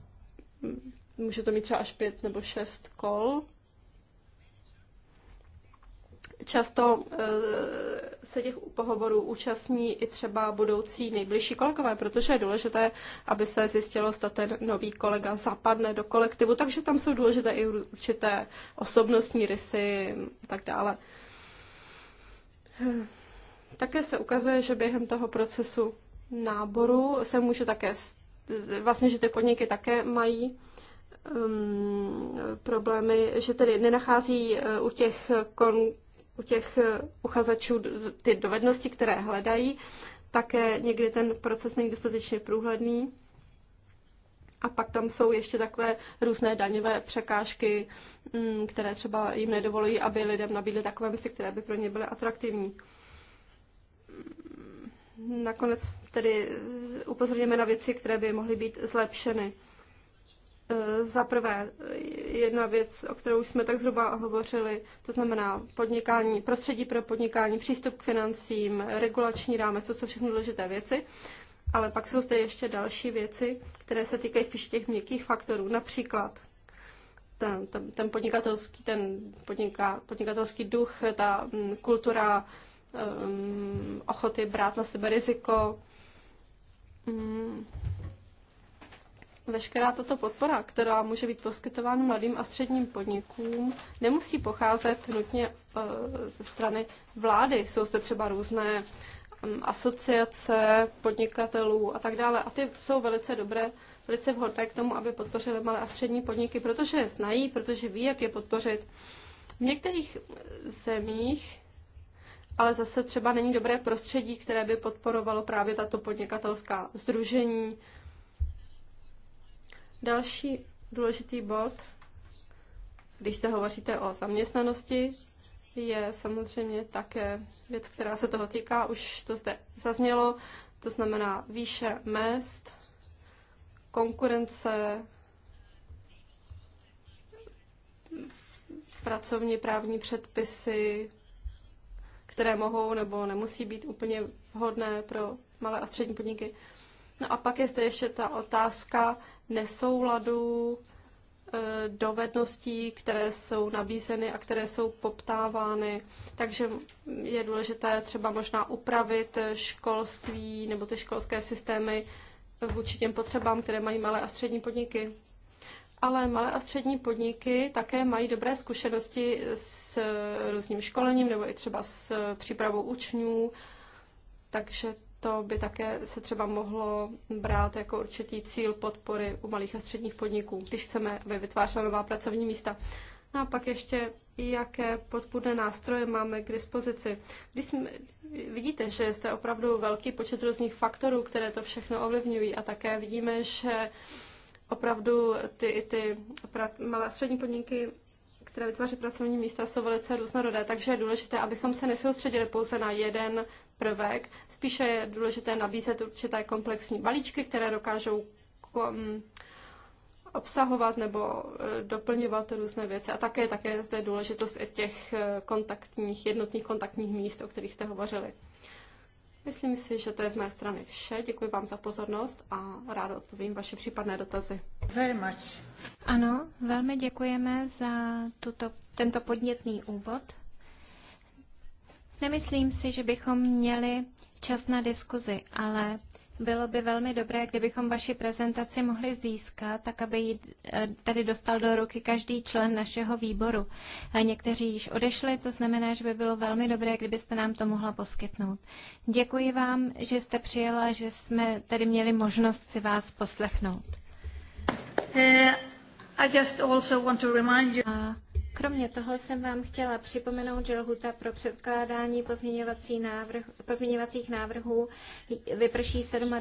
může to mít třeba až pět nebo šest kol. Často eh, se těch pohovorů účastní i třeba budoucí nejbližší kolegové, protože je důležité, aby se zjistilo, zda ten nový kolega zapadne do kolektivu, takže tam jsou důležité i určité osobnostní rysy a tak dále. Eh, také se ukazuje, že během toho procesu náboru se může také, vlastně, že ty podniky také mají um, problémy, že tedy nenachází eh, u těch kon, u těch eh, uchazačů ty dovednosti, které hledají. Také někdy ten proces není dostatečně průhledný. A pak tam jsou ještě takové různé daňové překážky, mm, které třeba jim nedovolují, aby lidem nabídli takové věci, které by pro ně byly atraktivní. Nakonec tedy upozorněme na věci, které by mohly být zlepšeny. Eh, za prvé, eh, jedna věc, o kterou jsme tak zhruba hovořili, to znamená podnikání, prostředí pro podnikání, přístup k financím, regulační rámec, to jsou všechno důležité věci. Ale pak jsou zde ještě další věci, které se týkají spíše těch měkkých faktorů, například ten, ten, ten podnikatelský, ten podniká, podnikatelský duch, ta mm, kultura um, ochoty brát na sebe riziko, um, veškerá tato podpora, která může být poskytována mladým a středním podnikům, nemusí pocházet nutně e, ze strany vlády. Jsou zde třeba různé asociace podnikatelů a tak dále. A ty jsou velice dobré, velice vhodné k tomu, aby podpořili malé a střední podniky, protože je znají, protože ví, jak je podpořit. V některých zemích ale zase třeba není dobré prostředí, které by podporovalo právě tato podnikatelská združení, Další důležitý bod, když se hovoříte o zaměstnanosti, je samozřejmě také věc, která se toho týká, už to zde zaznělo, to znamená výše mest, konkurence, pracovní právní předpisy, které mohou nebo nemusí být úplně vhodné pro malé a střední podniky. No a pak je zde ještě ta otázka nesouladu e, dovedností, které jsou nabízeny a které jsou poptávány. Takže je důležité třeba možná upravit školství nebo ty školské systémy vůči těm potřebám, které mají malé a střední podniky. Ale malé a střední podniky také mají dobré zkušenosti s různým školením nebo i třeba s přípravou učňů, takže to by také se třeba mohlo brát jako určitý cíl podpory u malých a středních podniků, když chceme, aby vytvářela nová pracovní místa. No a pak ještě, jaké podpůrné nástroje máme k dispozici. Když jsme, vidíte, že je opravdu velký počet různých faktorů, které to všechno ovlivňují a také vidíme, že opravdu ty, ty malé a střední podniky které vytváří pracovní místa, jsou velice různorodé, takže je důležité, abychom se nesoustředili pouze na jeden prvek. Spíše je důležité nabízet určité komplexní balíčky, které dokážou kom, obsahovat nebo e, doplňovat různé věci. A také, také je zde důležitost i těch e, kontaktních, jednotných kontaktních míst, o kterých jste hovořili. Myslím si, že to je z mé strany vše. Děkuji vám za pozornost a rád odpovím vaše případné dotazy. Very much. Ano, velmi děkujeme za tuto, tento podnětný úvod. Nemyslím si, že bychom měli čas na diskuzi, ale bylo by velmi dobré, kdybychom vaši prezentaci mohli získat, tak aby ji eh, tady dostal do ruky každý člen našeho výboru. A někteří již odešli, to znamená, že by bylo velmi dobré, kdybyste nám to mohla poskytnout. Děkuji vám, že jste přijela, že jsme tady měli možnost si vás poslechnout. Uh, I just also want to remind you... Kromě toho jsem vám chtěla připomenout, že lhuta pro předkládání pozměňovací návrh, pozměňovacích návrhů vyprší 27.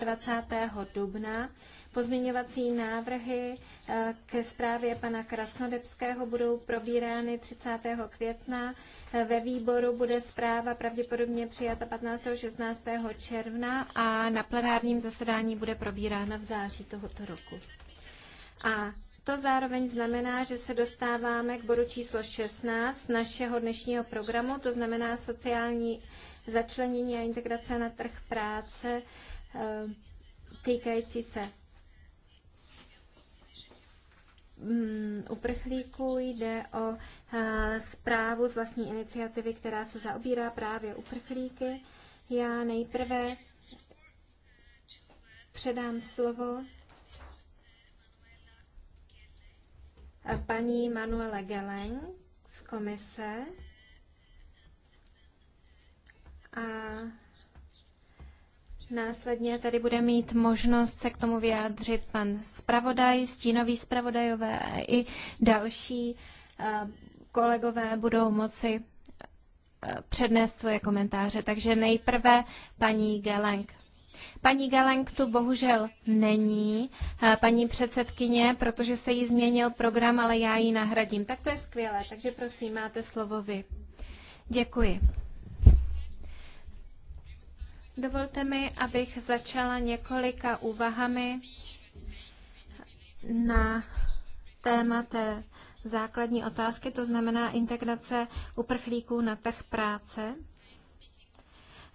dubna. Pozměňovací návrhy eh, ke zprávě pana Krasnodebského budou probírány 30. května. Eh, ve výboru bude zpráva pravděpodobně přijata 15. 16. června a na plenárním zasedání bude probírána v září tohoto roku. A to zároveň znamená, že se dostáváme k bodu číslo 16 našeho dnešního programu, to znamená sociální začlenění a integrace na trh práce eh, týkající se mm, uprchlíků. Jde o eh, zprávu z vlastní iniciativy, která se zaobírá právě uprchlíky. Já nejprve předám slovo paní Manuela Geleng z komise a Následně tady bude mít možnost se k tomu vyjádřit pan zpravodaj, stínový zpravodajové a i další eh, kolegové budou moci eh, přednést svoje komentáře. Takže nejprve paní Gelenk. Paní Galenk tu bohužel není, eh, paní předsedkyně, protože se jí změnil program, ale já ji nahradím. Tak to je skvělé, takže prosím, máte slovo vy. Děkuji. Dovolte mi, abych začala několika úvahami na téma té základní otázky, to znamená integrace uprchlíků na trh práce.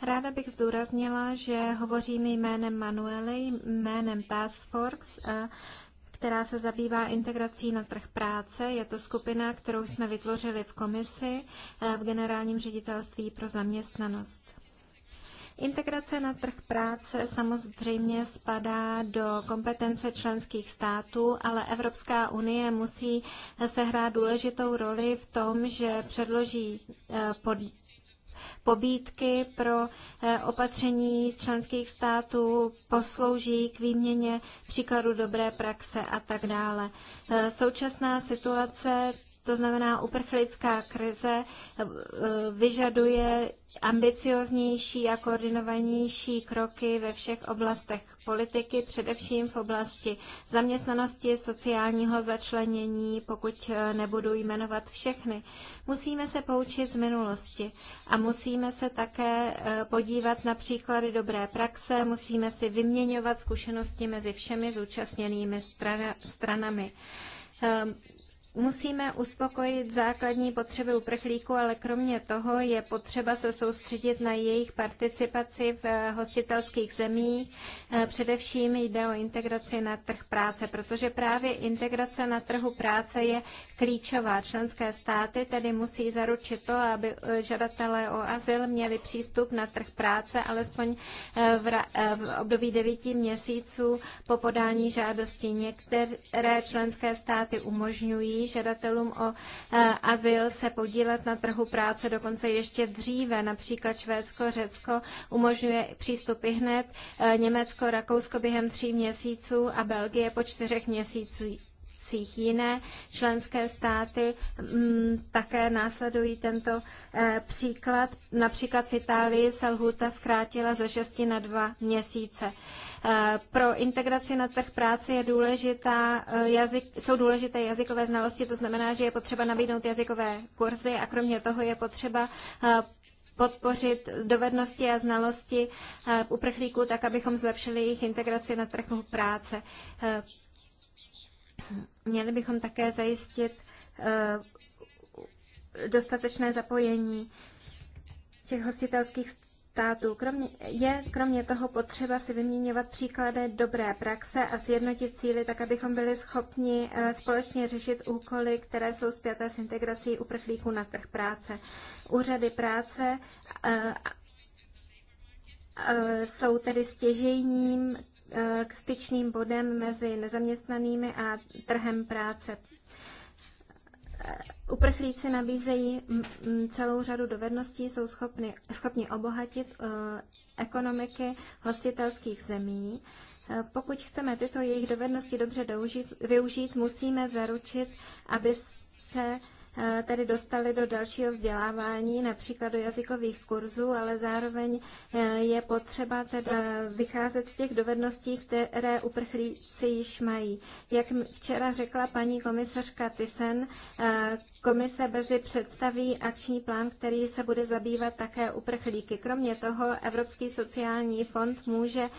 Ráda bych zdůraznila, že hovořím jménem Manuely, jménem Task Force, která se zabývá integrací na trh práce. Je to skupina, kterou jsme vytvořili v komisi v Generálním ředitelství pro zaměstnanost. Integrace na trh práce samozřejmě spadá do kompetence členských států, ale Evropská unie musí sehrát důležitou roli v tom, že předloží eh, pod pobídky pro eh, opatření členských států poslouží k výměně příkladů dobré praxe a tak dále. Eh, současná situace to znamená, uprchlická krize eh, vyžaduje ambicioznější a koordinovanější kroky ve všech oblastech politiky, především v oblasti zaměstnanosti, sociálního začlenění, pokud eh, nebudu jmenovat všechny. Musíme se poučit z minulosti a musíme se také eh, podívat na příklady dobré praxe, musíme si vyměňovat zkušenosti mezi všemi zúčastněnými stranami ehm, Musíme uspokojit základní potřeby uprchlíků, ale kromě toho je potřeba se soustředit na jejich participaci v eh, hostitelských zemích. Eh, především jde o integraci na trh práce, protože právě integrace na trhu práce je klíčová. Členské státy tedy musí zaručit to, aby eh, žadatelé o azyl měli přístup na trh práce alespoň v, v období devíti měsíců po podání žádosti. Některé členské státy umožňují žadatelům o eh, azyl se podílet na trhu práce dokonce ještě dříve. Například Švédsko, Řecko umožňuje přístupy hned, eh, Německo, Rakousko během tří měsíců a Belgie po čtyřech měsících sankcích. Jiné členské státy mm, také následují tento eh, příklad. Například v Itálii se lhůta zkrátila ze 6 na 2 měsíce. Eh, pro integraci na trh práce je důležitá eh, jazyk, jsou důležité jazykové znalosti, to znamená, že je potřeba nabídnout jazykové kurzy a kromě toho je potřeba podpořit dovednosti a znalosti uprchlíků tak, abychom zlepšili jejich integraci na trhu práce. Měli bychom také zajistit eh, dostatečné zapojení těch hostitelských států. Kromě, je kromě toho potřeba si vyměňovat příklady dobré praxe a sjednotit cíly, tak abychom byli schopni eh, společně řešit úkoly, které jsou zpěté s integrací uprchlíků na trh práce. Úřady práce eh, jsou tedy stěžejním k styčným bodem mezi nezaměstnanými a trhem práce. Uprchlíci nabízejí celou řadu dovedností, jsou schopni, schopni obohatit eh, ekonomiky hostitelských zemí. Eh, pokud chceme tyto jejich dovednosti dobře využít, musíme zaručit, aby se Eh, tedy dostali do dalšího vzdělávání, například do jazykových kurzů, ale zároveň eh, je potřeba teda vycházet z těch dovedností, které uprchlíci již mají. Jak včera řekla paní komisařka Tysen, eh, Komise brzy představí akční plán, který se bude zabývat také uprchlíky. Kromě toho Evropský sociální fond může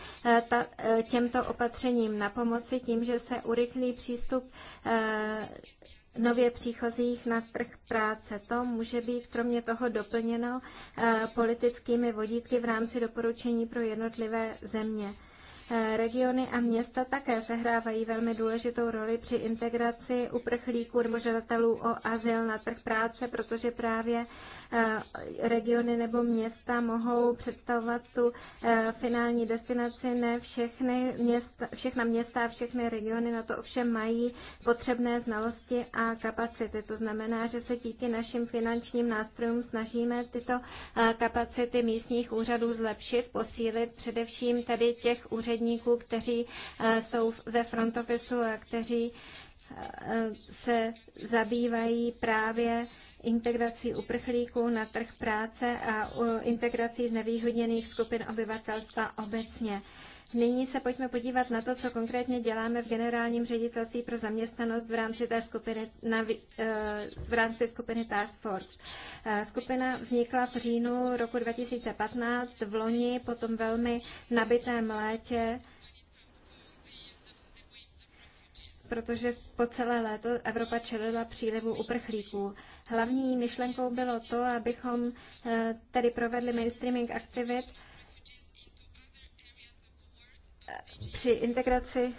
ta, těmto opatřením napomoci tím, že se urychlí přístup nově příchozích na trh práce. To může být kromě toho doplněno eh, politickými vodítky v rámci doporučení pro jednotlivé země. Eh, regiony a města také sehrávají velmi důležitou roli při integraci uprchlíků nebo žadatelů o azyl na trh práce, protože právě eh, regiony nebo města mohou představovat tu eh, finální destinaci. Ne všechny města, všechna města a všechny regiony na to ovšem mají potřebné znalosti a kapacity. To znamená, že se díky našim finančním nástrojům snažíme tyto kapacity místních úřadů zlepšit, posílit především tedy těch úředníků, úředníků, kteří eh, jsou ve front officeu a kteří eh, se zabývají právě integrací uprchlíků na trh práce a integrací znevýhodněných skupin obyvatelstva obecně. Nyní se pojďme podívat na to, co konkrétně děláme v Generálním ředitelství pro zaměstnanost v rámci té skupiny, na, eh, v rámci skupiny Task Force. Eh, skupina vznikla v říjnu roku 2015, v loni, potom velmi nabitém létě, protože po celé léto Evropa čelila přílivu uprchlíků. Hlavní myšlenkou bylo to, abychom eh, tedy provedli mainstreaming aktivit, při integraci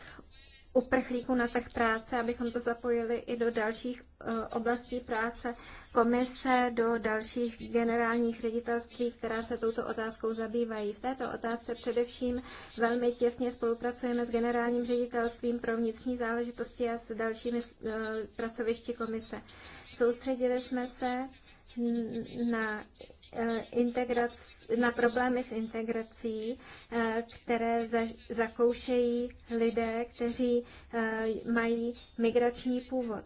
uprchlíků na trh práce, abychom to zapojili i do dalších e, oblastí práce komise, do dalších generálních ředitelství, která se touto otázkou zabývají. V této otázce především velmi těsně spolupracujeme s generálním ředitelstvím pro vnitřní záležitosti a s dalšími e, pracovišti komise. Soustředili jsme se na Eh, integrac, na problémy s integrací, eh, které za, zakoušejí lidé, kteří eh, mají migrační původ.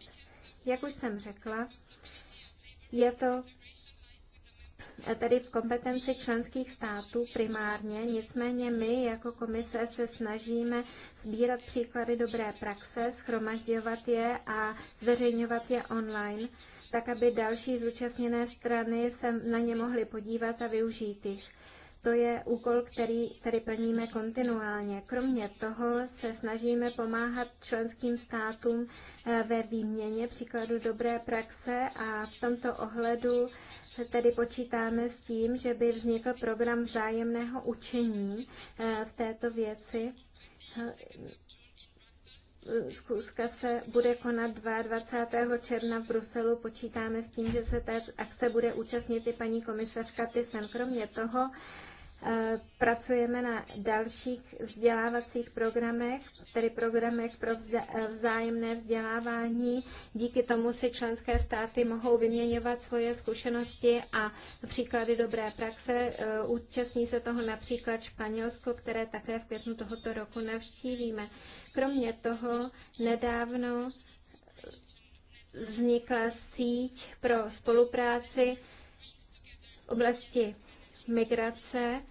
Jak už jsem řekla, je to tedy v kompetenci členských států primárně, nicméně my jako komise se snažíme sbírat příklady dobré praxe, schromažďovat je a zveřejňovat je online tak aby další zúčastněné strany se na ně mohly podívat a využít jich. To je úkol, který tedy plníme kontinuálně. Kromě toho se snažíme pomáhat členským státům eh, ve výměně příkladu dobré praxe a v tomto ohledu tedy počítáme s tím, že by vznikl program vzájemného učení eh, v této věci. Schůzka se bude konat 22. června v Bruselu. Počítáme s tím, že se té akce bude účastnit i paní komisařka Tysen. Kromě toho Eh, pracujeme na dalších vzdělávacích programech, tedy programech pro eh, vzájemné vzdělávání. Díky tomu si členské státy mohou vyměňovat svoje zkušenosti a příklady dobré praxe. Eh, účastní se toho například Španělsko, které také v květnu tohoto roku navštívíme. Kromě toho nedávno vznikla síť pro spolupráci v oblasti migrace.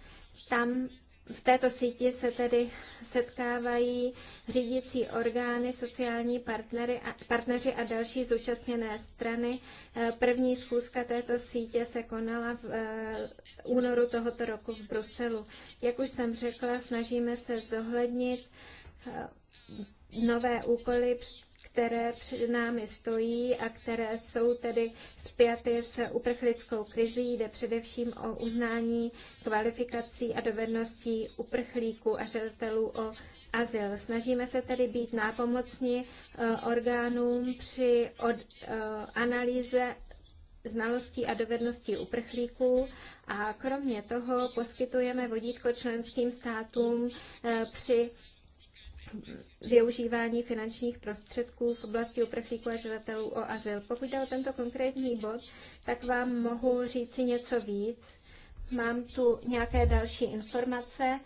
Tam v této síti se tedy setkávají řídící orgány, sociální partnery a, partneři a další zúčastněné strany. Eh, první schůzka této sítě se konala v eh, únoru tohoto roku v Bruselu. Jak už jsem řekla, snažíme se zohlednit eh, nové úkoly které před námi stojí a které jsou tedy zpěty s uprchlickou krizí. Jde především o uznání kvalifikací a dovedností uprchlíků a žadatelů o azyl. Snažíme se tedy být nápomocni eh, orgánům při od, eh, analýze znalostí a dovedností uprchlíků a kromě toho poskytujeme vodítko členským státům eh, při využívání finančních prostředků v oblasti uprchlíků a žadatelů o azyl. Pokud jde o tento konkrétní bod, tak vám mohu říci něco víc. Mám tu nějaké další informace.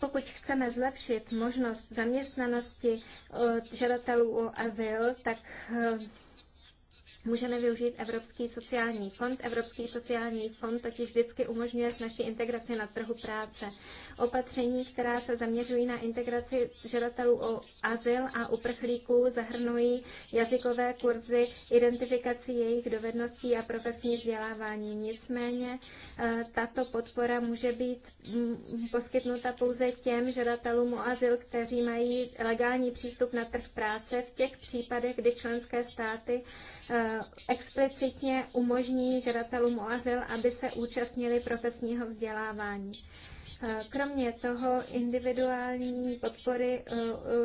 Pokud chceme zlepšit možnost zaměstnanosti eh, žadatelů o azyl, tak eh, Můžeme využít Evropský sociální fond. Evropský sociální fond totiž vždycky umožňuje naší integraci na trhu práce. Opatření, která se zaměřují na integraci žadatelů o azyl a uprchlíků, zahrnují jazykové kurzy, identifikaci jejich dovedností a profesní vzdělávání. Nicméně eh, tato podpora může být mm, poskytnuta pouze těm žadatelům o azyl, kteří mají legální přístup na trh práce v těch případech, kdy členské státy eh, explicitně umožní žadatelům o azyl, aby se účastnili profesního vzdělávání. Eh, kromě toho individuální podpory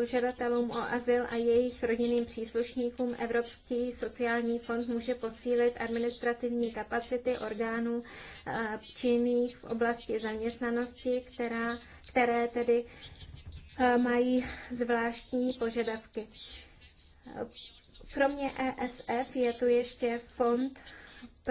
eh, žadatelům o azyl a jejich rodinným příslušníkům Evropský sociální fond může posílit administrativní kapacity orgánů eh, činných v oblasti zaměstnanosti, která, které tedy mají zvláštní požadavky. Kromě ESF je tu ještě fond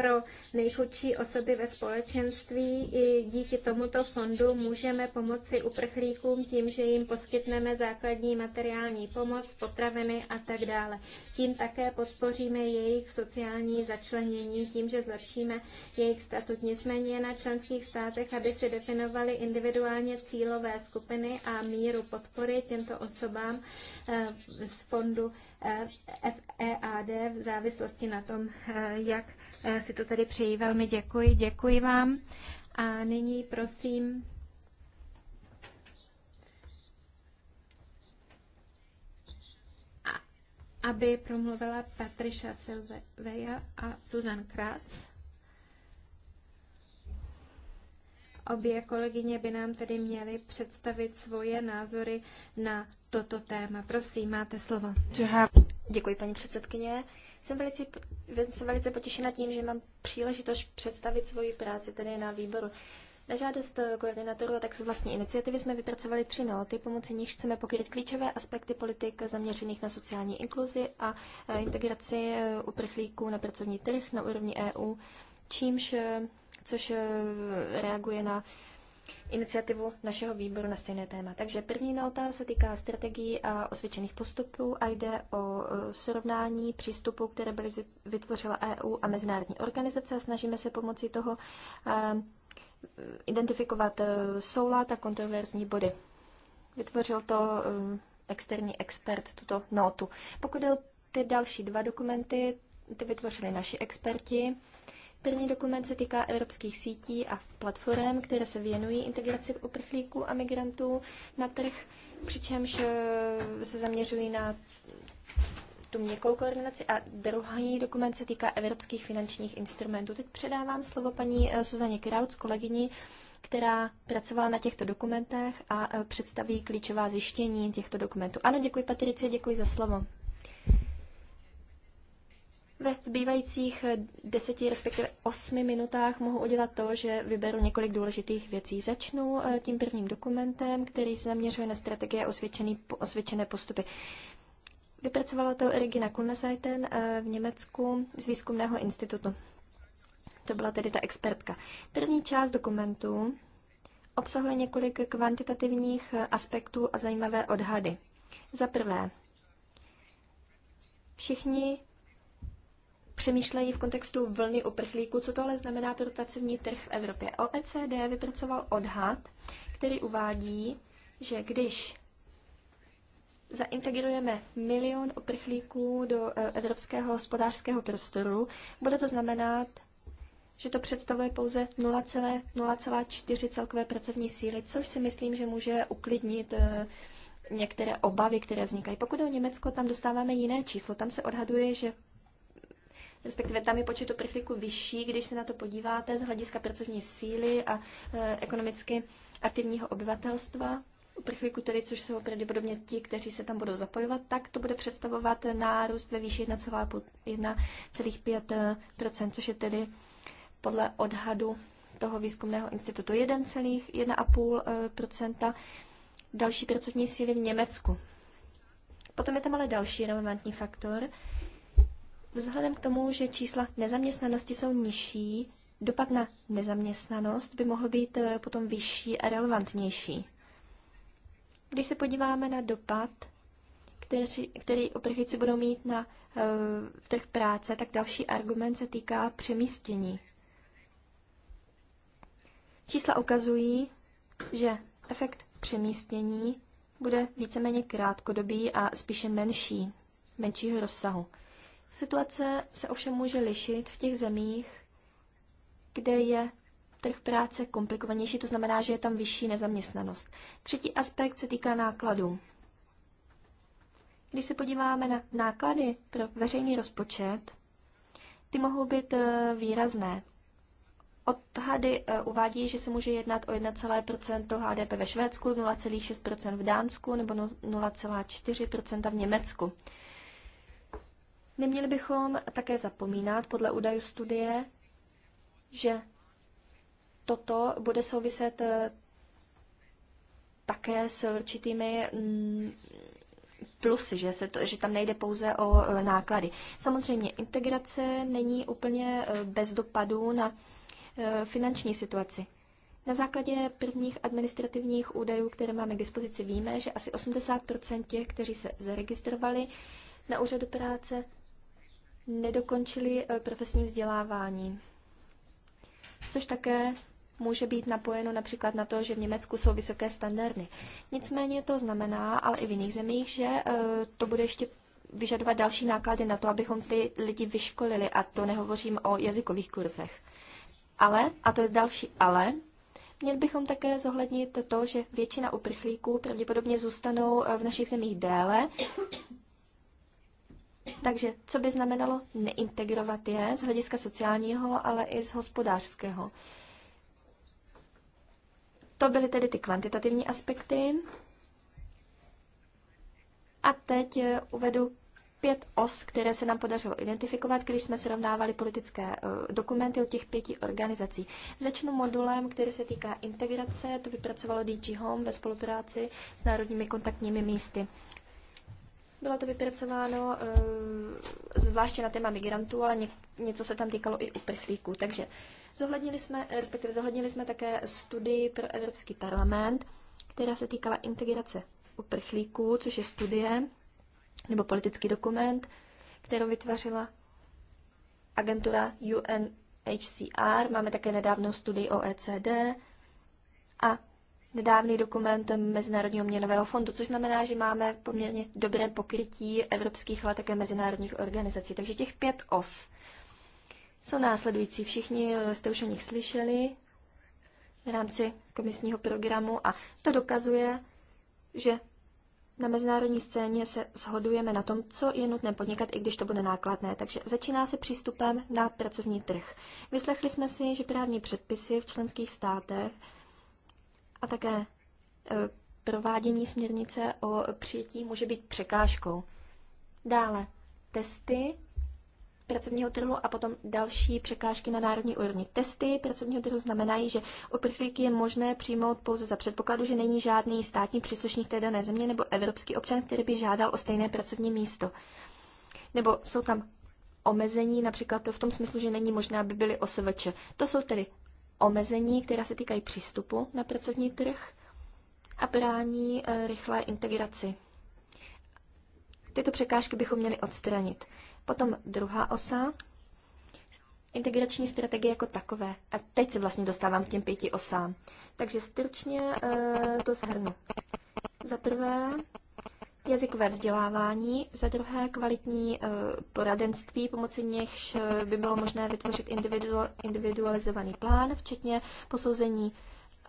pro nejchudší osoby ve společenství. I díky tomuto fondu můžeme pomoci uprchlíkům tím, že jim poskytneme základní materiální pomoc, potraviny a tak dále. Tím také podpoříme jejich sociální začlenění, tím, že zlepšíme jejich statut. Nicméně je na členských státech, aby si definovali individuálně cílové skupiny a míru podpory těmto osobám eh, z fondu eh, FEAD v závislosti na tom, eh, jak si to tady přeji. Velmi děkuji, děkuji vám. A nyní prosím aby promluvila Patricia Silveja a Susan Kratz. Obě kolegyně by nám tedy měly představit svoje názory na toto téma. Prosím, máte slovo. Děkuji, paní předsedkyně. Jsem velice, jsem velice potěšena tím, že mám příležitost představit svoji práci tedy na výboru. Na žádost koordinátorů a tak z vlastní iniciativy jsme vypracovali tři noty, pomocí nich chceme pokryt klíčové aspekty politik zaměřených na sociální inkluzi a eh, integraci eh, uprchlíků na pracovní trh na úrovni EU, čímž, eh, což reaguje na iniciativu našeho výboru na stejné téma. Takže první nota se týká strategií a osvědčených postupů a jde o e, srovnání přístupů, které byly vytvořila EU a mezinárodní organizace. Snažíme se pomocí toho e, identifikovat e, soulad a kontroverzní body. Vytvořil to externí expert, tuto notu. Pokud jde o ty další dva dokumenty, ty vytvořili naši experti První dokument se týká evropských sítí a platform, které se věnují integraci uprchlíků a migrantů na trh, přičemž eh, se zaměřují na tu měkkou koordinaci a druhý dokument se týká evropských finančních instrumentů. Teď předávám slovo paní eh, Suzaně Kraut, kolegyni, která pracovala na těchto dokumentech a eh, představí klíčová zjištění těchto dokumentů. Ano, děkuji Patrici, děkuji za slovo. Ve zbývajících eh, deseti, respektive osmi minutách mohu udělat to, že vyberu několik důležitých věcí. Začnu eh, tím prvním dokumentem, který se zaměřuje na strategie osvědčený, osvědčené postupy. Vypracovala to Regina Kunesajten eh, v Německu z výzkumného institutu. To byla tedy ta expertka. První část dokumentu obsahuje několik kvantitativních aspektů a zajímavé odhady. Za prvé, všichni přemýšlejí v kontextu vlny uprchlíků, co to ale znamená pro pracovní trh v Evropě. OECD vypracoval odhad, který uvádí, že když zaintegrujeme milion uprchlíků do e, evropského hospodářského prostoru, bude to znamenat, že to představuje pouze 0,4 celkové pracovní síly, což si myslím, že může uklidnit e, některé obavy, které vznikají. Pokud o Německo, tam dostáváme jiné číslo. Tam se odhaduje, že respektive tam je počet uprchlíků vyšší, když se na to podíváte z hlediska pracovní síly a e, ekonomicky aktivního obyvatelstva uprchlíků, tedy což jsou pravděpodobně ti, kteří se tam budou zapojovat, tak to bude představovat nárůst ve výši 1,5%, což je tedy podle odhadu toho výzkumného institutu 1,1,5%. Další pracovní síly v Německu. Potom je tam ale další relevantní faktor, Vzhledem k tomu, že čísla nezaměstnanosti jsou nižší, dopad na nezaměstnanost by mohl být eh, potom vyšší a relevantnější. Když se podíváme na dopad, který, který uprchlíci budou mít na uh, trh práce, tak další argument se týká přemístění. Čísla ukazují, že efekt přemístění bude víceméně krátkodobý a spíše menší, menšího rozsahu. Situace se ovšem může lišit v těch zemích, kde je trh práce komplikovanější, to znamená, že je tam vyšší nezaměstnanost. Třetí aspekt se týká nákladů. Když se podíváme na náklady pro veřejný rozpočet, ty mohou být eh, výrazné. Odhady eh, uvádí, že se může jednat o 1,5 HDP ve Švédsku, 0,6 v Dánsku nebo 0,4 v Německu. Neměli bychom také zapomínat podle údajů studie, že toto bude souviset eh, také s určitými mm, plusy, že, se to, že tam nejde pouze o eh, náklady. Samozřejmě integrace není úplně eh, bez dopadů na finanční situaci. Na základě prvních administrativních údajů, které máme k dispozici, víme, že asi 80 těch, kteří se zaregistrovali na úřadu práce, nedokončili eh, profesní vzdělávání. Což také může být napojeno například na to, že v Německu jsou vysoké standardy. Nicméně to znamená, ale i v jiných zemích, že eh, to bude ještě vyžadovat další náklady na to, abychom ty lidi vyškolili, a to nehovořím o jazykových kurzech. Ale, a to je další ale, měli bychom také zohlednit to, že většina uprchlíků pravděpodobně zůstanou eh, v našich zemích déle, takže co by znamenalo neintegrovat je z hlediska sociálního, ale i z hospodářského. To byly tedy ty kvantitativní aspekty. A teď eh, uvedu pět os, které se nám podařilo identifikovat, když jsme srovnávali politické eh, dokumenty od těch pěti organizací. Začnu modulem, který se týká integrace, to vypracovalo DG Home ve spolupráci s národními kontaktními místy. Bylo to vypracováno eh, zvláště na téma migrantů, ale něco se tam týkalo i uprchlíků. Takže zohlednili jsme, respektive zohlednili jsme také studii pro Evropský parlament, která se týkala integrace uprchlíků, což je studie nebo politický dokument, kterou vytvořila agentura UNHCR. Máme také nedávno studii OECD a nedávný dokument Mezinárodního měnového fondu, což znamená, že máme poměrně dobré pokrytí evropských, ale také mezinárodních organizací. Takže těch pět os jsou následující. Všichni jste už o nich slyšeli v rámci komisního programu a to dokazuje, že na mezinárodní scéně se shodujeme na tom, co je nutné podnikat, i když to bude nákladné. Takže začíná se přístupem na pracovní trh. Vyslechli jsme si, že právní předpisy v členských státech a také e, provádění směrnice o přijetí může být překážkou. Dále testy pracovního trhu a potom další překážky na národní úrovni. Testy pracovního trhu znamenají, že uprchlíky je možné přijmout pouze za předpokladu, že není žádný státní příslušník té dané země nebo evropský občan, který by žádal o stejné pracovní místo. Nebo jsou tam omezení, například to v tom smyslu, že není možné, aby byly osvč. To jsou tedy omezení, která se týkají přístupu na pracovní trh a brání eh, rychlé integraci. Tyto překážky bychom měli odstranit. Potom druhá osa, integrační strategie jako takové. A teď se vlastně dostávám k těm pěti osám. Takže stručně eh, to zhrnu. Za prvé, jazykové vzdělávání, za druhé kvalitní eh, poradenství, pomocí nichž eh, by bylo možné vytvořit individualizovaný plán, včetně posouzení,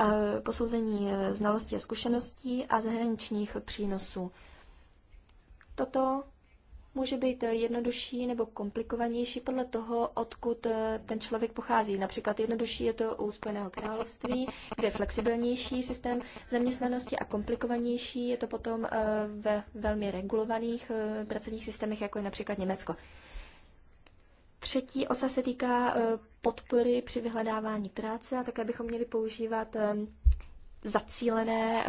eh, posouzení znalostí a zkušeností a zahraničních přínosů. Toto může být jednodušší nebo komplikovanější podle toho, odkud eh, ten člověk pochází. Například jednodušší je to u Spojeného království, kde je flexibilnější systém zaměstnanosti a komplikovanější je to potom eh, ve velmi regulovaných eh, pracovních systémech, jako je například Německo. Třetí osa se týká podpory při vyhledávání práce a také bychom měli používat zacílené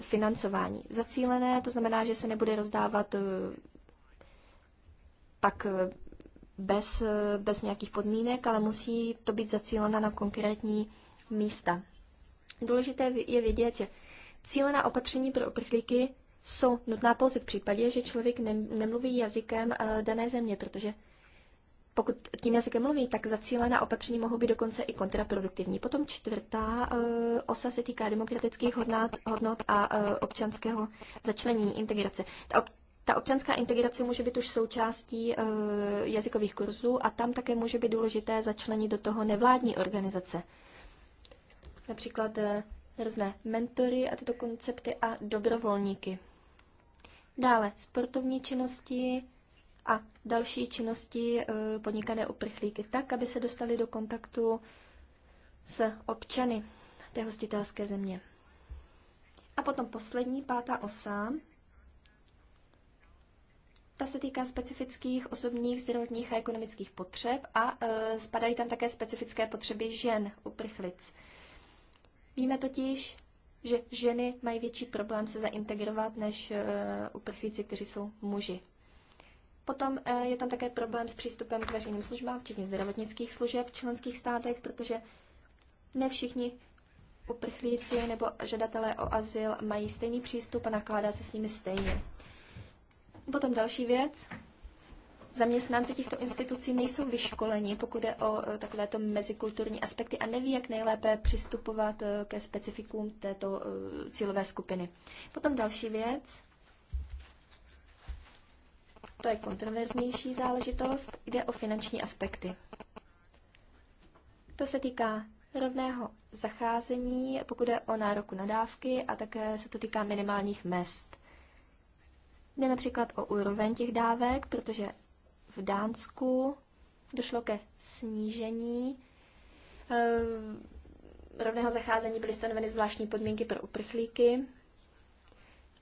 financování. Zacílené to znamená, že se nebude rozdávat tak eh, bez, eh, bez nějakých podmínek, ale musí to být zacílena na konkrétní místa. Důležité je vědět, že cílená opatření pro uprchlíky jsou nutná pouze v případě, že člověk nemluví jazykem eh, dané země, protože pokud tím jazykem mluví, tak zacílená opatření mohou být dokonce i kontraproduktivní. Potom čtvrtá osa se týká demokratických hodnot, hodnot a občanského začlenění integrace. Ta ta občanská integrace může být už součástí eh, jazykových kurzů a tam také může být důležité začlenit do toho nevládní organizace. Například eh, různé mentory a tyto koncepty a dobrovolníky. Dále sportovní činnosti a další činnosti e, podnikané uprchlíky, tak, aby se dostali do kontaktu s občany té hostitelské země. A potom poslední, pátá osa, ta se týká specifických osobních, zdravotních a ekonomických potřeb a e, spadají tam také specifické potřeby žen uprchlic. Víme totiž, že ženy mají větší problém se zaintegrovat než e, uprchlíci, kteří jsou muži. Potom e, je tam také problém s přístupem k veřejným službám, včetně zdravotnických služeb v členských státech, protože ne všichni uprchlíci nebo žadatelé o azyl mají stejný přístup a nakládá se s nimi stejně. Potom další věc. Zaměstnanci těchto institucí nejsou vyškoleni, pokud je o e, takovéto mezikulturní aspekty a neví, jak nejlépe přistupovat e, ke specifikům této e, cílové skupiny. Potom další věc. To je kontroverznější záležitost, jde o finanční aspekty. To se týká rovného zacházení, pokud je o nároku na dávky a také se to týká minimálních mest. Jde například o úroveň těch dávek, protože v Dánsku došlo ke snížení eh, rovného zacházení byly stanoveny zvláštní podmínky pro uprchlíky.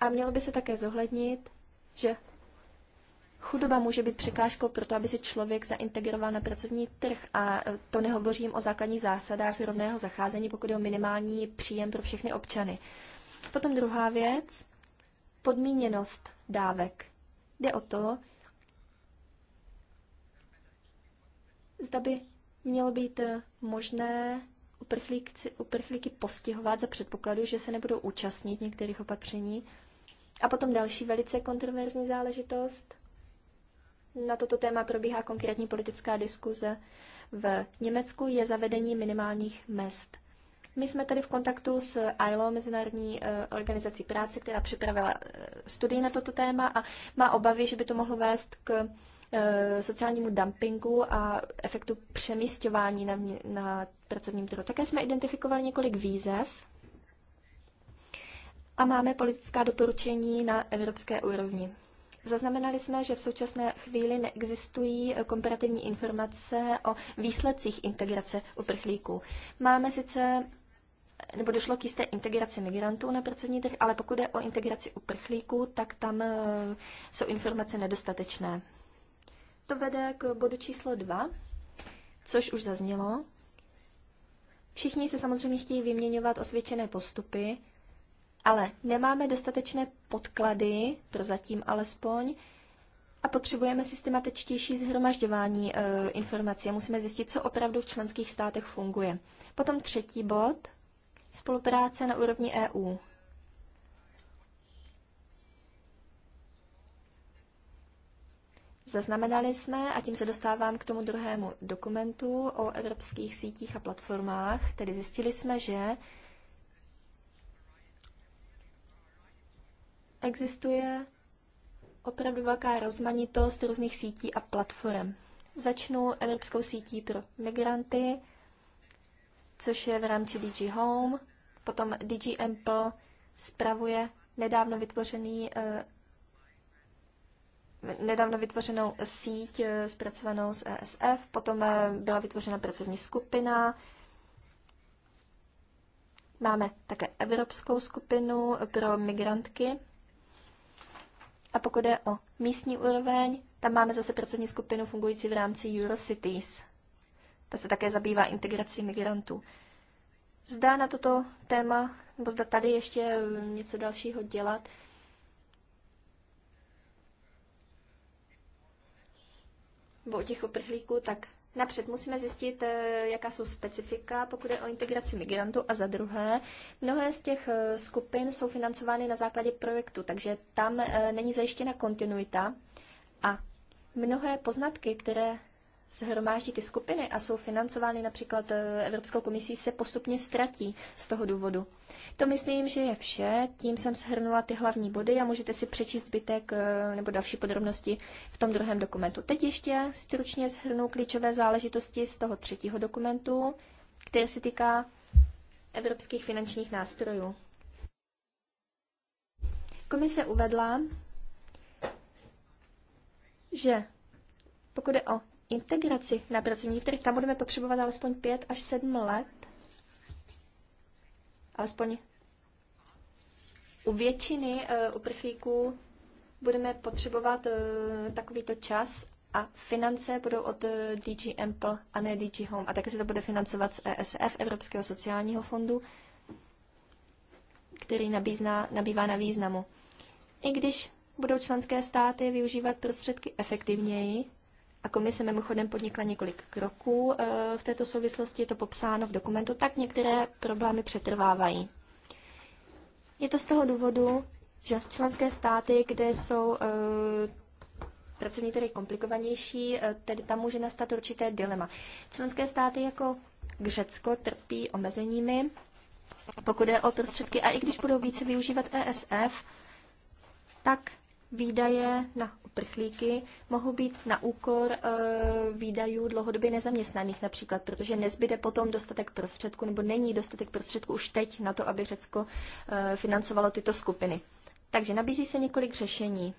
A mělo by se také zohlednit, že chudoba může být překážkou pro to, aby se člověk zaintegroval na pracovní trh. A eh, to nehovořím o základních zásadách rovného zacházení, pokud je o minimální příjem pro všechny občany. Potom druhá věc, podmíněnost dávek. Jde o to, zda by mělo být eh, možné uprchlíky, uprchlíky postihovat za předpokladu, že se nebudou účastnit některých opatření. A potom další velice kontroverzní záležitost. Na toto téma probíhá konkrétní politická diskuze v Německu je zavedení minimálních mest. My jsme tady v kontaktu s ILO, Mezinárodní eh, organizací práce, která připravila eh, studii na toto téma a má obavy, že by to mohlo vést k eh, sociálnímu dumpingu a efektu přemysťování na, na pracovním trhu. Také jsme identifikovali několik výzev a máme politická doporučení na evropské úrovni. Zaznamenali jsme, že v současné chvíli neexistují eh, komparativní informace o výsledcích integrace uprchlíků. Máme sice nebo došlo k jisté integraci migrantů na pracovní trh, ale pokud je o integraci uprchlíků, tak tam eh, jsou informace nedostatečné. To vede k bodu číslo 2, což už zaznělo. Všichni se samozřejmě chtějí vyměňovat osvědčené postupy, ale nemáme dostatečné podklady, prozatím alespoň, a potřebujeme systematičtější zhromažďování e, informací. Musíme zjistit, co opravdu v členských státech funguje. Potom třetí bod, spolupráce na úrovni EU. Zaznamenali jsme, a tím se dostávám k tomu druhému dokumentu o evropských sítích a platformách, tedy zjistili jsme, že Existuje opravdu velká rozmanitost různých sítí a platform. Začnu Evropskou sítí pro migranty, což je v rámci DG Home, potom DG Ample spravuje nedávno vytvořený eh, nedávno vytvořenou síť eh, zpracovanou z ESF, potom eh, byla vytvořena pracovní skupina, máme také Evropskou skupinu pro migrantky, a pokud je o místní úroveň, tam máme zase pracovní skupinu fungující v rámci Eurocities. Ta se také zabývá integrací migrantů. Zdá na toto téma, nebo zda tady ještě něco dalšího dělat. Bo o těch oprchlíků, tak Napřed musíme zjistit, eh, jaká jsou specifika, pokud je o integraci migrantů. A za druhé, mnohé z těch eh, skupin jsou financovány na základě projektu, takže tam eh, není zajištěna kontinuita. A mnohé poznatky, které shromáždí ty skupiny a jsou financovány například eh, Evropskou komisí, se postupně ztratí z toho důvodu. To myslím, že je vše. Tím jsem shrnula ty hlavní body a můžete si přečíst zbytek eh, nebo další podrobnosti v tom druhém dokumentu. Teď ještě stručně shrnu klíčové záležitosti z toho třetího dokumentu, který se týká evropských finančních nástrojů. Komise uvedla, že pokud je o integraci na pracovní trh, tam budeme potřebovat alespoň 5 až 7 let. Alespoň u většiny eh, uprchlíků budeme potřebovat eh, takovýto čas a finance budou od eh, DG Ample a ne DG Home. A také se to bude financovat z ESF, Evropského sociálního fondu, který nabízná, nabývá na významu. I když budou členské státy využívat prostředky efektivněji, a komise mimochodem podnikla několik kroků eh, v této souvislosti, je to popsáno v dokumentu, tak některé problémy přetrvávají. Je to z toho důvodu, že členské státy, kde jsou eh, pracovní tedy komplikovanější, eh, tedy tam může nastat určité dilema. Členské státy jako Řecko trpí omezeními, pokud je o prostředky, a i když budou více využívat ESF, tak výdaje na uprchlíky mohou být na úkor e, výdajů dlouhodobě nezaměstnaných například, protože nezbyde potom dostatek prostředků nebo není dostatek prostředků už teď na to, aby Řecko e, financovalo tyto skupiny. Takže nabízí se několik řešení.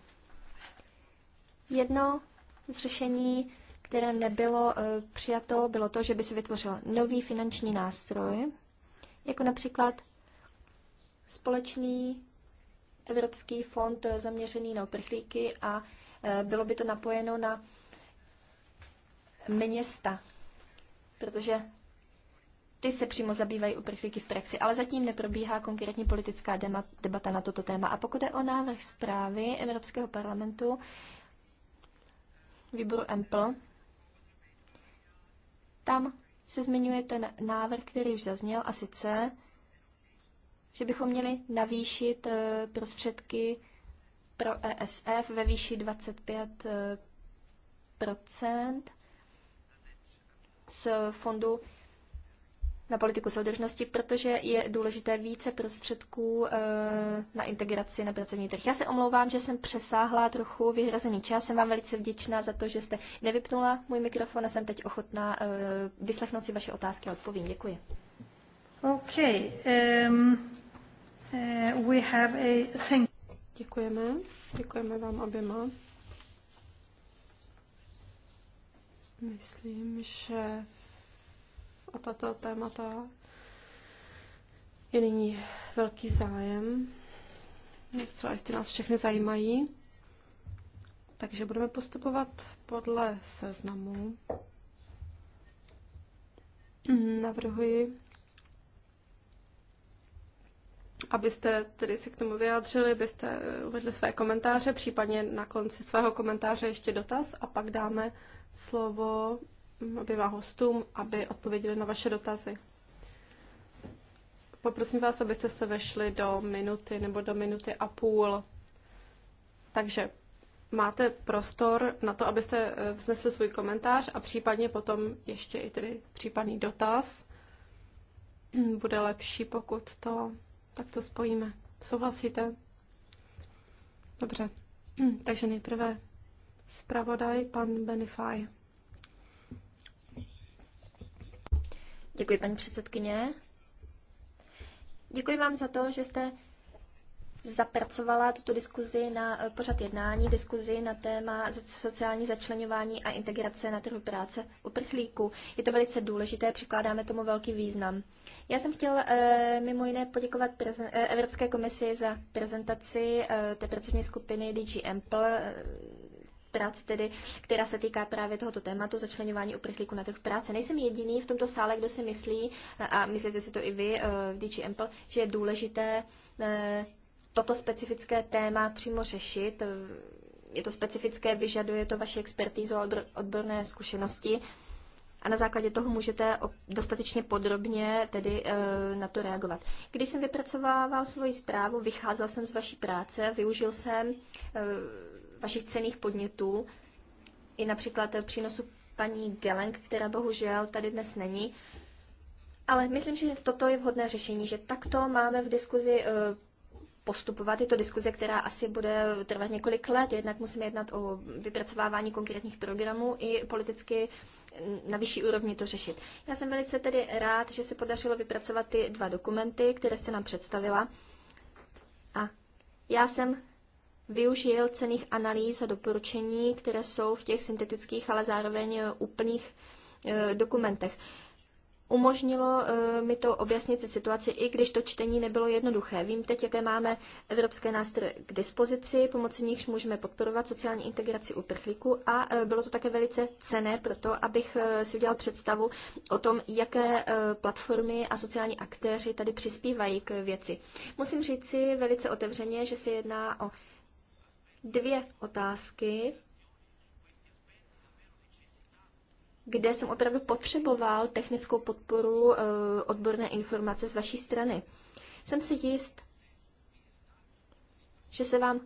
Jedno z řešení, které nebylo e, přijato, bylo to, že by se vytvořil nový finanční nástroj, jako například společný Evropský fond zaměřený na uprchlíky a Eh, bylo by to napojeno na města, protože ty se přímo zabývají uprchlíky v praxi, ale zatím neprobíhá konkrétní politická debata na toto téma. A pokud je o návrh zprávy Evropského parlamentu, výboru EMPL, tam se zmiňuje ten návrh, který už zazněl, a sice, že bychom měli navýšit eh, prostředky pro ESF ve výši 25 z fondu na politiku soudržnosti, protože je důležité více prostředků eh, na integraci na pracovní trh. Já se omlouvám, že jsem přesáhla trochu vyhrazený čas. Jsem vám velice vděčná za to, že jste nevypnula můj mikrofon a jsem teď ochotná eh, vyslechnout si vaše otázky a odpovím. Děkuji. Okay, um, uh, we have a thank Děkujeme. Děkujeme vám oběma. Myslím, že o tato témata je nyní velký zájem. Zcela jistě nás všechny zajímají. Takže budeme postupovat podle seznamu. Navrhuji, abyste tedy se k tomu vyjádřili, abyste uvedli své komentáře, případně na konci svého komentáře ještě dotaz a pak dáme slovo hm, oběma hostům, aby odpověděli na vaše dotazy. Poprosím vás, abyste se vešli do minuty nebo do minuty a půl. Takže máte prostor na to, abyste eh, vznesli svůj komentář a případně potom ještě i tedy případný dotaz. Bude lepší, pokud to tak to spojíme. Souhlasíte? Dobře. Takže nejprve zpravodaj pan Benify. Děkuji, paní předsedkyně. Děkuji vám za to, že jste zapracovala tuto diskuzi na eh, pořad jednání, diskuzi na téma sociální začlenování a integrace na trhu práce uprchlíků. Je to velice důležité, přikládáme tomu velký význam. Já jsem chtěl eh, mimo jiné poděkovat eh, Evropské komisi za prezentaci té pracovní skupiny DG Ample, práce tedy, která se týká právě tohoto tématu začlenování uprchlíků na trh práce. Nejsem jediný v tomto sále, kdo si myslí, a myslíte si to i vy v DG Ample, že je důležité toto specifické téma přímo řešit. Je to specifické, vyžaduje to vaši expertízu a odborné zkušenosti. A na základě toho můžete dostatečně podrobně tedy eh, na to reagovat. Když jsem vypracovával svoji zprávu, vycházel jsem z vaší práce, využil jsem eh, vašich cených podnětů, i například eh, přínosu paní Geleng, která bohužel tady dnes není. Ale myslím, že toto je vhodné řešení, že takto máme v diskuzi postupovat. Je to diskuze, která asi bude trvat několik let. Jednak musíme jednat o vypracovávání konkrétních programů i politicky na vyšší úrovni to řešit. Já jsem velice tedy rád, že se podařilo vypracovat ty dva dokumenty, které jste nám představila. A já jsem využil cených analýz a doporučení, které jsou v těch syntetických, ale zároveň úplných eh, dokumentech umožnilo eh, mi to objasnit si situaci, i když to čtení nebylo jednoduché. Vím teď, jaké máme evropské nástroje k dispozici, pomocí nichž můžeme podporovat sociální integraci uprchlíků a eh, bylo to také velice cené pro to, abych eh, si udělal představu o tom, jaké platformy a sociální aktéři tady přispívají k věci. Musím říci velice otevřeně, že se jedná o dvě otázky, kde jsem opravdu potřeboval technickou podporu eh, odborné informace z vaší strany. Jsem si jist, že se vám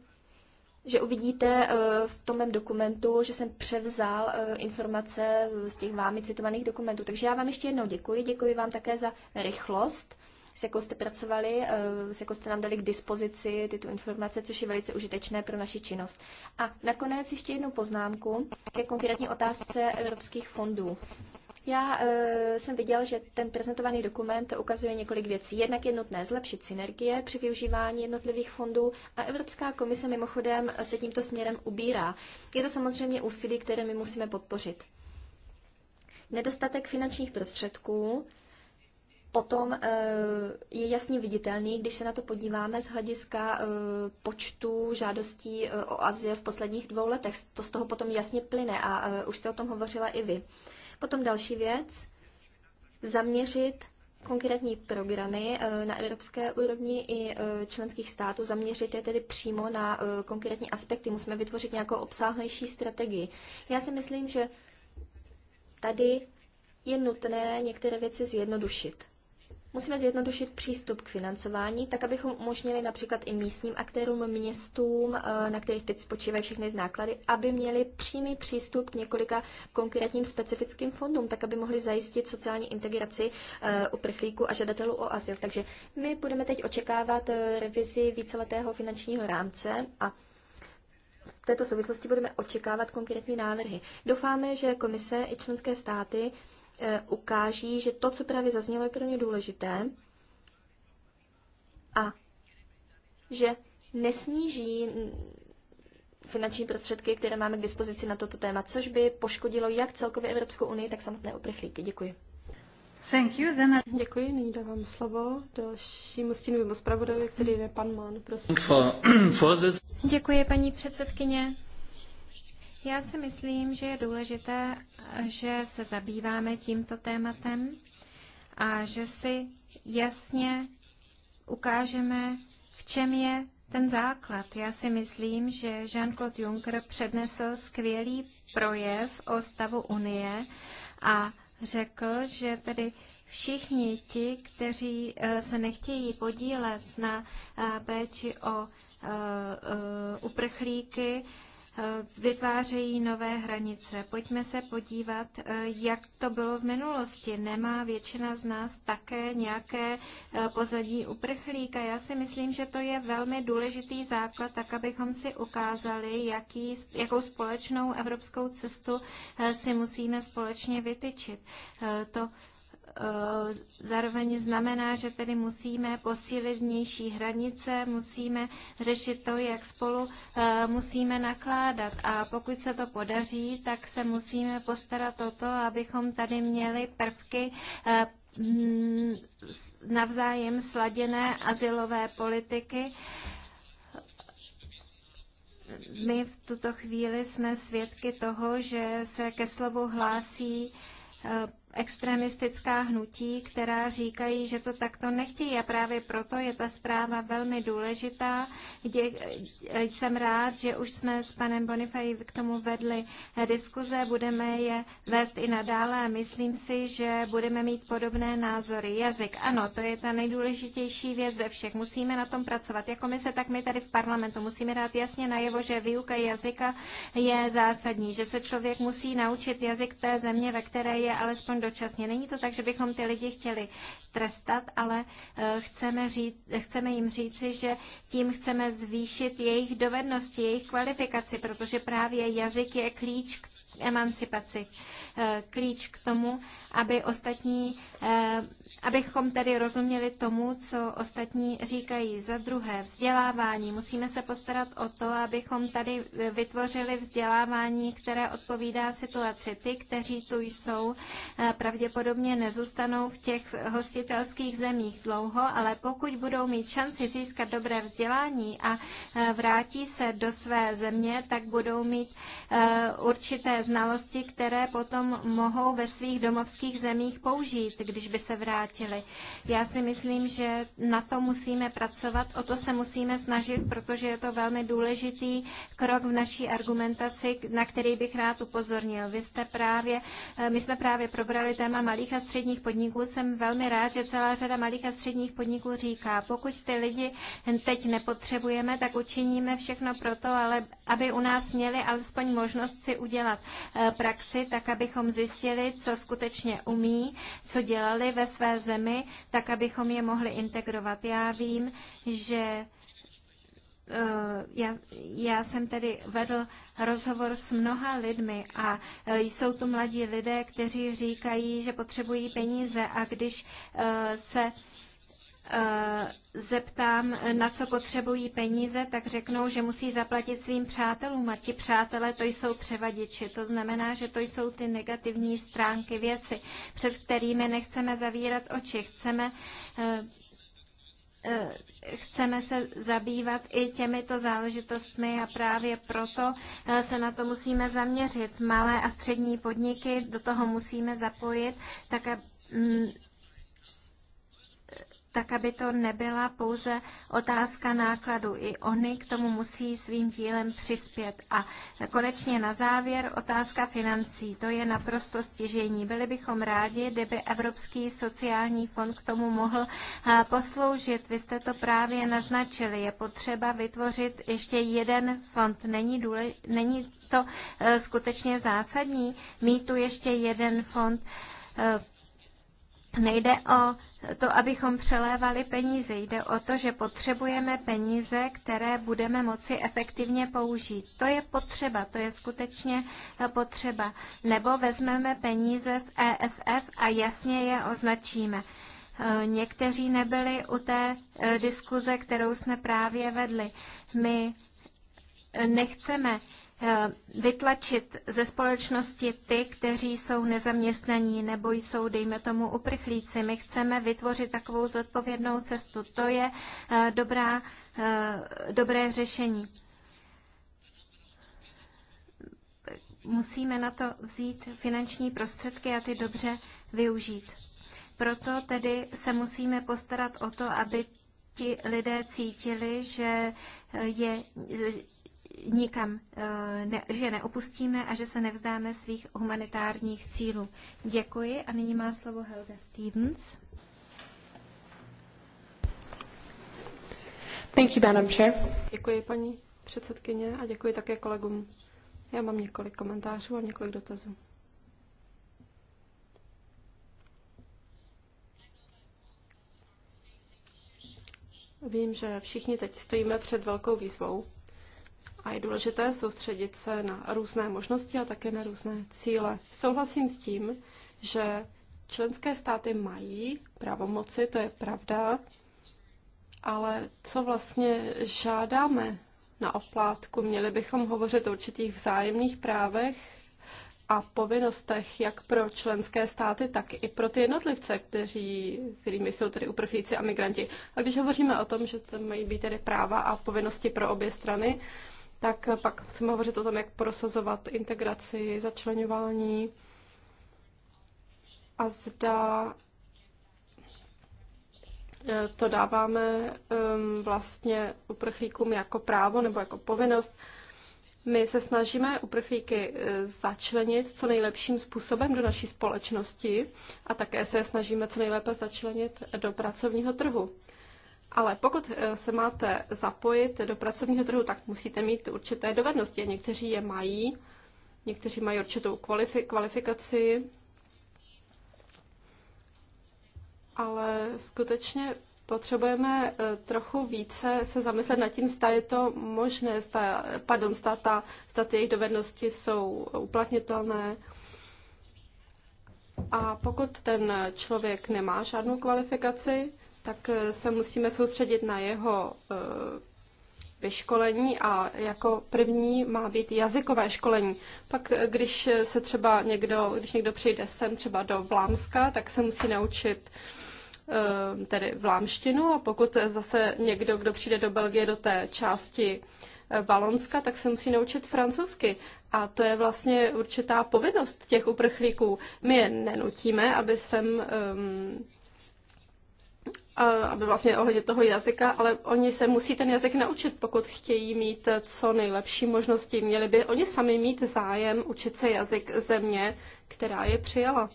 že uvidíte eh, v tom mém dokumentu, že jsem převzal eh, informace z těch vámi citovaných dokumentů. Takže já vám ještě jednou děkuji. Děkuji vám také za rychlost s jakou jste pracovali, eh, s jakou jste nám dali k dispozici tyto informace, což je velice užitečné pro naši činnost. A nakonec ještě jednu poznámku ke konkrétní otázce evropských fondů. Já e, jsem viděl, že ten prezentovaný dokument ukazuje několik věcí. Jednak je nutné zlepšit synergie při využívání jednotlivých fondů a Evropská komise mimochodem se tímto směrem ubírá. Je to samozřejmě úsilí, které my musíme podpořit. Nedostatek finančních prostředků potom eh, je jasně viditelný, když se na to podíváme z hlediska eh, počtu žádostí eh, o azyl v posledních dvou letech. To z toho potom jasně plyne a už jste o tom hovořila i vy. Potom další věc, zaměřit konkrétní programy na evropské úrovni i členských států, zaměřit je tedy přímo na konkrétní aspekty. Musíme vytvořit nějakou obsáhlejší strategii. Já si myslím, že tady je nutné některé věci zjednodušit. Musíme zjednodušit přístup k financování, tak abychom umožnili například i místním aktérům, městům, eh, na kterých teď spočívají všechny náklady, aby měli přímý přístup k několika konkrétním specifickým fondům, tak aby mohli zajistit sociální integraci eh, uprchlíků a žadatelů o azyl. Takže my budeme teď očekávat eh, revizi víceletého finančního rámce a v této souvislosti budeme očekávat konkrétní návrhy. Doufáme, že komise i členské státy E, ukáží, že to, co právě zaznělo, je pro mě důležité a že nesníží finanční prostředky, které máme k dispozici na toto téma, což by poškodilo jak celkově Evropskou unii, tak samotné uprchlíky. Děkuji. Thank you, Then I... Děkuji, nyní dávám slovo dalšímu stínovému zpravodajovi, který je pan Mann, prosím. Děkuji, paní předsedkyně. Já si myslím, že je důležité, že se zabýváme tímto tématem a že si jasně ukážeme, v čem je ten základ. Já si myslím, že Jean-Claude Juncker přednesl skvělý projev o stavu Unie a řekl, že tedy všichni ti, kteří eh, se nechtějí podílet na eh, péči o eh, uprchlíky, Eh, vytvářejí nové hranice. Pojďme se podívat, eh, jak to bylo v minulosti. Nemá většina z nás také nějaké eh, pozadí uprchlíka. Já si myslím, že to je velmi důležitý základ, tak abychom si ukázali, jaký, jakou společnou evropskou cestu si musíme společně vytyčit. To Eh, zároveň znamená, že tedy musíme posílit vnější hranice, musíme řešit to, jak spolu eh, musíme nakládat. A pokud se to podaří, tak se musíme postarat o to, abychom tady měli prvky eh, mm, navzájem sladěné asilové politiky. My v tuto chvíli jsme svědky toho, že se ke slovu hlásí extremistická hnutí, která říkají, že to takto nechtějí a právě proto je ta zpráva velmi důležitá. Dě, jsem rád, že už jsme s panem Bonifaj k tomu vedli diskuze, budeme je vést i nadále a myslím si, že budeme mít podobné názory. Jazyk, ano, to je ta nejdůležitější věc ze všech. Musíme na tom pracovat. Jako my se, tak my tady v parlamentu musíme dát jasně najevo, že výuka jazyka je zásadní, že se člověk musí naučit jazyk té země, ve které je alespoň dočasně. Není to tak, že bychom ty lidi chtěli trestat, ale eh, chceme, říct, chceme jim říci, že tím chceme zvýšit jejich dovednosti, jejich kvalifikaci, protože právě jazyk je klíč k emancipaci, eh, klíč k tomu, aby ostatní eh, abychom tedy rozuměli tomu, co ostatní říkají. Za druhé, vzdělávání. Musíme se postarat o to, abychom tady vytvořili vzdělávání, které odpovídá situaci. Ty, kteří tu jsou, eh, pravděpodobně nezůstanou v těch hostitelských zemích dlouho, ale pokud budou mít šanci získat dobré vzdělání a eh, vrátí se do své země, tak budou mít eh, určité znalosti, které potom mohou ve svých domovských zemích použít, když by se vrátili ztratili. Já si myslím, že na to musíme pracovat, o to se musíme snažit, protože je to velmi důležitý krok v naší argumentaci, na který bych rád upozornil. Vy jste právě, eh, my jsme právě probrali téma malých a středních podniků. Jsem velmi rád, že celá řada malých a středních podniků říká, pokud ty lidi teď nepotřebujeme, tak učiníme všechno proto, ale aby u nás měli alespoň možnost si udělat eh, praxi, tak abychom zjistili, co skutečně umí, co dělali ve své zemi, tak abychom je mohli integrovat. Já vím, že eh, já, já jsem tedy vedl rozhovor s mnoha lidmi a eh, jsou tu mladí lidé, kteří říkají, že potřebují peníze a když eh, se Eh, zeptám, na co potřebují peníze, tak řeknou, že musí zaplatit svým přátelům a ti přátelé to jsou převaděči. To znamená, že to jsou ty negativní stránky věci, před kterými nechceme zavírat oči. Chceme eh, eh, chceme se zabývat i těmito záležitostmi a právě proto se na to musíme zaměřit. Malé a střední podniky do toho musíme zapojit, tak mm, tak aby to nebyla pouze otázka nákladu. I oni k tomu musí svým dílem přispět. A konečně na závěr otázka financí. To je naprosto stěžení. Byli bychom rádi, kdyby Evropský sociální fond k tomu mohl posloužit. Vy jste to právě naznačili. Je potřeba vytvořit ještě jeden fond. Není, důle, není to e, skutečně zásadní mít tu ještě jeden fond. E, nejde o to, abychom přelévali peníze. Jde o to, že potřebujeme peníze, které budeme moci efektivně použít. To je potřeba, to je skutečně eh, potřeba. Nebo vezmeme peníze z ESF a jasně je označíme. Eh, někteří nebyli u té eh, diskuze, kterou jsme právě vedli. My nechceme Eh, vytlačit ze společnosti ty, kteří jsou nezaměstnaní nebo jsou, dejme tomu, uprchlíci. My chceme vytvořit takovou zodpovědnou cestu. To je eh, dobrá, eh, dobré řešení. Musíme na to vzít finanční prostředky a ty dobře využít. Proto tedy se musíme postarat o to, aby ti lidé cítili, že, je, nikam, eh, ne, že neopustíme a že se nevzdáme svých humanitárních cílů. Děkuji a nyní má slovo Helga Stevens. Thank you, Madam Chair. Děkuji, paní předsedkyně, a děkuji také kolegům. Já mám několik komentářů a několik dotazů. Vím, že všichni teď stojíme před velkou výzvou, a je důležité soustředit se na různé možnosti a také na různé cíle. Souhlasím s tím, že členské státy mají pravomoci, to je pravda, ale co vlastně žádáme na oplátku? Měli bychom hovořit o určitých vzájemných právech a povinnostech jak pro členské státy, tak i pro ty jednotlivce, kteří, kterými jsou tedy uprchlíci a migranti. A když hovoříme o tom, že tam mají být tedy práva a povinnosti pro obě strany, tak pak chceme hovořit o tom, jak prosazovat integraci, začlenování a zda eh, to dáváme ehm, vlastně uprchlíkům jako právo nebo jako povinnost. My se snažíme uprchlíky eh, začlenit co nejlepším způsobem do naší společnosti a také se snažíme co nejlépe začlenit do pracovního trhu. Ale pokud eh, se máte zapojit do pracovního trhu, tak musíte mít určité dovednosti. Někteří je mají, někteří mají určitou kvalifikaci, ale skutečně potřebujeme eh, trochu více se zamyslet nad tím, zda je to možné, zda, pardon, zda, ta, zda ty jejich dovednosti jsou uplatnitelné. A pokud ten člověk nemá žádnou kvalifikaci, tak eh, se musíme soustředit na jeho eh, vyškolení a jako první má být jazykové školení. Pak, eh, když se třeba někdo, když někdo přijde sem třeba do Vlámska, tak se musí naučit tedy vlámštinu a pokud zase někdo, kdo přijde do Belgie do té části Valonska, tak se musí naučit francouzsky. A to je vlastně určitá povinnost těch uprchlíků. My je nenutíme, aby sem um, aby vlastně ohledně toho jazyka, ale oni se musí ten jazyk naučit, pokud chtějí mít eh, co nejlepší možnosti. Měli by oni sami mít zájem učit se jazyk země, která je přijala.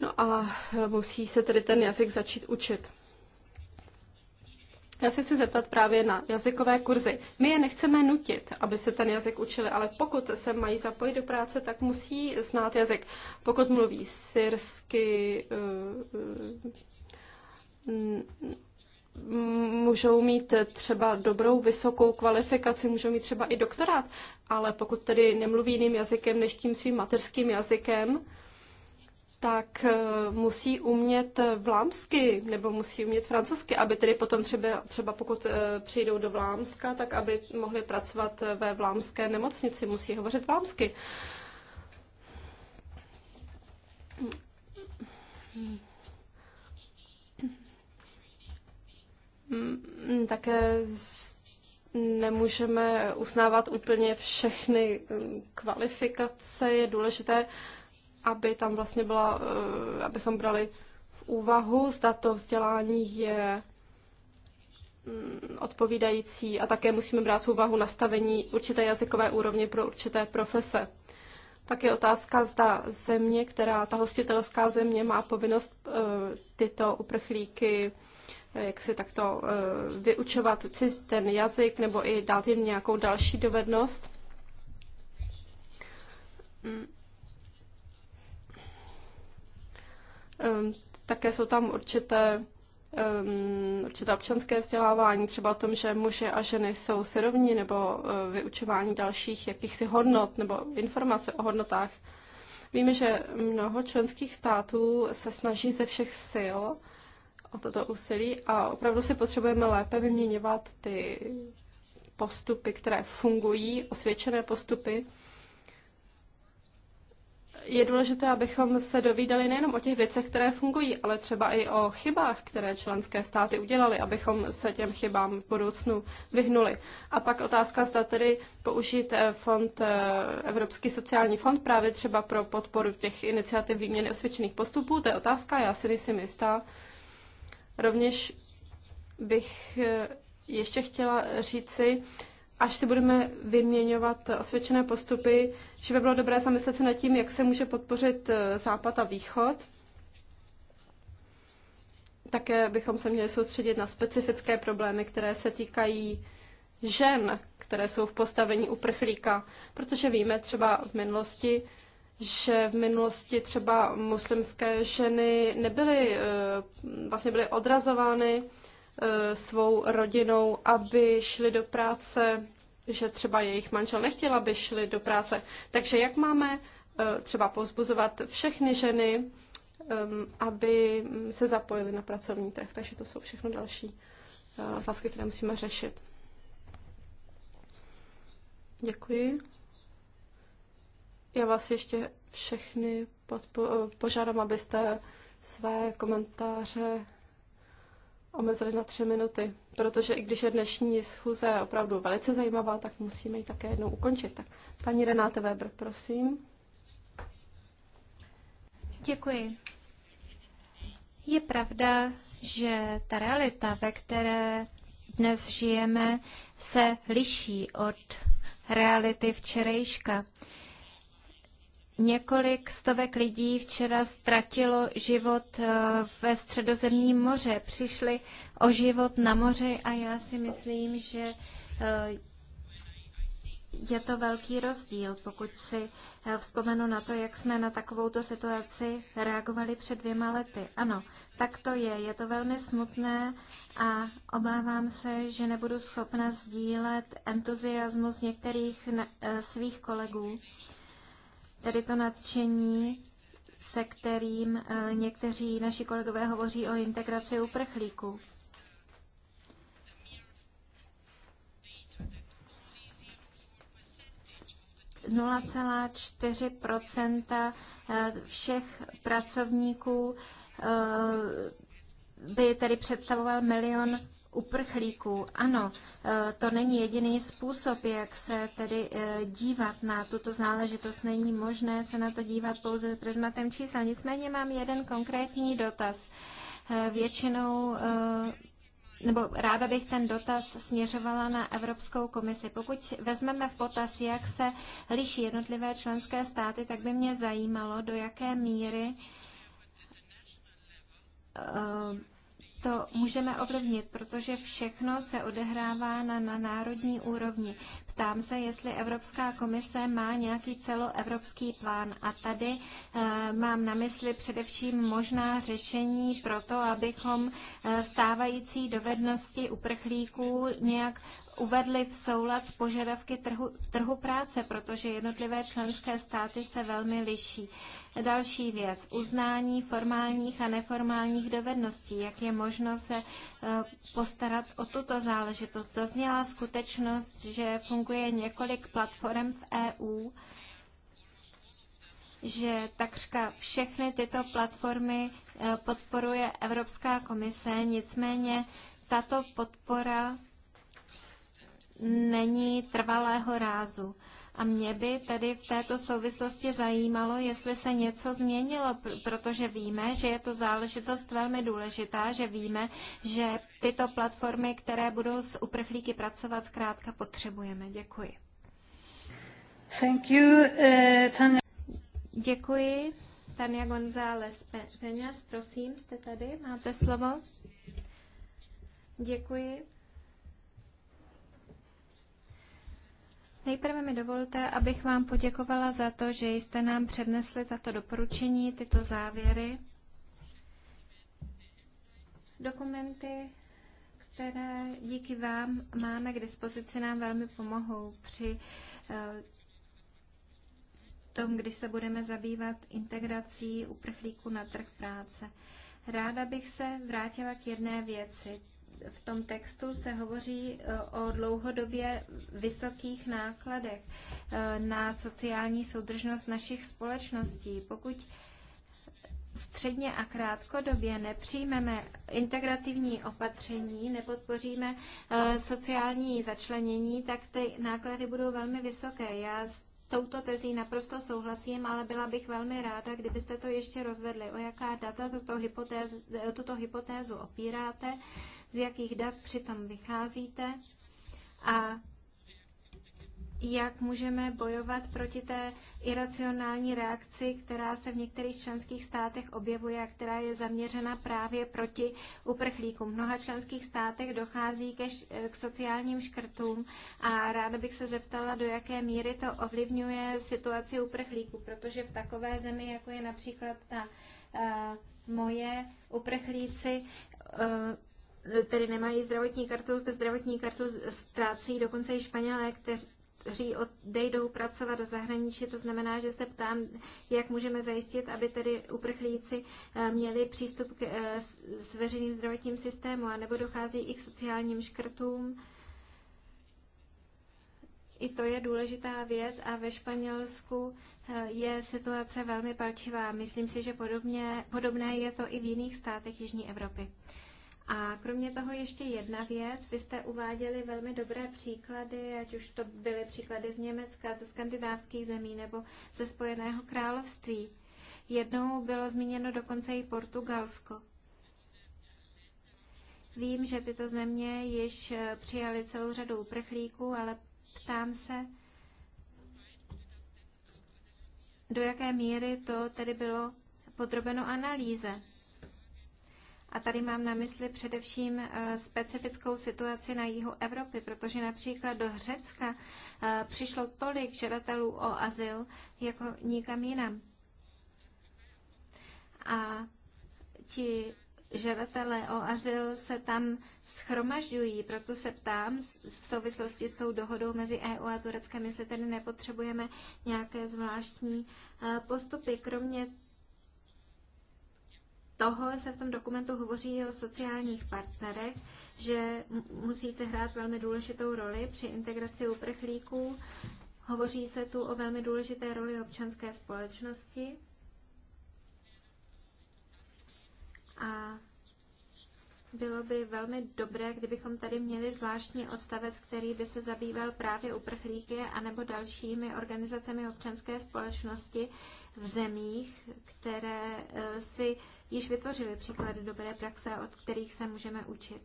No a eh, musí se tedy ten jazyk začít učit. Já se chci zeptat právě na jazykové kurzy. My je nechceme nutit, aby se ten jazyk učili, ale pokud se mají zapojit do práce, tak musí znát jazyk. Pokud mluví syrsky, eh, eh, můžou mít třeba dobrou vysokou kvalifikaci, můžou mít třeba i doktorát, ale pokud tedy nemluví jiným jazykem než tím svým mateřským jazykem, tak eh, musí umět eh, vlámsky nebo musí umět francouzsky, aby tedy potom třeba, třeba pokud eh, přijdou do Vlámska, tak aby mohli pracovat ve vlámské nemocnici, musí hovořit vlámsky. Mm, také nemůžeme uznávat úplně všechny mm, kvalifikace. Je důležité aby tam vlastně byla, eh, abychom brali v úvahu, zda to vzdělání je mm, odpovídající a také musíme brát v úvahu nastavení určité jazykové úrovně pro určité profese. Pak je otázka, zda země, která ta hostitelská země má povinnost eh, tyto uprchlíky eh, jak si takto vyučovat ten jazyk nebo i dát jim nějakou další dovednost. Mm. Ehm, také jsou tam určité um, určité občanské vzdělávání, třeba o tom, že muže a ženy jsou si rovní, nebo uh, vyučování dalších jakýchsi hodnot, nebo informace o hodnotách. Víme, že mnoho členských států se snaží ze všech sil o toto úsilí a opravdu si potřebujeme lépe vyměňovat ty postupy, které fungují, osvědčené postupy, je důležité, abychom se dovídali nejenom o těch věcech, které fungují, ale třeba i o chybách, které členské státy udělaly, abychom se těm chybám v budoucnu vyhnuli. A pak otázka, zda tedy použít eh, fond, eh, Evropský sociální fond právě třeba pro podporu těch iniciativ výměny osvědčených postupů, to je otázka, já si nejsem jistá. Rovněž bych eh, ještě chtěla říci, až si budeme vyměňovat osvědčené postupy, že by bylo dobré zamyslet se nad tím, jak se může podpořit eh, západ a východ. Také bychom se měli soustředit na specifické problémy, které se týkají žen, které jsou v postavení uprchlíka, protože víme třeba v minulosti, že v minulosti třeba muslimské ženy nebyly, eh, vlastně byly odrazovány Eh, svou rodinou, aby šli do práce, že třeba jejich manžel nechtěl, aby šli do práce. Takže jak máme eh, třeba pozbuzovat všechny ženy, aby se zapojily na pracovní trh. Takže to jsou všechno další eh, otázky, které musíme řešit. Děkuji. Já vás ještě všechny podpo- požádám, abyste své komentáře omezili na tři minuty, protože i když je dnešní schůze opravdu velice zajímavá, tak musíme ji také jednou ukončit. Tak paní Renáte Weber, prosím. Děkuji. Je pravda, že ta realita, ve které dnes žijeme, se liší od reality včerejška. Několik stovek lidí včera ztratilo život eh, ve středozemním moře. Přišli o život na moři a já si myslím, že eh, je to velký rozdíl, pokud si eh, vzpomenu na to, jak jsme na takovouto situaci reagovali před dvěma lety. Ano, tak to je. Je to velmi smutné a obávám se, že nebudu schopna sdílet entuziasmus některých svých kolegů. Tady to nadšení, se kterým eh, někteří naši kolegové hovoří o integraci uprchlíků. procenta eh, všech pracovníků eh, by tedy představoval milion uprchlíků. Ano, e, to není jediný způsob, jak se tedy e, dívat na tuto záležitost. Není možné se na to dívat pouze prismatem čísel. Nicméně mám jeden konkrétní dotaz. E, většinou nebo ráda bych ten dotaz směřovala na Evropskou komisi. Pokud vezmeme v potaz, jak se liší jednotlivé členské státy, tak by mě zajímalo, do jaké míry to můžeme ovlivnit, protože všechno se odehrává na, na národní úrovni. Ptám se, jestli Evropská komise má nějaký celoevropský plán a tady e, mám na mysli především možná řešení pro to, abychom e, stávající dovednosti uprchlíků nějak uvedli v soulad s požadavky trhu, trhu práce, protože jednotlivé členské státy se velmi liší. Další věc, uznání formálních a neformálních dovedností, jak je možno se eh, postarat o tuto záležitost. Zazněla skutečnost, že funguje několik platform v EU, že takřka všechny tyto platformy eh, podporuje Evropská komise, nicméně tato podpora není trvalého rázu. A mě by tedy v této souvislosti zajímalo, jestli se něco změnilo, protože víme, že je to záležitost velmi důležitá, že víme, že tyto platformy, které budou s uprchlíky pracovat, zkrátka potřebujeme. Děkuji. Thank you, uh, Děkuji. Tania González Peňas, prosím, jste tady, máte slovo. Děkuji. Nejprve mi dovolte, abych vám poděkovala za to, že jste nám přednesli tato doporučení, tyto závěry. Dokumenty, které díky vám máme k dispozici, nám velmi pomohou při eh, tom, když se budeme zabývat integrací uprchlíků na trh práce. Ráda bych se vrátila k jedné věci v tom textu se hovoří e, o dlouhodobě vysokých nákladech e, na sociální soudržnost našich společností. Pokud středně a krátkodobě nepřijmeme integrativní opatření, nepodpoříme e, sociální začlenění, tak ty náklady budou velmi vysoké. Já s touto tezí naprosto souhlasím, ale byla bych velmi ráda, kdybyste to ještě rozvedli, o jaká data tuto hypotézu opíráte z jakých dat přitom vycházíte a jak můžeme bojovat proti té iracionální reakci, která se v některých členských státech objevuje a která je zaměřena právě proti uprchlíkům. V mnoha členských státech dochází ke k sociálním škrtům a ráda bych se zeptala, do jaké míry to ovlivňuje situaci uprchlíků, protože v takové zemi, jako je například ta uh, moje uprchlíci, uh, tedy nemají zdravotní kartu, tu zdravotní kartu ztrácí dokonce i Španělé, kteří kteří odejdou pracovat do zahraničí. To znamená, že se ptám, jak můžeme zajistit, aby tedy uprchlíci eh, měli přístup k eh, s veřejným zdravotním systému a nebo dochází i k sociálním škrtům. I to je důležitá věc a ve Španělsku eh, je situace velmi palčivá. Myslím si, že podobně, podobné je to i v jiných státech Jižní Evropy. A kromě toho ještě jedna věc. Vy jste uváděli velmi dobré příklady, ať už to byly příklady z Německa, ze skandinávských zemí nebo ze Spojeného království. Jednou bylo zmíněno dokonce i Portugalsko. Vím, že tyto země již eh, přijali celou řadu uprchlíků, ale ptám se, do jaké míry to tedy bylo podrobeno analýze. A tady mám na mysli především eh, specifickou situaci na jihu Evropy, protože například do Řecka eh, přišlo tolik žadatelů o azyl jako nikam jinam. A ti žadatelé o azyl se tam schromažďují, proto se ptám v souvislosti s tou dohodou mezi EU a Tureckem, jestli tedy nepotřebujeme nějaké zvláštní eh, postupy. Kromě toho se v tom dokumentu hovoří o sociálních partnerech, že musí se hrát velmi důležitou roli při integraci uprchlíků. Hovoří se tu o velmi důležité roli občanské společnosti. A bylo by velmi dobré, kdybychom tady měli zvláštní odstavec, který by se zabýval právě uprchlíky anebo dalšími organizacemi občanské společnosti v zemích, které eh, si již vytvořili příklady dobré praxe, od kterých se můžeme učit.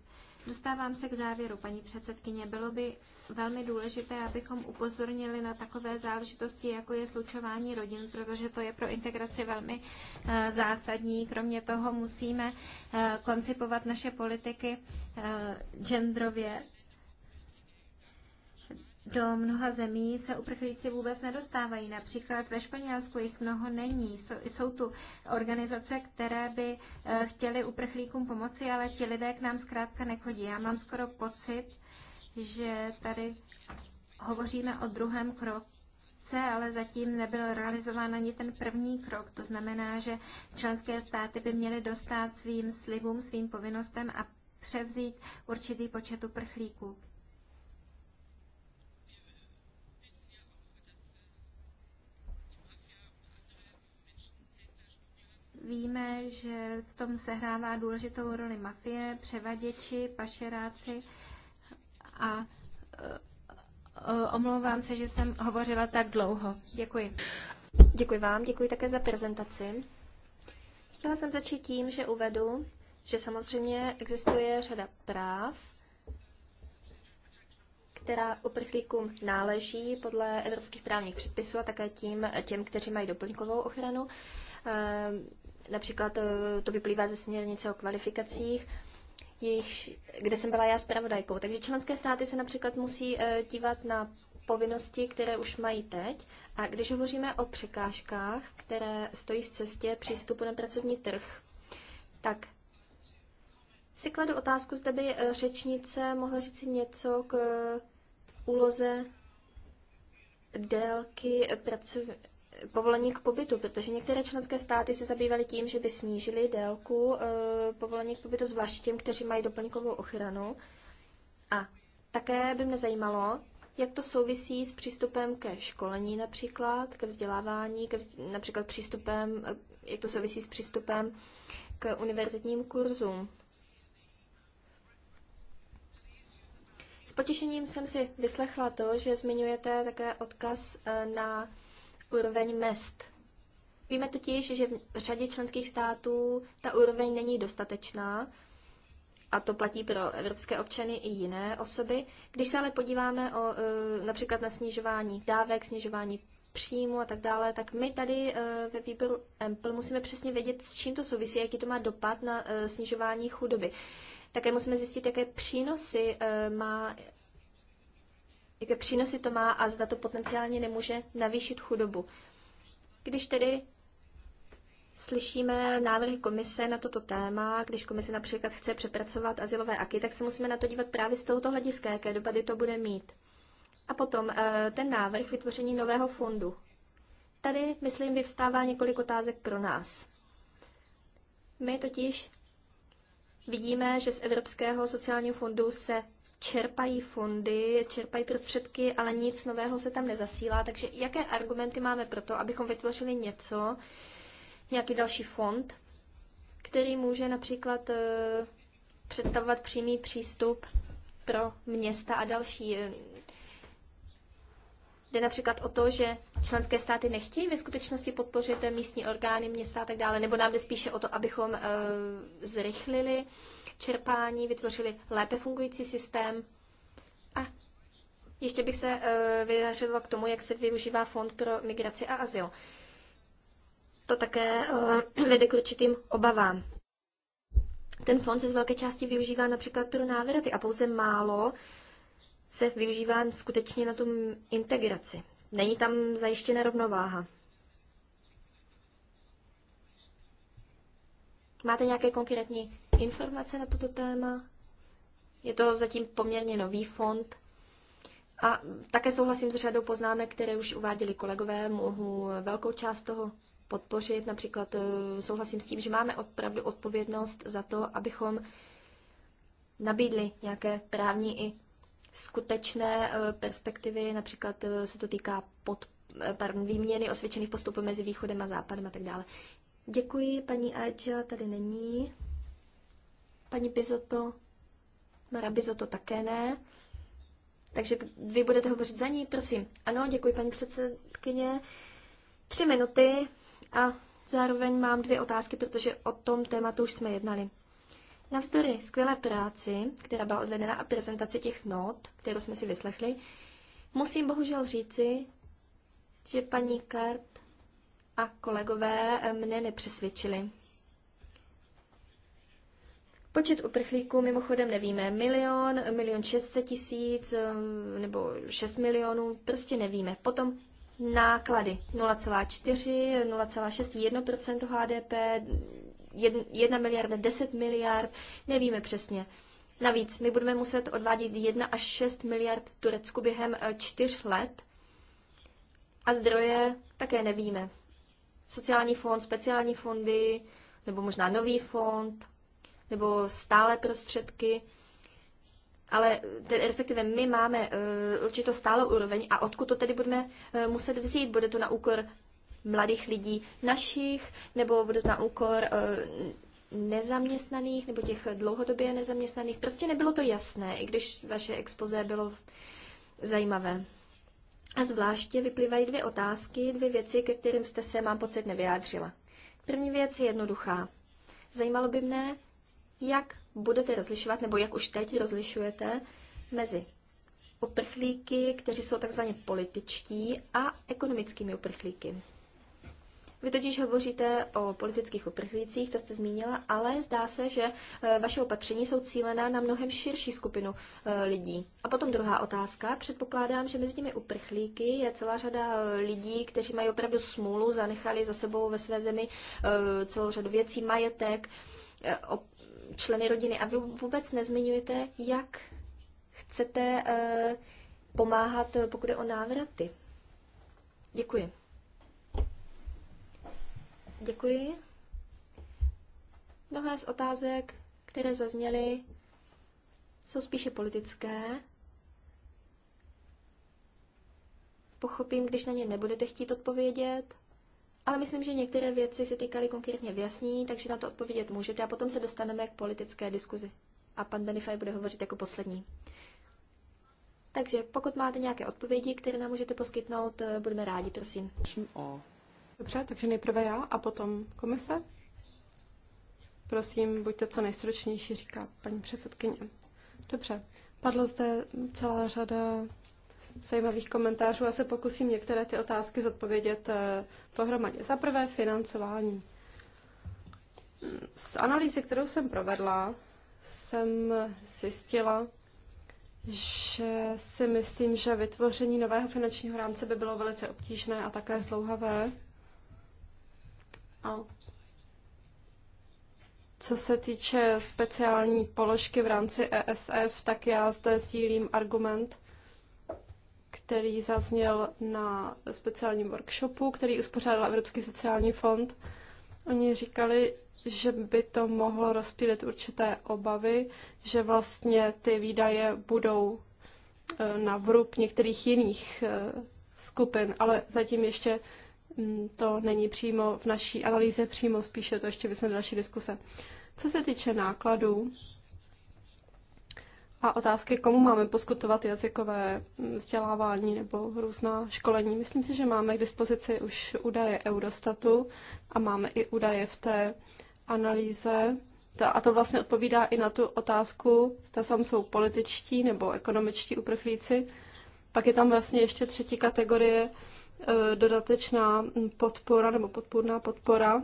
Dostávám se k závěru, paní předsedkyně. Bylo by velmi důležité, abychom upozornili na takové záležitosti, jako je slučování rodin, protože to je pro integraci velmi eh, zásadní. Kromě toho musíme eh, koncipovat naše politiky eh, genderově do mnoha zemí se uprchlíci vůbec nedostávají. Například ve Španělsku jich mnoho není. Jsou, jsou tu organizace, které by eh, chtěly uprchlíkům pomoci, ale ti lidé k nám zkrátka nechodí. Já mám skoro pocit, že tady hovoříme o druhém kroku ale zatím nebyl realizován ani ten první krok. To znamená, že členské státy by měly dostat svým slibům, svým povinnostem a převzít určitý počet uprchlíků. Víme, že v tom sehrává důležitou roli mafie, převaděči, pašeráci a e, e, omlouvám se, že jsem hovořila tak dlouho. Děkuji. Děkuji vám, děkuji také za prezentaci. Chtěla jsem začít tím, že uvedu, že samozřejmě existuje řada práv, která uprchlíkům náleží podle evropských právních předpisů a také tím, těm, kteří mají doplňkovou ochranu. Ehm, Například eh, to vyplývá ze směrnice o kvalifikacích, jejich, kde jsem byla já zpravodajkou. Takže členské státy se například musí eh, dívat na povinnosti, které už mají teď. A když hovoříme o překážkách, které stojí v cestě přístupu na pracovní trh, tak si kladu otázku, zda by eh, řečnice mohla říct něco k úloze délky pracovní povolení k pobytu, protože některé členské státy se zabývaly tím, že by snížily délku eh, povolení k pobytu, zvláště těm, kteří mají doplňkovou ochranu. A také by mě zajímalo, jak to souvisí s přístupem ke školení například, ke vzdělávání, ke vz... například přístupem, eh, jak to souvisí s přístupem k univerzitním kurzům. S potěšením jsem si vyslechla to, že zmiňujete také odkaz eh, na úroveň mest. Víme totiž, že v řadě členských států ta úroveň není dostatečná, a to platí pro evropské občany i jiné osoby. Když se ale podíváme o, e, například na snižování dávek, snižování příjmu a tak dále, tak my tady e, ve výboru EMPL musíme přesně vědět, s čím to souvisí, jaký to má dopad na e, snižování chudoby. Také musíme zjistit, jaké přínosy má jaké přínosy to má a zda to potenciálně nemůže navýšit chudobu. Když tedy slyšíme návrhy komise na toto téma, když komise například chce přepracovat asilové aky, tak se musíme na to dívat právě z tohoto hlediska, jaké dopady to bude mít. A potom eh, ten návrh vytvoření nového fondu. Tady, myslím, vyvstává několik otázek pro nás. My totiž vidíme, že z Evropského sociálního fondu se čerpají fondy, čerpají prostředky, ale nic nového se tam nezasílá. Takže jaké argumenty máme pro to, abychom vytvořili něco, nějaký další fond, který může například eh, představovat přímý přístup pro města a další. Eh, Jde například o to, že členské státy nechtějí ve skutečnosti podpořit místní orgány, města a tak dále, nebo nám jde spíše o to, abychom eh, zrychlili čerpání, vytvořili lépe fungující systém. A ještě bych se eh, vyjařila k tomu, jak se využívá Fond pro migraci a azyl. To také eh, vede k určitým obavám. Ten fond se z velké části využívá například pro návraty a pouze málo se využíván skutečně na tu integraci. Není tam zajištěna rovnováha. Máte nějaké konkrétní informace na toto téma? Je to zatím poměrně nový fond. A také souhlasím s řadou poznámek, které už uváděli kolegové. Mohu velkou část toho podpořit. Například eh, souhlasím s tím, že máme opravdu odpovědnost za to, abychom nabídli nějaké právní i skutečné eh, perspektivy, například eh, se to týká pod, eh, pardon, výměny osvědčených postupů mezi východem a západem a tak dále. Děkuji, paní Ajča tady není. Paní Bizoto, Mara Bizoto také ne. Takže vy budete hovořit za ní, prosím. Ano, děkuji, paní předsedkyně. Tři minuty a zároveň mám dvě otázky, protože o tom tématu už jsme jednali. Navzdory skvělé práci, která byla odvedena a prezentaci těch not, kterou jsme si vyslechli, musím bohužel říci, že paní Kart a kolegové mne nepřesvědčili. Počet uprchlíků mimochodem nevíme. Milion, milion šestset tisíc um, nebo šest milionů, prostě nevíme. Potom náklady 0,4, 0,6, 1% HDP, 1 miliarda, 10 miliard, nevíme přesně. Navíc my budeme muset odvádět 1 až 6 miliard Turecku během 4 eh, let a zdroje také nevíme. Sociální fond, speciální fondy, nebo možná nový fond, nebo stále prostředky. Ale respektive my máme eh, určitou stálou úroveň a odkud to tedy budeme eh, muset vzít? Bude to na úkor mladých lidí našich, nebo budou na úkor eh, nezaměstnaných nebo těch dlouhodobě nezaměstnaných. Prostě nebylo to jasné, i když vaše expoze bylo zajímavé. A zvláště vyplývají dvě otázky, dvě věci, ke kterým jste se, mám pocit, nevyjádřila. První věc je jednoduchá. Zajímalo by mne, jak budete rozlišovat, nebo jak už teď rozlišujete, mezi uprchlíky, kteří jsou takzvaně političtí, a ekonomickými uprchlíky. Vy totiž hovoříte o politických uprchlících, to jste zmínila, ale zdá se, že e, vaše opatření jsou cílená na mnohem širší skupinu e, lidí. A potom druhá otázka. Předpokládám, že mezi těmi uprchlíky je celá řada e, lidí, kteří mají opravdu smůlu, zanechali za sebou ve své zemi celou řadu věcí, majetek, členy rodiny. A vy vůbec nezmiňujete, jak chcete pomáhat, pokud je o návraty. Děkuji. Děkuji. Mnohé z otázek, které zazněly, jsou spíše politické. Pochopím, když na ně nebudete chtít odpovědět, ale myslím, že některé věci se týkaly konkrétně vyjasnění, takže na to odpovědět můžete a potom se dostaneme k politické diskuzi. A pan Benify bude hovořit jako poslední. Takže pokud máte nějaké odpovědi, které nám můžete poskytnout, eh, budeme rádi, prosím. O. Dobře, takže nejprve já a potom komise. Prosím, buďte co nejstručnější, říká paní předsedkyně. Dobře, Padlo zde celá řada zajímavých komentářů. Já se pokusím některé ty otázky zodpovědět eh, pohromadě. Za prvé financování. Z analýzy, kterou jsem provedla, jsem zjistila, že si myslím, že vytvoření nového finančního rámce by bylo velice obtížné a také zlouhavé. A co se týče speciální položky v rámci ESF, tak já zde sdílím argument, který zazněl na speciálním workshopu, který uspořádal Evropský sociální fond. Oni říkali, že by to mohlo rozpílit určité obavy, že vlastně ty výdaje budou eh, na vrub některých jiných eh, skupin, ale zatím ještě Mm, to není přímo v naší analýze, přímo spíše to ještě vysvětlím další diskuse. Co se týče nákladů a otázky, komu máme poskutovat jazykové mm, vzdělávání nebo různá školení, myslím si, že máme k dispozici už údaje Eurostatu a máme i údaje v té analýze. A to vlastně odpovídá i na tu otázku, zda tam jsou političtí nebo ekonomičtí uprchlíci. Pak je tam vlastně ještě třetí kategorie, Eh, dodatečná podpora nebo podpůrná podpora.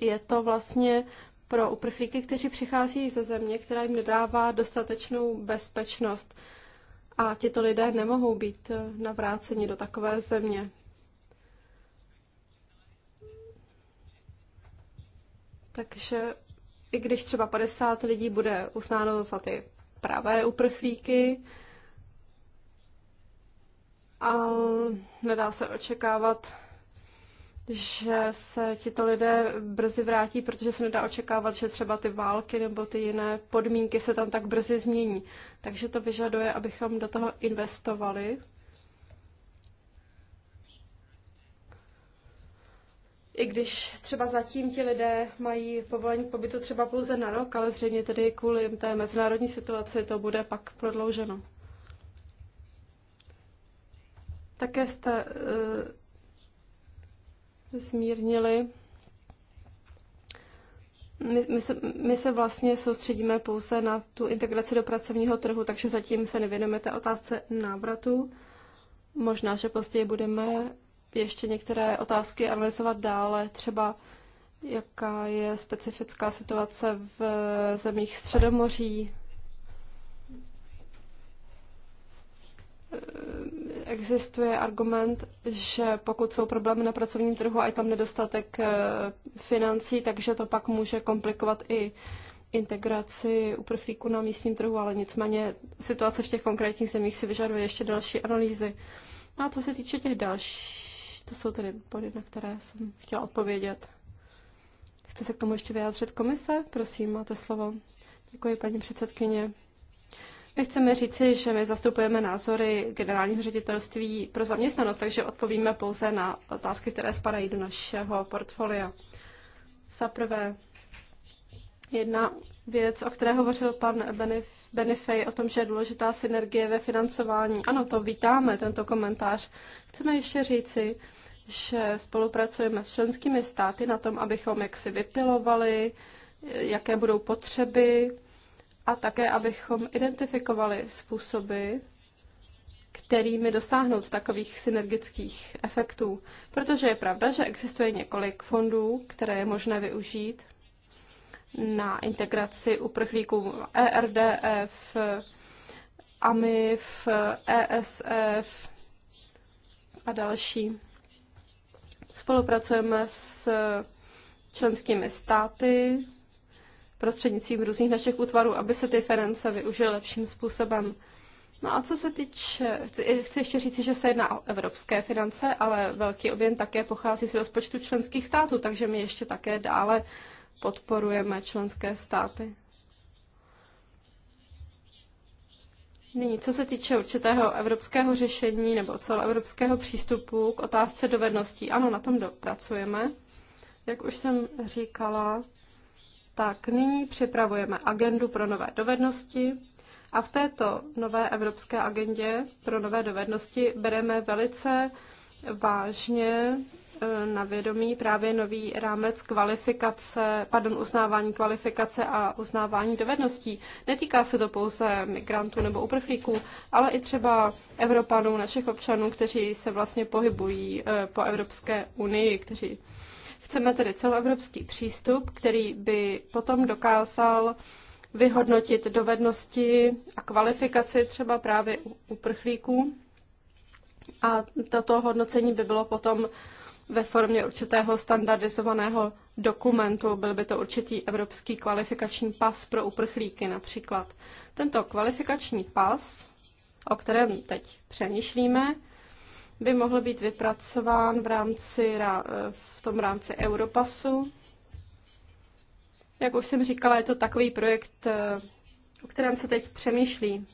Je to vlastně pro uprchlíky, kteří přichází ze země, která jim nedává dostatečnou bezpečnost. A tito lidé nemohou být eh, navráceni do takové země. Takže i když třeba 50 lidí bude uznáno za ty pravé uprchlíky, a nedá se očekávat, že se to lidé brzy vrátí, protože se nedá očekávat, že třeba ty války nebo ty jiné podmínky se tam tak brzy změní. Takže to vyžaduje, abychom do toho investovali. I když třeba zatím ti lidé mají povolení k pobytu třeba pouze na rok, ale zřejmě tedy kvůli té mezinárodní situaci to bude pak prodlouženo. Také jste uh, zmírnili. My, my, se, my se vlastně soustředíme pouze na tu integraci do pracovního trhu, takže zatím se nevěnujeme té otázce návratu. Možná, že později budeme ještě některé otázky analyzovat dále, třeba jaká je specifická situace v zemích Středomoří existuje argument, že pokud jsou problémy na pracovním trhu a je tam nedostatek eh, financí, takže to pak může komplikovat i integraci uprchlíků na místním trhu, ale nicméně situace v těch konkrétních zemích si vyžaduje ještě další analýzy. A co se týče těch dalších, to jsou tedy body, na které jsem chtěla odpovědět. Chce se k tomu ještě vyjádřit komise? Prosím, máte slovo. Děkuji, paní předsedkyně. My chceme říci, že my zastupujeme názory generálního ředitelství pro zaměstnanost, takže odpovíme pouze na otázky, které spadají do našeho portfolia. Za prvé, jedna věc, o které hovořil pan Benefej, o tom, že je důležitá synergie ve financování. Ano, to vítáme, tento komentář. Chceme ještě říci, že spolupracujeme s členskými státy na tom, abychom jaksi vypilovali, jaké budou potřeby a také, abychom identifikovali způsoby, kterými dosáhnout takových synergických efektů. Protože je pravda, že existuje několik fondů, které je možné využít na integraci uprchlíků ERDF, AMIF, ESF a další. Spolupracujeme s členskými státy, prostřednictvím různých našich útvarů, aby se ty ference využily lepším způsobem. No a co se týče, chci, ještě říci, že se jedná o evropské finance, ale velký objem také pochází z rozpočtu členských států, takže my ještě také dále podporujeme členské státy. Nyní, co se týče určitého evropského řešení nebo celoevropského přístupu k otázce dovedností, ano, na tom dopracujeme. Jak už jsem říkala, tak nyní připravujeme agendu pro nové dovednosti a v této nové evropské agendě pro nové dovednosti bereme velice vážně eh, na vědomí právě nový rámec kvalifikace, pardon, uznávání kvalifikace a uznávání dovedností. Netýká se to pouze migrantů nebo uprchlíků, ale i třeba Evropanů, našich občanů, kteří se vlastně pohybují eh, po Evropské unii, kteří Chceme tedy celoevropský přístup, který by potom dokázal vyhodnotit dovednosti a kvalifikaci třeba právě u uprchlíků. A toto hodnocení by bylo potom ve formě určitého standardizovaného dokumentu. Byl by to určitý evropský kvalifikační pas pro uprchlíky například. Tento kvalifikační pas, o kterém teď přemýšlíme, by mohl být vypracován v, rámci, v tom rámci Europasu. Jak už jsem říkala, je to takový projekt, eh, o kterém se teď přemýšlí.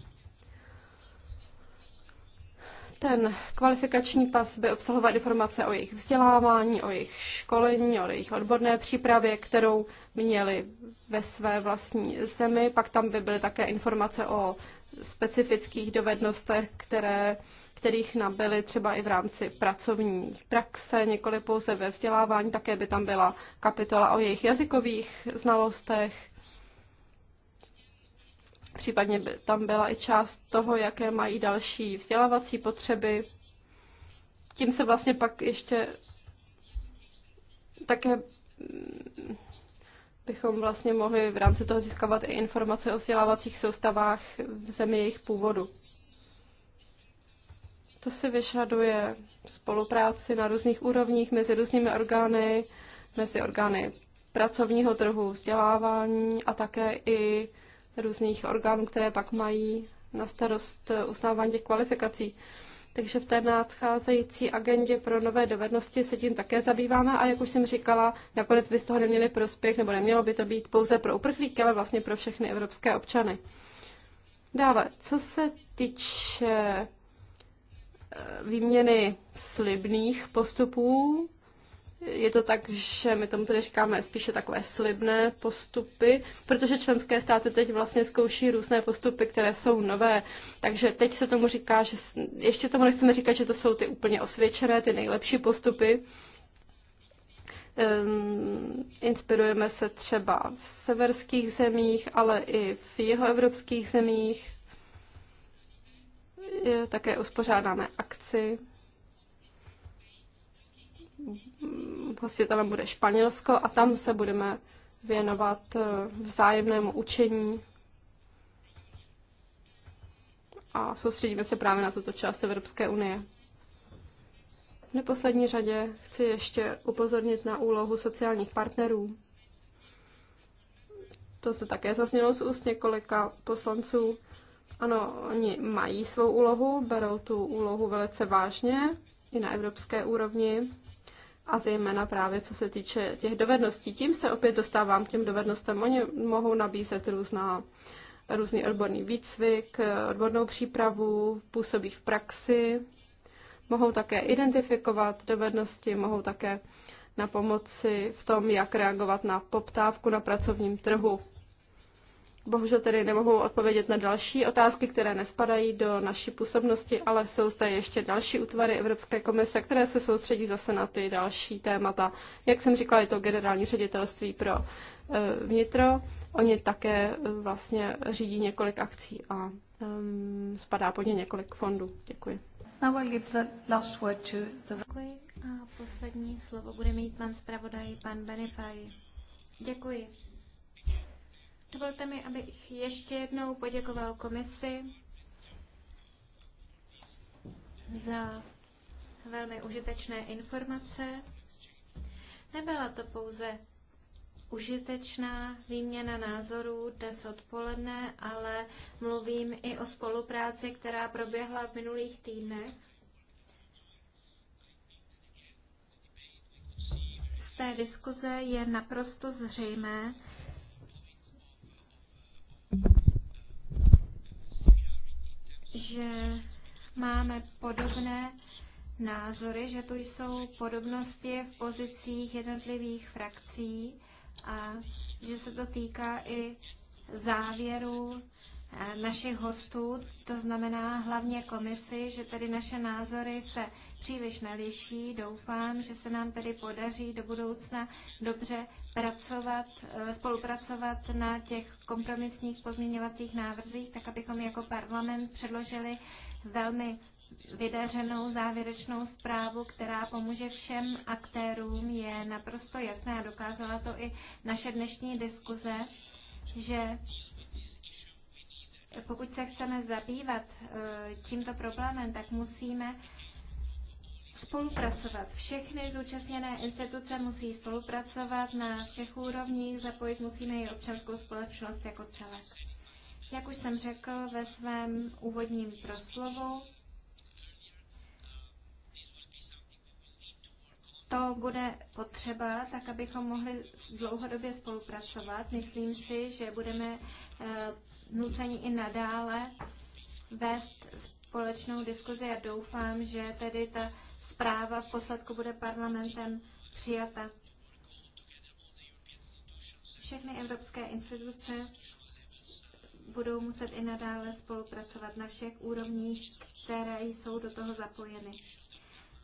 Ten kvalifikační pas by obsahoval informace o jejich vzdělávání, o jejich školení, o jejich odborné přípravě, kterou měli ve své vlastní zemi. Pak tam by byly také informace o specifických dovednostech, které kterých nabyli třeba i v rámci pracovní praxe, nikoli pouze ve vzdělávání, také by tam byla kapitola o jejich jazykových znalostech, případně by tam byla i část toho, jaké mají další vzdělávací potřeby. Tím se vlastně pak ještě také mm, bychom vlastně mohli v rámci toho získávat i informace o vzdělávacích soustavách v zemi jejich původu. To si vyžaduje spolupráci na různých úrovních mezi různými orgány, mezi orgány pracovního trhu, vzdělávání a také i různých orgánů, které pak mají na starost uznávání těch kvalifikací. Takže v té nadcházející agendě pro nové dovednosti se tím také zabýváme a jak už jsem říkala, nakonec by z toho neměli prospěch, nebo nemělo by to být pouze pro uprchlíky, ale vlastně pro všechny evropské občany. Dále, co se týče výměny slibných postupů. Je to tak, že my tomu tedy říkáme spíše takové slibné postupy, protože členské státy teď vlastně zkouší různé postupy, které jsou nové. Takže teď se tomu říká, že ještě tomu nechceme říkat, že to jsou ty úplně osvědčené, ty nejlepší postupy. Ehm, inspirujeme se třeba v severských zemích, ale i v jihoevropských zemích také uspořádáme akci. Hostitelem bude Španělsko a tam se budeme věnovat eh, vzájemnému učení a soustředíme se právě na tuto část Evropské unie. V neposlední řadě chci ještě upozornit na úlohu sociálních partnerů. To se také zaznělo z úst několika poslanců. Ano, oni mají svou úlohu, berou tu úlohu velice vážně i na evropské úrovni a zejména právě co se týče těch dovedností. Tím se opět dostávám k těm dovednostem. Oni mohou nabízet různá, různý odborný výcvik, odbornou přípravu, působí v praxi, mohou také identifikovat dovednosti, mohou také na pomoci v tom, jak reagovat na poptávku na pracovním trhu. Bohužel tedy nemohu odpovědět na další otázky, které nespadají do naší působnosti, ale jsou zde ještě další útvary Evropské komise, které se soustředí zase na ty další témata. Jak jsem říkala, je to generální ředitelství pro e, vnitro. Oni také e, vlastně řídí několik akcí a e, spadá pod ně několik fondů. Děkuji. last word to Děkuji. A poslední slovo bude mít pan zpravodaj, pan Benefaj. Děkuji. Dovolte mi, abych ještě jednou poděkoval komisi za velmi užitečné informace. Nebyla to pouze užitečná výměna názorů dnes odpoledne, ale mluvím i o spolupráci, která proběhla v minulých týdnech. Z té diskuze je naprosto zřejmé, že máme podobné názory, že tu jsou podobnosti v pozicích jednotlivých frakcí a že se to týká i závěru našich hostů, to znamená hlavně komisi, že tedy naše názory se příliš neliší. Doufám, že se nám tedy podaří do budoucna dobře pracovat, e, spolupracovat na těch kompromisních pozměňovacích návrzích, tak abychom jako parlament předložili velmi vydařenou závěrečnou zprávu, která pomůže všem aktérům, je naprosto jasné a dokázala to i naše dnešní diskuze, že pokud se chceme zabývat e, tímto problémem, tak musíme spolupracovat. Všechny zúčastněné instituce musí spolupracovat na všech úrovních, zapojit musíme i občanskou společnost jako celek. Jak už jsem řekl ve svém úvodním proslovu, to bude potřeba, tak abychom mohli dlouhodobě spolupracovat. Myslím si, že budeme e, nuceni i nadále vést společnou diskuzi a doufám, že tedy ta zpráva v posledku bude parlamentem přijata. Všechny evropské instituce budou muset i nadále spolupracovat na všech úrovních, které jsou do toho zapojeny.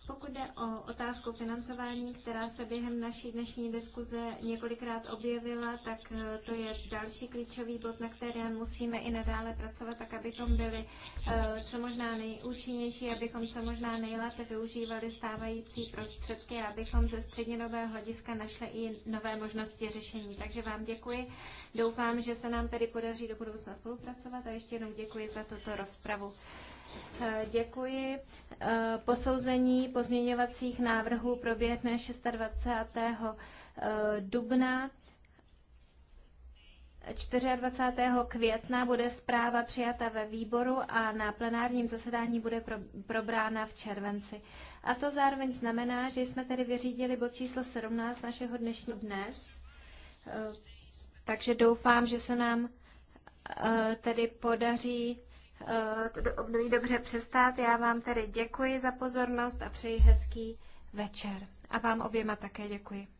Pokud jde o otázku financování, která se během naší dnešní diskuze několikrát objevila, tak eh, to je další klíčový bod, na kterém musíme i nadále pracovat, tak abychom byli eh, co možná nejúčinnější, abychom co možná nejlépe využívali stávající prostředky, abychom ze střednědobého hlediska našli i nové možnosti řešení. Takže vám děkuji. Doufám, že se nám tedy podaří do budoucna spolupracovat a ještě jednou děkuji za tuto rozpravu. Eh, děkuji. Eh, posouzení pozměňovacích návrhů proběhne 26. Eh, dubna. 24. května bude zpráva přijata ve výboru a na plenárním zasedání bude probrána v červenci. A to zároveň znamená, že jsme tedy vyřídili bod číslo 17 našeho dnešního dnes. Takže doufám, že se nám tedy podaří období eh, dobře přestát. Já vám tedy děkuji za pozornost a přeji hezký večer. A vám oběma také děkuji.